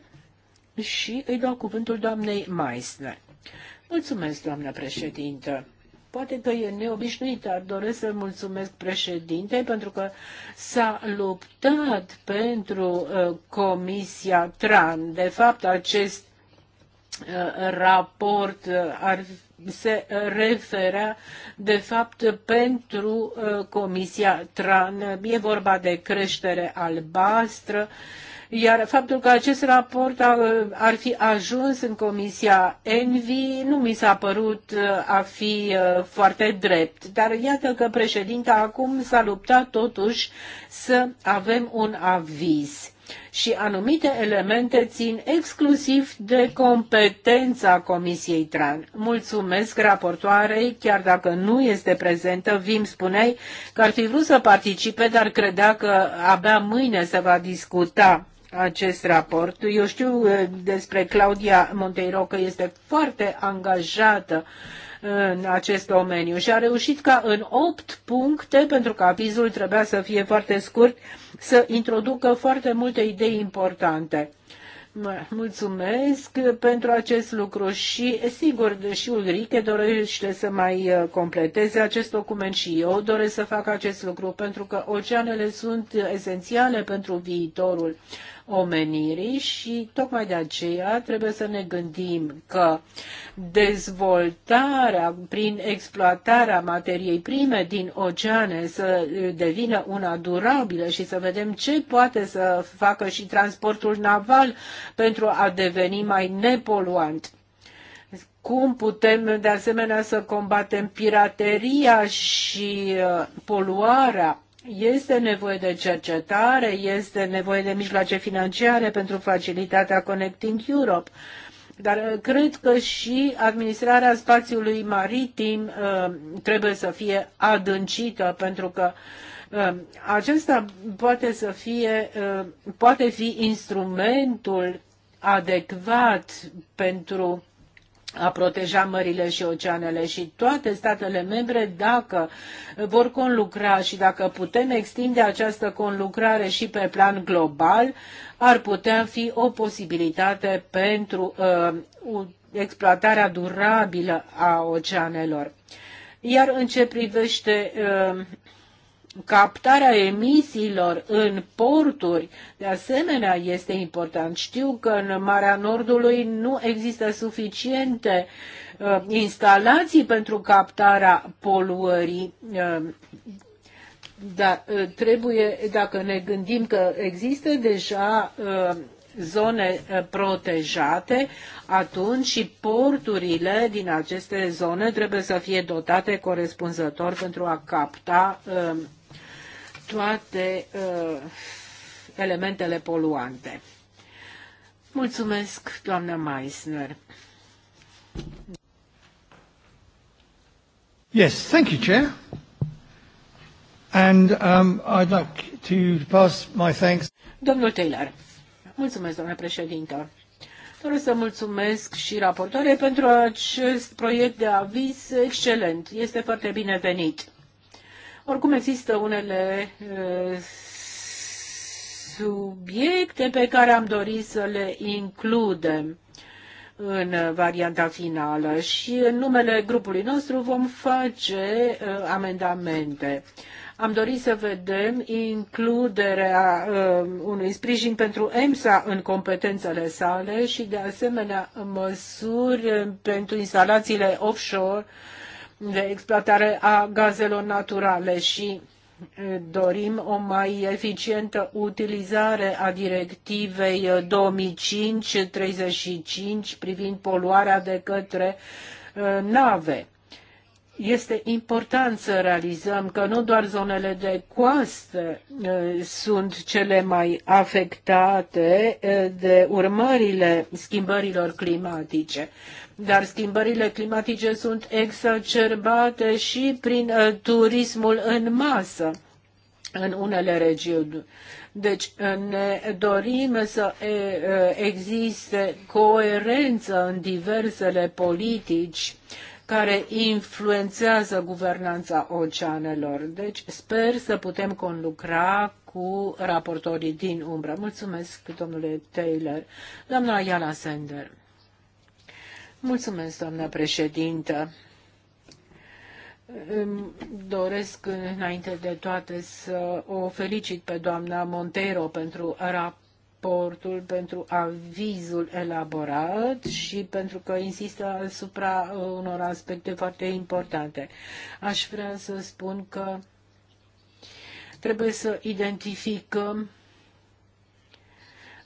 și îi dau cuvântul doamnei Meisner. Mulțumesc, doamna președintă. Poate că e neobișnuit, dar doresc să mulțumesc președinte pentru că s-a luptat pentru uh, Comisia TRAN. De fapt, acest uh, raport uh, ar se uh, referea, de fapt, pentru uh, Comisia TRAN. E vorba de creștere albastră, iar faptul că acest raport uh, ar fi ajuns în Comisia ENVI nu mi s-a părut a fi foarte drept. Dar iată că președinta acum s-a luptat totuși să avem un aviz și anumite elemente țin exclusiv de competența Comisiei TRAN. Mulțumesc raportoarei, chiar dacă nu este prezentă, Vim spuneai că ar fi vrut să participe, dar credea că abia mâine se va discuta acest raport. Eu știu eh, despre Claudia Monteiro că este foarte angajată uh, în acest domeniu și a reușit ca în 8 puncte, pentru că avizul trebuia să fie foarte scurt, să introducă foarte multe idei importante. Mulțumesc pentru acest lucru și, sigur, și Ulrike dorește să mai uh, completeze acest document și eu doresc să fac acest lucru, pentru că oceanele sunt uh, esențiale pentru viitorul omenirii și tocmai de aceea trebuie să ne gândim că dezvoltarea prin exploatarea materiei prime din oceane să devină una durabilă și să vedem ce poate să facă și transportul naval pentru a deveni mai nepoluant cum putem de asemenea să combatem pirateria și uh, poluarea este nevoie de cercetare, este nevoie de mijloace financiare pentru facilitatea Connecting Europe, dar uh, cred că și administrarea spațiului maritim uh, trebuie să fie adâncită pentru că uh, acesta poate să fie, poate fi instrumentul adecvat pentru a proteja mările și oceanele și toate statele membre, dacă vor conlucra și dacă putem extinde această conlucrare și pe plan global, ar putea fi o posibilitate pentru uh, exploatarea durabilă a oceanelor. Iar în ce privește uh, captarea emisiilor în porturi, de asemenea, este important. Știu că în Marea Nordului nu există suficiente uh, instalații pentru captarea poluării. Uh, dar uh, trebuie, dacă ne gândim că există deja uh, zone uh, protejate, atunci și porturile din aceste zone trebuie să fie dotate corespunzător pentru a capta uh, toate uh, elementele poluante. Mulțumesc, doamna Meissner. Yes, thank you, Chair. And um, I'd like to pass my thanks. Domnul Taylor. Mulțumesc, domnule președinte. Doresc să mulțumesc și raportoare pentru acest proiect de aviz excelent. Este foarte binevenit. Oricum există unele subiecte pe care am dorit să le includem în varianta finală și în numele grupului nostru vom face amendamente. Am dorit să vedem includerea uh, unui sprijin pentru EMSA în competențele sale și de asemenea măsuri pentru instalațiile offshore uh, de exploatare a gazelor naturale și dorim o mai eficientă utilizare a directivei 2005-35 privind poluarea de către nave. Este important să realizăm că nu doar zonele de coastă uh, sunt cele mai afectate uh, de urmările schimbărilor climatice, dar schimbările climatice sunt exacerbate și prin uh, turismul în masă în unele regiuni. Deci ne dorim să existe coerență în diversele politici care influențează guvernanța oceanelor. Deci sper să putem conlucra cu raportorii din umbră. Mulțumesc, domnule Taylor. Doamna Iana Sender. Mulțumesc, doamna președintă. doresc înainte de toate să o felicit pe doamna Monteiro pentru raport raportul, pentru avizul elaborat și pentru că insistă asupra uh, unor aspecte foarte importante. Aș vrea să spun că trebuie să identificăm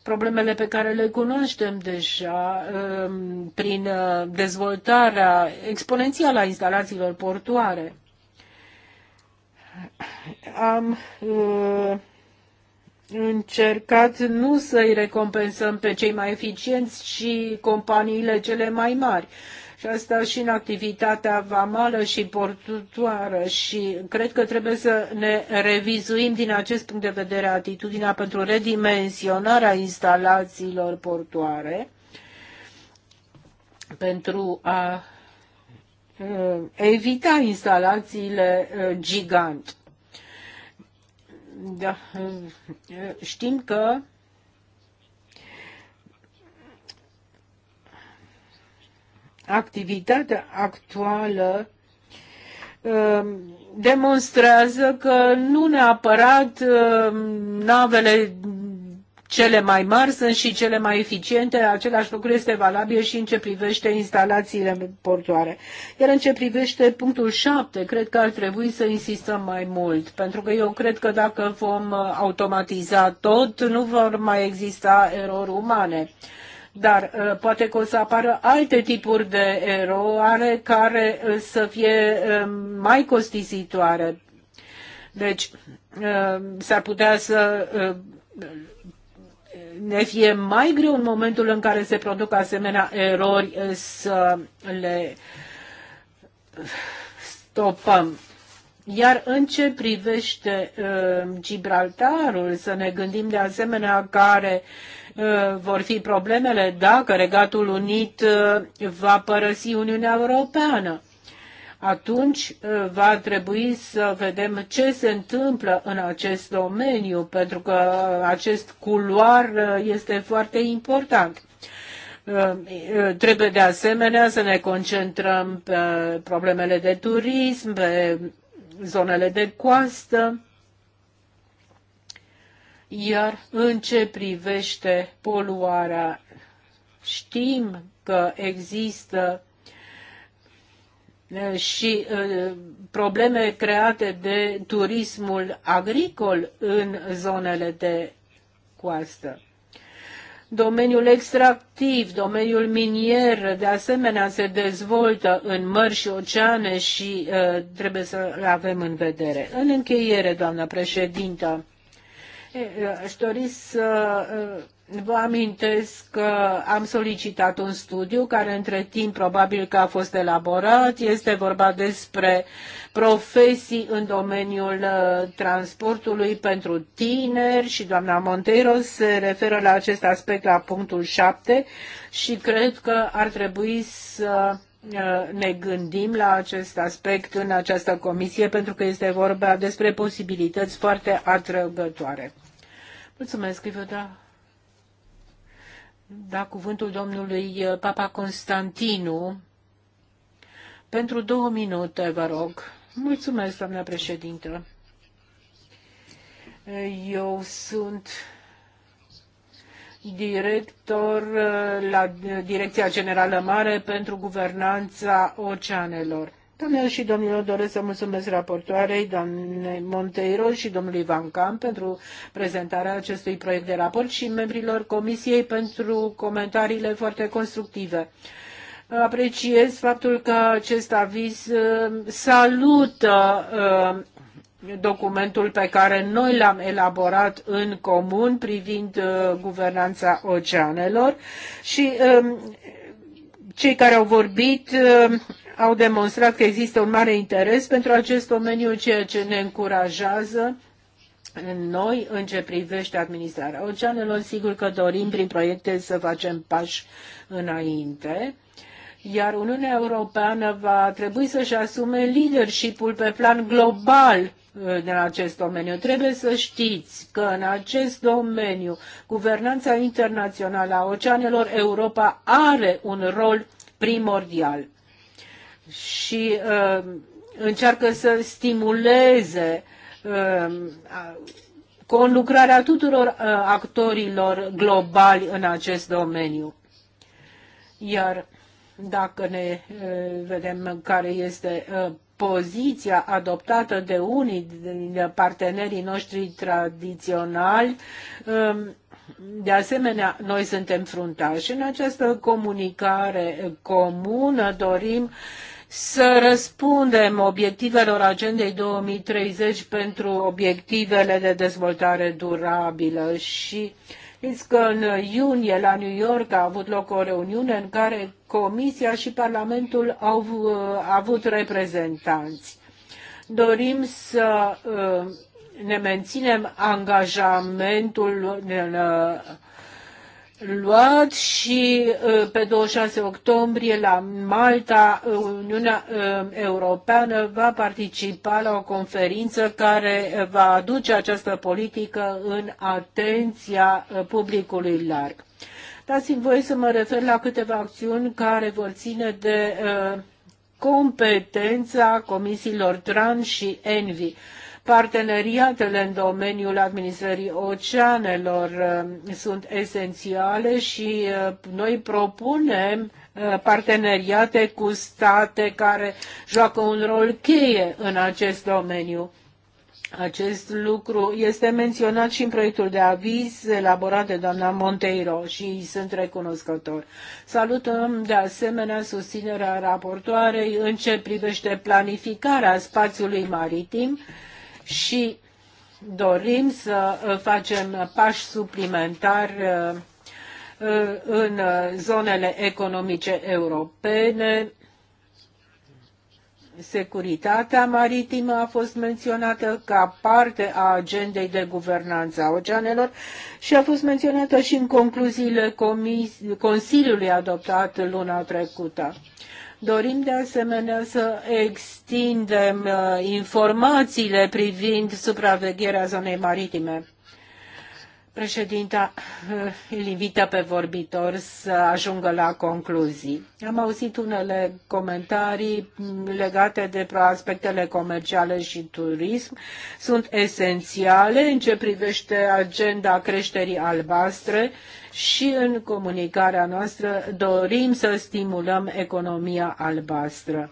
problemele pe care le cunoaștem deja um, prin uh, dezvoltarea exponențială a instalațiilor portoare. Am uh, încercat nu să-i recompensăm pe cei mai eficienți, ci companiile cele mai mari. Și asta și în activitatea vamală și portutoară și cred că trebuie să ne revizuim din acest punct de vedere atitudinea pentru redimensionarea instalațiilor portoare pentru a uh, evita instalațiile uh, gigant da, știm că activitatea actuală um, demonstrează că nu neapărat um, navele cele mai mari sunt și cele mai eficiente. Același lucru este valabil și în ce privește instalațiile portoare. Iar în ce privește punctul 7, cred că ar trebui să insistăm mai mult, pentru că eu cred că dacă vom automatiza tot, nu vor mai exista erori umane dar uh, poate că o să apară alte tipuri de eroare care uh, să fie um, mai costisitoare. Deci uh, s-ar putea să ne fie mai greu în momentul în care se produc asemenea erori eh, să le stopăm. Iar în ce privește uh, Gibraltarul, să ne gândim de asemenea care uh, vor fi problemele dacă Regatul Unit uh, va părăsi Uniunea Europeană atunci ă, va trebui să vedem ce se întâmplă în acest domeniu, pentru că acest culoar ă, este foarte important. Ă, trebuie de asemenea să ne concentrăm pe problemele de turism, pe zonele de coastă, iar în ce privește poluarea, știm că există și uh, probleme create de turismul agricol în zonele de coastă. Domeniul extractiv, domeniul minier, de asemenea, se dezvoltă în mări și oceane și uh, trebuie să le avem în vedere. În încheiere, doamnă președintă, uh, aș dori să uh, Vă amintesc că am solicitat un studiu care între timp probabil că a fost elaborat. Este vorba despre profesii în domeniul uh, transportului pentru tineri și doamna Monteiro se referă la acest aspect la punctul 7 și cred că ar trebui să uh, ne gândim la acest aspect în această comisie pentru că este vorba despre posibilități foarte atrăgătoare. Mulțumesc, Ivoda da cuvântul domnului eh, Papa Constantinu. Pentru două minute, vă rog. Mulțumesc, doamna președintă. Eh, eu sunt director eh, la Direcția Generală Mare pentru Guvernanța Oceanelor. Doamnelor și domnilor, doresc să mulțumesc raportoarei, doamne Monteiro și domnului Van Cam pentru prezentarea acestui proiect de raport și membrilor Comisiei pentru comentariile foarte constructive. Apreciez faptul că acest aviz uh, salută uh, documentul pe care noi l-am elaborat în comun privind uh, guvernanța oceanelor și um, cei care au vorbit au demonstrat că există un mare interes pentru acest domeniu, ceea ce ne încurajează noi în ce privește administrarea oceanelor. Sigur că dorim prin proiecte să facem pași înainte iar Uniunea Europeană va trebui să-și asume leadership-ul pe plan global uh, în acest domeniu. Trebuie să știți că în acest domeniu, guvernanța internațională a oceanelor, Europa are un rol primordial și uh, încearcă să stimuleze uh, conlucrarea tuturor uh, actorilor globali în acest domeniu. Iar dacă ne uh, vedem care este uh, poziția adoptată de unii din partenerii noștri tradiționali, uh, de asemenea, noi suntem fruntași. În această comunicare comună dorim uh, să răspundem obiectivelor agendei 2030 pentru obiectivele de dezvoltare durabilă și Știți că în iunie la New York a avut loc o reuniune în care Comisia și Parlamentul au uh, avut reprezentanți. Dorim să uh, ne menținem angajamentul în uh, luat și ă, pe 26 octombrie la Malta ă, Uniunea ă, Europeană va participa la o conferință care va aduce această politică în atenția publicului larg. Dați-mi voie să mă refer la câteva acțiuni care vor ține de competența comisiilor TRAN și ENVI. Parteneriatele în domeniul administrării oceanelor uh, sunt esențiale și uh, noi propunem uh, parteneriate cu state care joacă un rol cheie în acest domeniu. Acest lucru este menționat și în proiectul de aviz elaborat de doamna Monteiro și sunt recunoscător. Salutăm de asemenea susținerea raportoarei în ce privește planificarea spațiului maritim, și dorim să uh, facem pași suplimentari uh, uh, în zonele economice europene. Securitatea maritimă a fost menționată ca parte a agendei de guvernanță a oceanelor și a fost menționată și în concluziile Consiliului adoptat luna trecută. Dorim de asemenea să extindem uh, informațiile privind supravegherea zonei maritime. Președinta uh, îl invită pe vorbitor să ajungă la concluzii. Am auzit unele comentarii legate de aspectele comerciale și turism. Sunt esențiale în ce privește agenda creșterii albastre și în comunicarea noastră dorim să stimulăm economia albastră.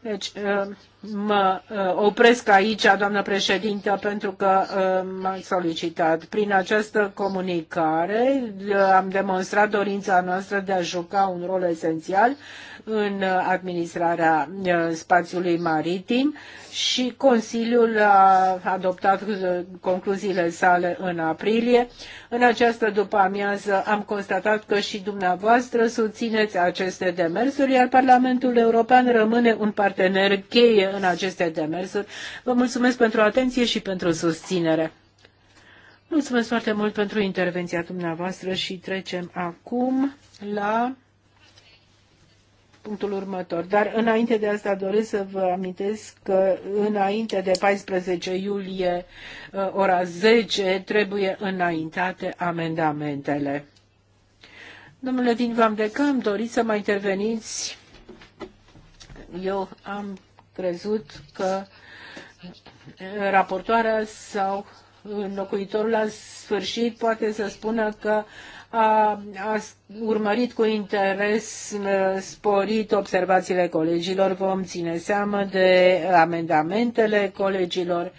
Deci, uh, mă uh, opresc aici, doamnă președintă, pentru că uh, m-am solicitat. Prin această comunicare am demonstrat dorința noastră de a juca un rol esențial în administrarea uh, spațiului maritim și Consiliul a adoptat uh, concluziile sale în aprilie. În această după-amiază am constatat că și dumneavoastră susțineți aceste demersuri, iar Parlamentul European rămâne un partener cheie în aceste demersuri. Vă mulțumesc pentru atenție și pentru susținere. Mulțumesc foarte mult pentru intervenția dumneavoastră și trecem acum la punctul următor. Dar înainte de asta doresc să vă amintesc că înainte de 14 iulie uh, ora 10 trebuie înaintate amendamentele. Domnule din Van de Cam, doriți să mai interveniți? Eu am crezut că raportoarea sau înlocuitorul la sfârșit poate să spună că a, a urmărit cu interes uh, sporit observațiile colegilor. Vom ține seamă de amendamentele colegilor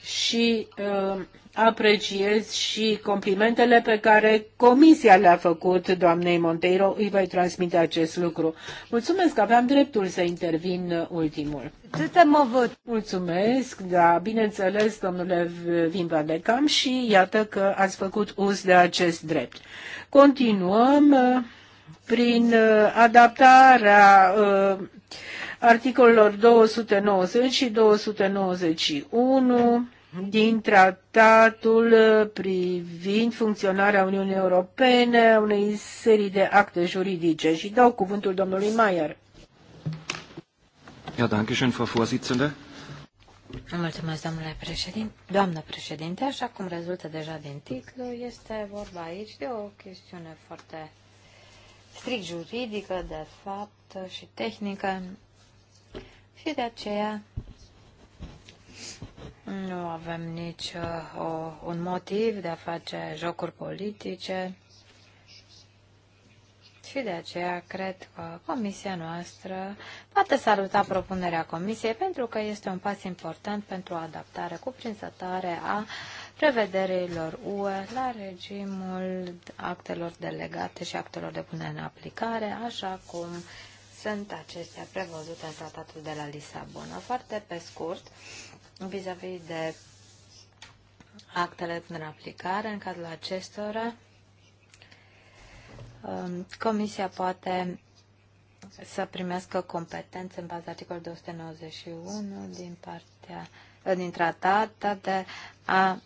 și uh, apreciez și complimentele pe care comisia le-a făcut doamnei Monteiro. Îi voi transmite acest lucru. Mulțumesc, că aveam dreptul să intervin ultimul. Mă văd. Mulțumesc, da, bineînțeles, domnule Vimba de Cam și iată că ați făcut uz de acest drept. Continuăm uh, prin uh, adaptarea uh, articolelor 290 și 291 din tratatul uh, privind funcționarea Uniunii Europene, unei serii de acte juridice. Și dau cuvântul domnului Mayer. Ja, danke schön, Frau Vorsitzende. Mulțumesc, domnule președinte. Doamnă președinte, așa cum rezultă deja din titlu, este vorba aici de o chestiune foarte strict juridică, de fapt, și tehnică. Și de aceea nu avem nici uh, o, un motiv de a face jocuri politice și de aceea cred că comisia noastră poate saluta propunerea comisiei pentru că este un pas important pentru o adaptare cuprinzătoare a prevederilor UE la regimul actelor delegate și actelor de punere în aplicare, așa cum sunt acestea prevăzute în tratatul de la Lisabona. Foarte pe scurt, uh, vis-a-vis -vis de actele în aplicare, în cadrul acestora, um, Comisia poate să primească competențe în baza articolului 291 din partea uh, din tratat de a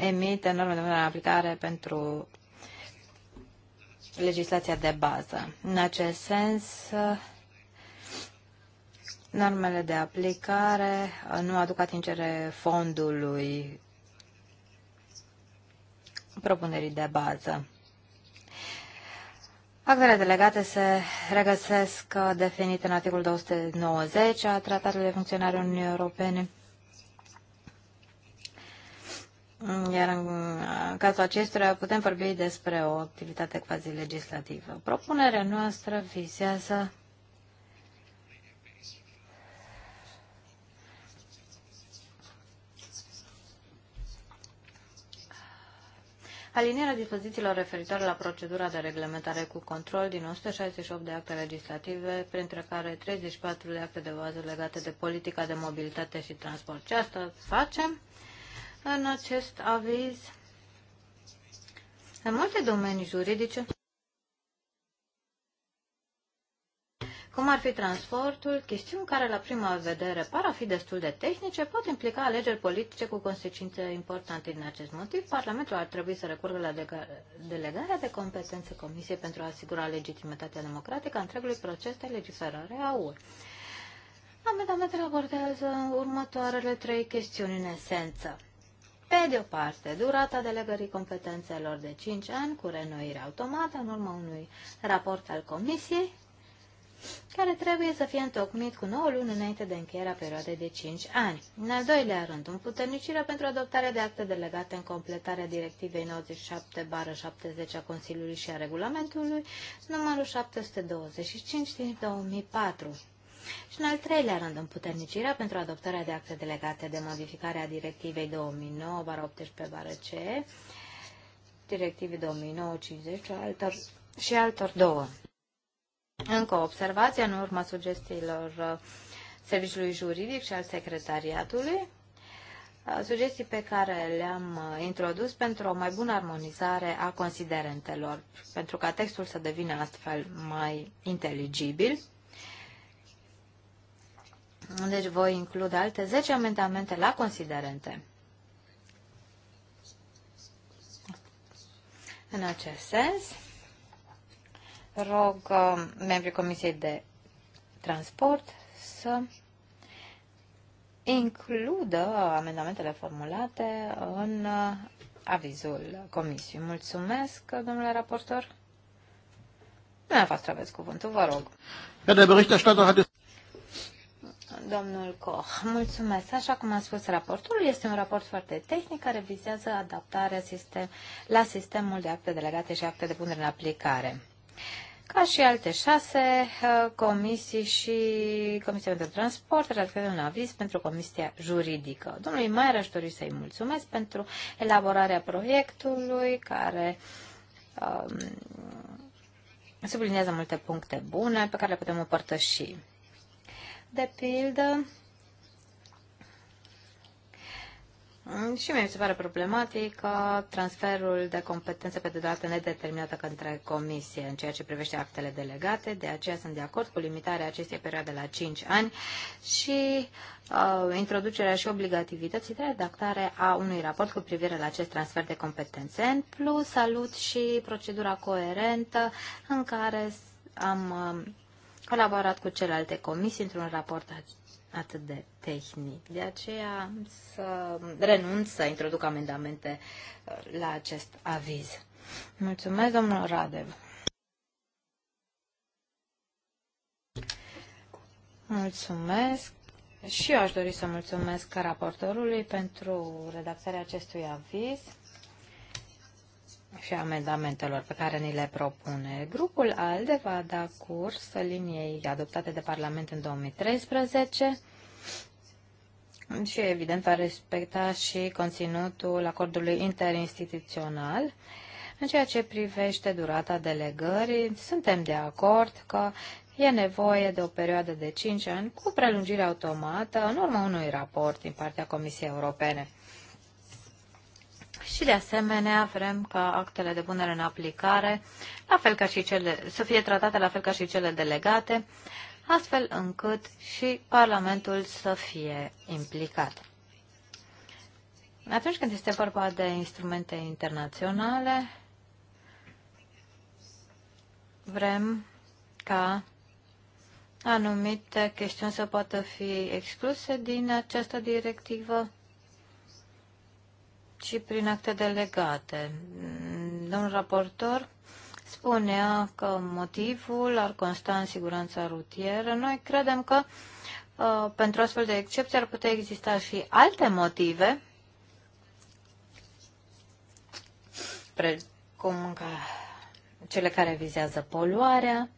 emite norme de aplicare pentru legislația de bază. În acest sens, normele de aplicare uh, nu aduc atingere fondului propunerii de bază. Actele delegate se regăsesc uh, definite în articolul 290 a Tratatului de Funcționare Uniunii Europene. Iar în uh, cazul acestuia putem vorbi despre o activitate quasi legislativă. Propunerea noastră vizează Alinierea dispozițiilor referitoare la procedura de reglementare cu control din 168 de acte legislative, printre care 34 de acte de bază legate de politica de mobilitate și transport. Ce asta facem? În acest aviz, în multe domenii juridice, cum ar fi transportul, chestiuni care la prima vedere par a fi destul de tehnice, pot implica alegeri politice cu consecințe importante din acest motiv. Parlamentul ar trebui să recurgă la delegarea de competențe Comisiei pentru a asigura legitimitatea democratică a întregului proces de legiferare a UE. Amendamentele abordează următoarele trei chestiuni în esență. Pe de o parte, durata delegării competențelor de 5 ani cu renoire automată în urma unui raport al Comisiei, care trebuie să fie întocmit cu 9 luni înainte de încheierea perioadei de 5 ani. În al doilea rând, un puternicire pentru adoptarea de acte delegate în completarea directivei 97-70 a Consiliului și a regulamentului numărul 725 din 2004. Și în al treilea rând, împuternicirea pentru adoptarea de acte delegate de modificare a directivei 2009-18-CE, directivei 2009-50 altor, și altor două. Încă o observație în urma sugestiilor uh, serviciului juridic și al secretariatului, uh, sugestii pe care le-am uh, introdus pentru o mai bună armonizare a considerentelor, pentru ca textul să devină astfel mai inteligibil. Deci voi include alte 10 amendamente la considerente. În acest sens, rog uh, membrii Comisiei de Transport să includă amendamentele formulate în uh, avizul Comisiei. Mulțumesc, domnule raportor. fost aveți cuvântul, vă rog. Domnul Koch, mulțumesc. Așa cum a spus raportul, este un raport foarte tehnic care vizează adaptarea sistem, la sistemul de acte delegate și acte de punere în aplicare. Ca și alte șase uh, comisii și Comisia pentru Transport redactează un aviz pentru Comisia Juridică. Domnului Maier aș dori să-i mulțumesc pentru elaborarea proiectului care um, sublinează multe puncte bune pe care le putem împărtăși. De pildă, Mm, și mi se pare problematic transferul de competențe pe de dată nedeterminată către comisie în ceea ce privește actele delegate, de aceea sunt de acord cu limitarea acestei perioade la 5 ani și uh, introducerea și obligativității de redactare a unui raport cu privire la acest transfer de competențe. În plus, salut și procedura coerentă în care am uh, colaborat cu celelalte comisii într-un raport atât de tehnic. De aceea să renunț să introduc amendamente uh, la acest aviz. Mulțumesc, domnul Radev. Mulțumesc. Și eu aș dori să mulțumesc raportorului pentru redactarea acestui aviz și amendamentelor pe care ni le propune. Grupul ALDE va da curs liniei adoptate de Parlament în 2013 și, evident, va respecta și conținutul acordului interinstituțional. În ceea ce privește durata delegării, suntem de acord că e nevoie de o perioadă de 5 ani cu prelungire automată în urma unui raport din partea Comisiei Europene și de asemenea vrem ca actele de punere în aplicare, la fel ca și cele, să fie tratate la fel ca și cele delegate, astfel încât și Parlamentul să fie implicat. Atunci când este vorba de instrumente internaționale, vrem ca anumite chestiuni să poată fi excluse din această directivă și prin acte delegate. Domnul raportor spunea că motivul ar consta în siguranța rutieră. Noi credem că uh, pentru astfel de excepții ar putea exista și alte motive, precum cele care vizează poluarea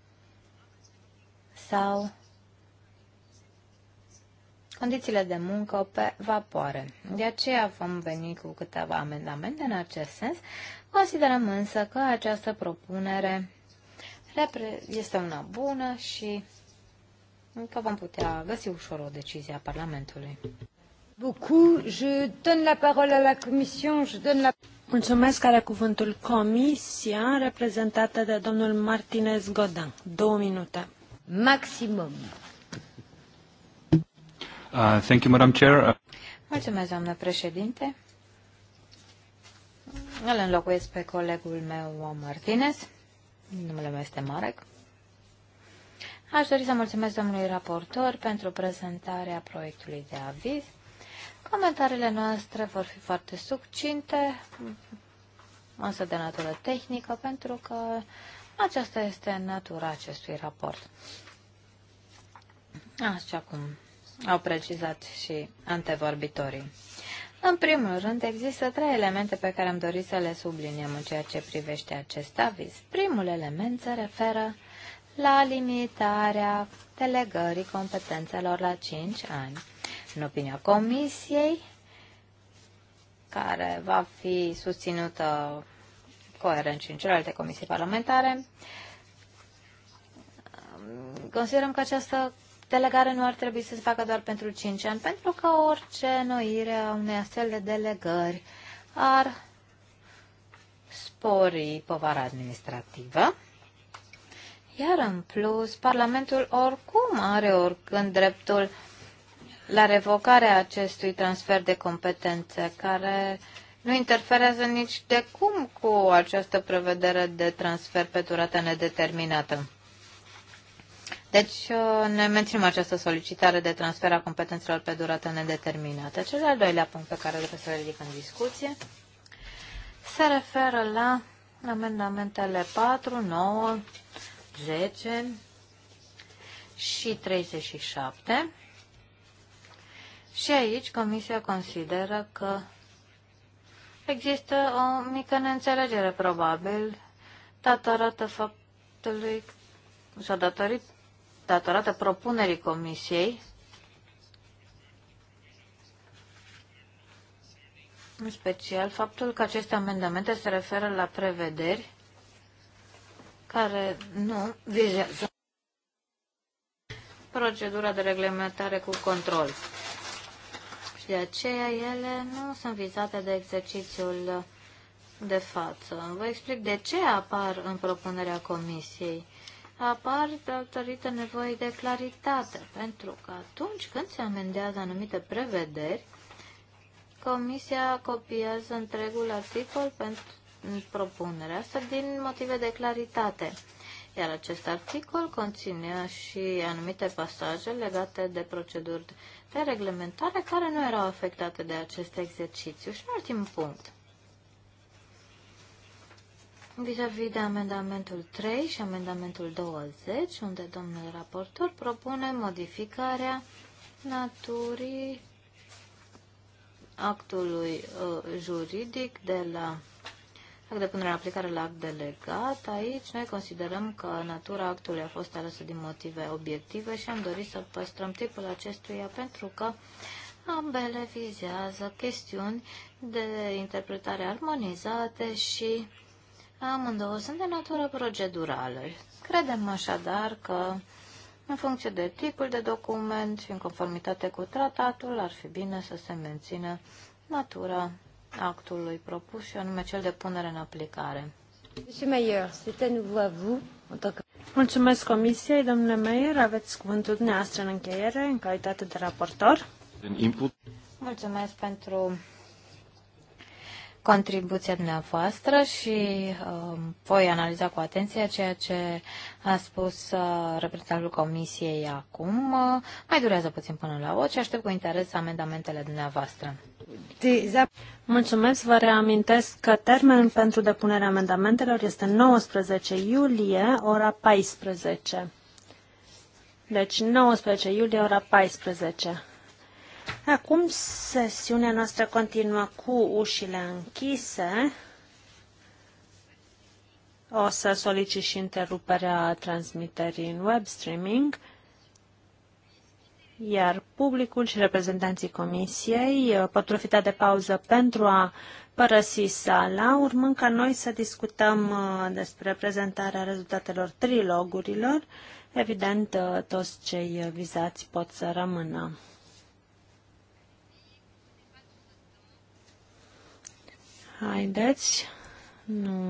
sau condițiile de muncă pe vapoare. De aceea vom veni cu câteva amendamente în acest sens. Considerăm însă că această propunere este una bună și că vom putea găsi ușor o decizie a Parlamentului. Mulțumesc, are cuvântul Comisia, reprezentată de domnul Martinez Godin. Două minute. Maximum. Uh, thank you, Madam Chair. Uh, mulțumesc, doamnă președinte. Îl înlocuiesc pe colegul meu Martinez. Numele meu este Marek. Aș dori să mulțumesc domnului raportor pentru prezentarea proiectului de aviz. Comentariile noastre vor fi foarte succinte, însă de natură tehnică, pentru că aceasta este natura acestui raport. Așa cum au precizat și antevorbitorii. În primul rând, există trei elemente pe care am dorit să le subliniem în ceea ce privește acest aviz. Primul element se referă la limitarea delegării competențelor la 5 ani. În opinia Comisiei, care va fi susținută coerent și în celelalte comisii parlamentare, considerăm că această delegare nu ar trebui să se facă doar pentru 5 ani, pentru că orice noire a unei astfel de delegări ar spori povara administrativă. Iar în plus, Parlamentul oricum are oricând dreptul la revocarea acestui transfer de competențe, care nu interferează nici de cum cu această prevedere de transfer pe durată nedeterminată. Deci uh, ne menținem această solicitare de transfer a competențelor pe durată nedeterminată. Cel al doilea punct pe care trebuie să le ridic în discuție se referă la amendamentele 4, 9, 10 și 37. Și aici Comisia consideră că există o mică neînțelegere, probabil, datorată faptului sau datorită datorată propunerii Comisiei, în special faptul că aceste amendamente se referă la prevederi care nu vizează procedura de reglementare cu control. Și de aceea ele nu sunt vizate de exercițiul de față. Vă explic de ce apar în propunerea Comisiei apar datorită nevoii de claritate, pentru că atunci când se amendează anumite prevederi, Comisia copiază întregul articol pentru propunerea asta din motive de claritate. Iar acest articol conținea și anumite pasaje legate de proceduri de reglementare care nu erau afectate de acest exercițiu. Și un ultim punct vis-a-vis -vis de amendamentul 3 și amendamentul 20, unde domnul raportor propune modificarea naturii actului uh, juridic de la act de punere în aplicare la act delegat. Aici noi considerăm că natura actului a fost alesă din motive obiective și am dorit să păstrăm tipul acestuia pentru că ambele vizează chestiuni de interpretare armonizate și Amândouă sunt de natură procedurală. Credem așadar că, în funcție de tipul de document și în conformitate cu tratatul, ar fi bine să se mențină natura actului propus și anume cel de punere în aplicare. Mulțumesc Comisiei, domnule Meier, aveți cuvântul dumneavoastră în încheiere, în calitate de raportor. Mulțumesc pentru contribuția dumneavoastră și uh, voi analiza cu atenție ceea ce a spus uh, reprezentantul Comisiei acum. Uh, mai durează puțin până la o și aștept cu interes amendamentele dumneavoastră. Mulțumesc, vă reamintesc că termenul pentru depunerea amendamentelor este 19 iulie, ora 14. Deci 19 iulie, ora 14. Acum sesiunea noastră continuă cu ușile închise. O să solicit și întreruperea transmiterii în web streaming, iar publicul și reprezentanții comisiei uh, pot profita de pauză pentru a părăsi sala, urmând ca noi să discutăm uh, despre prezentarea rezultatelor trilogurilor. Evident, uh, toți cei vizați pot să rămână. Haideți. Nu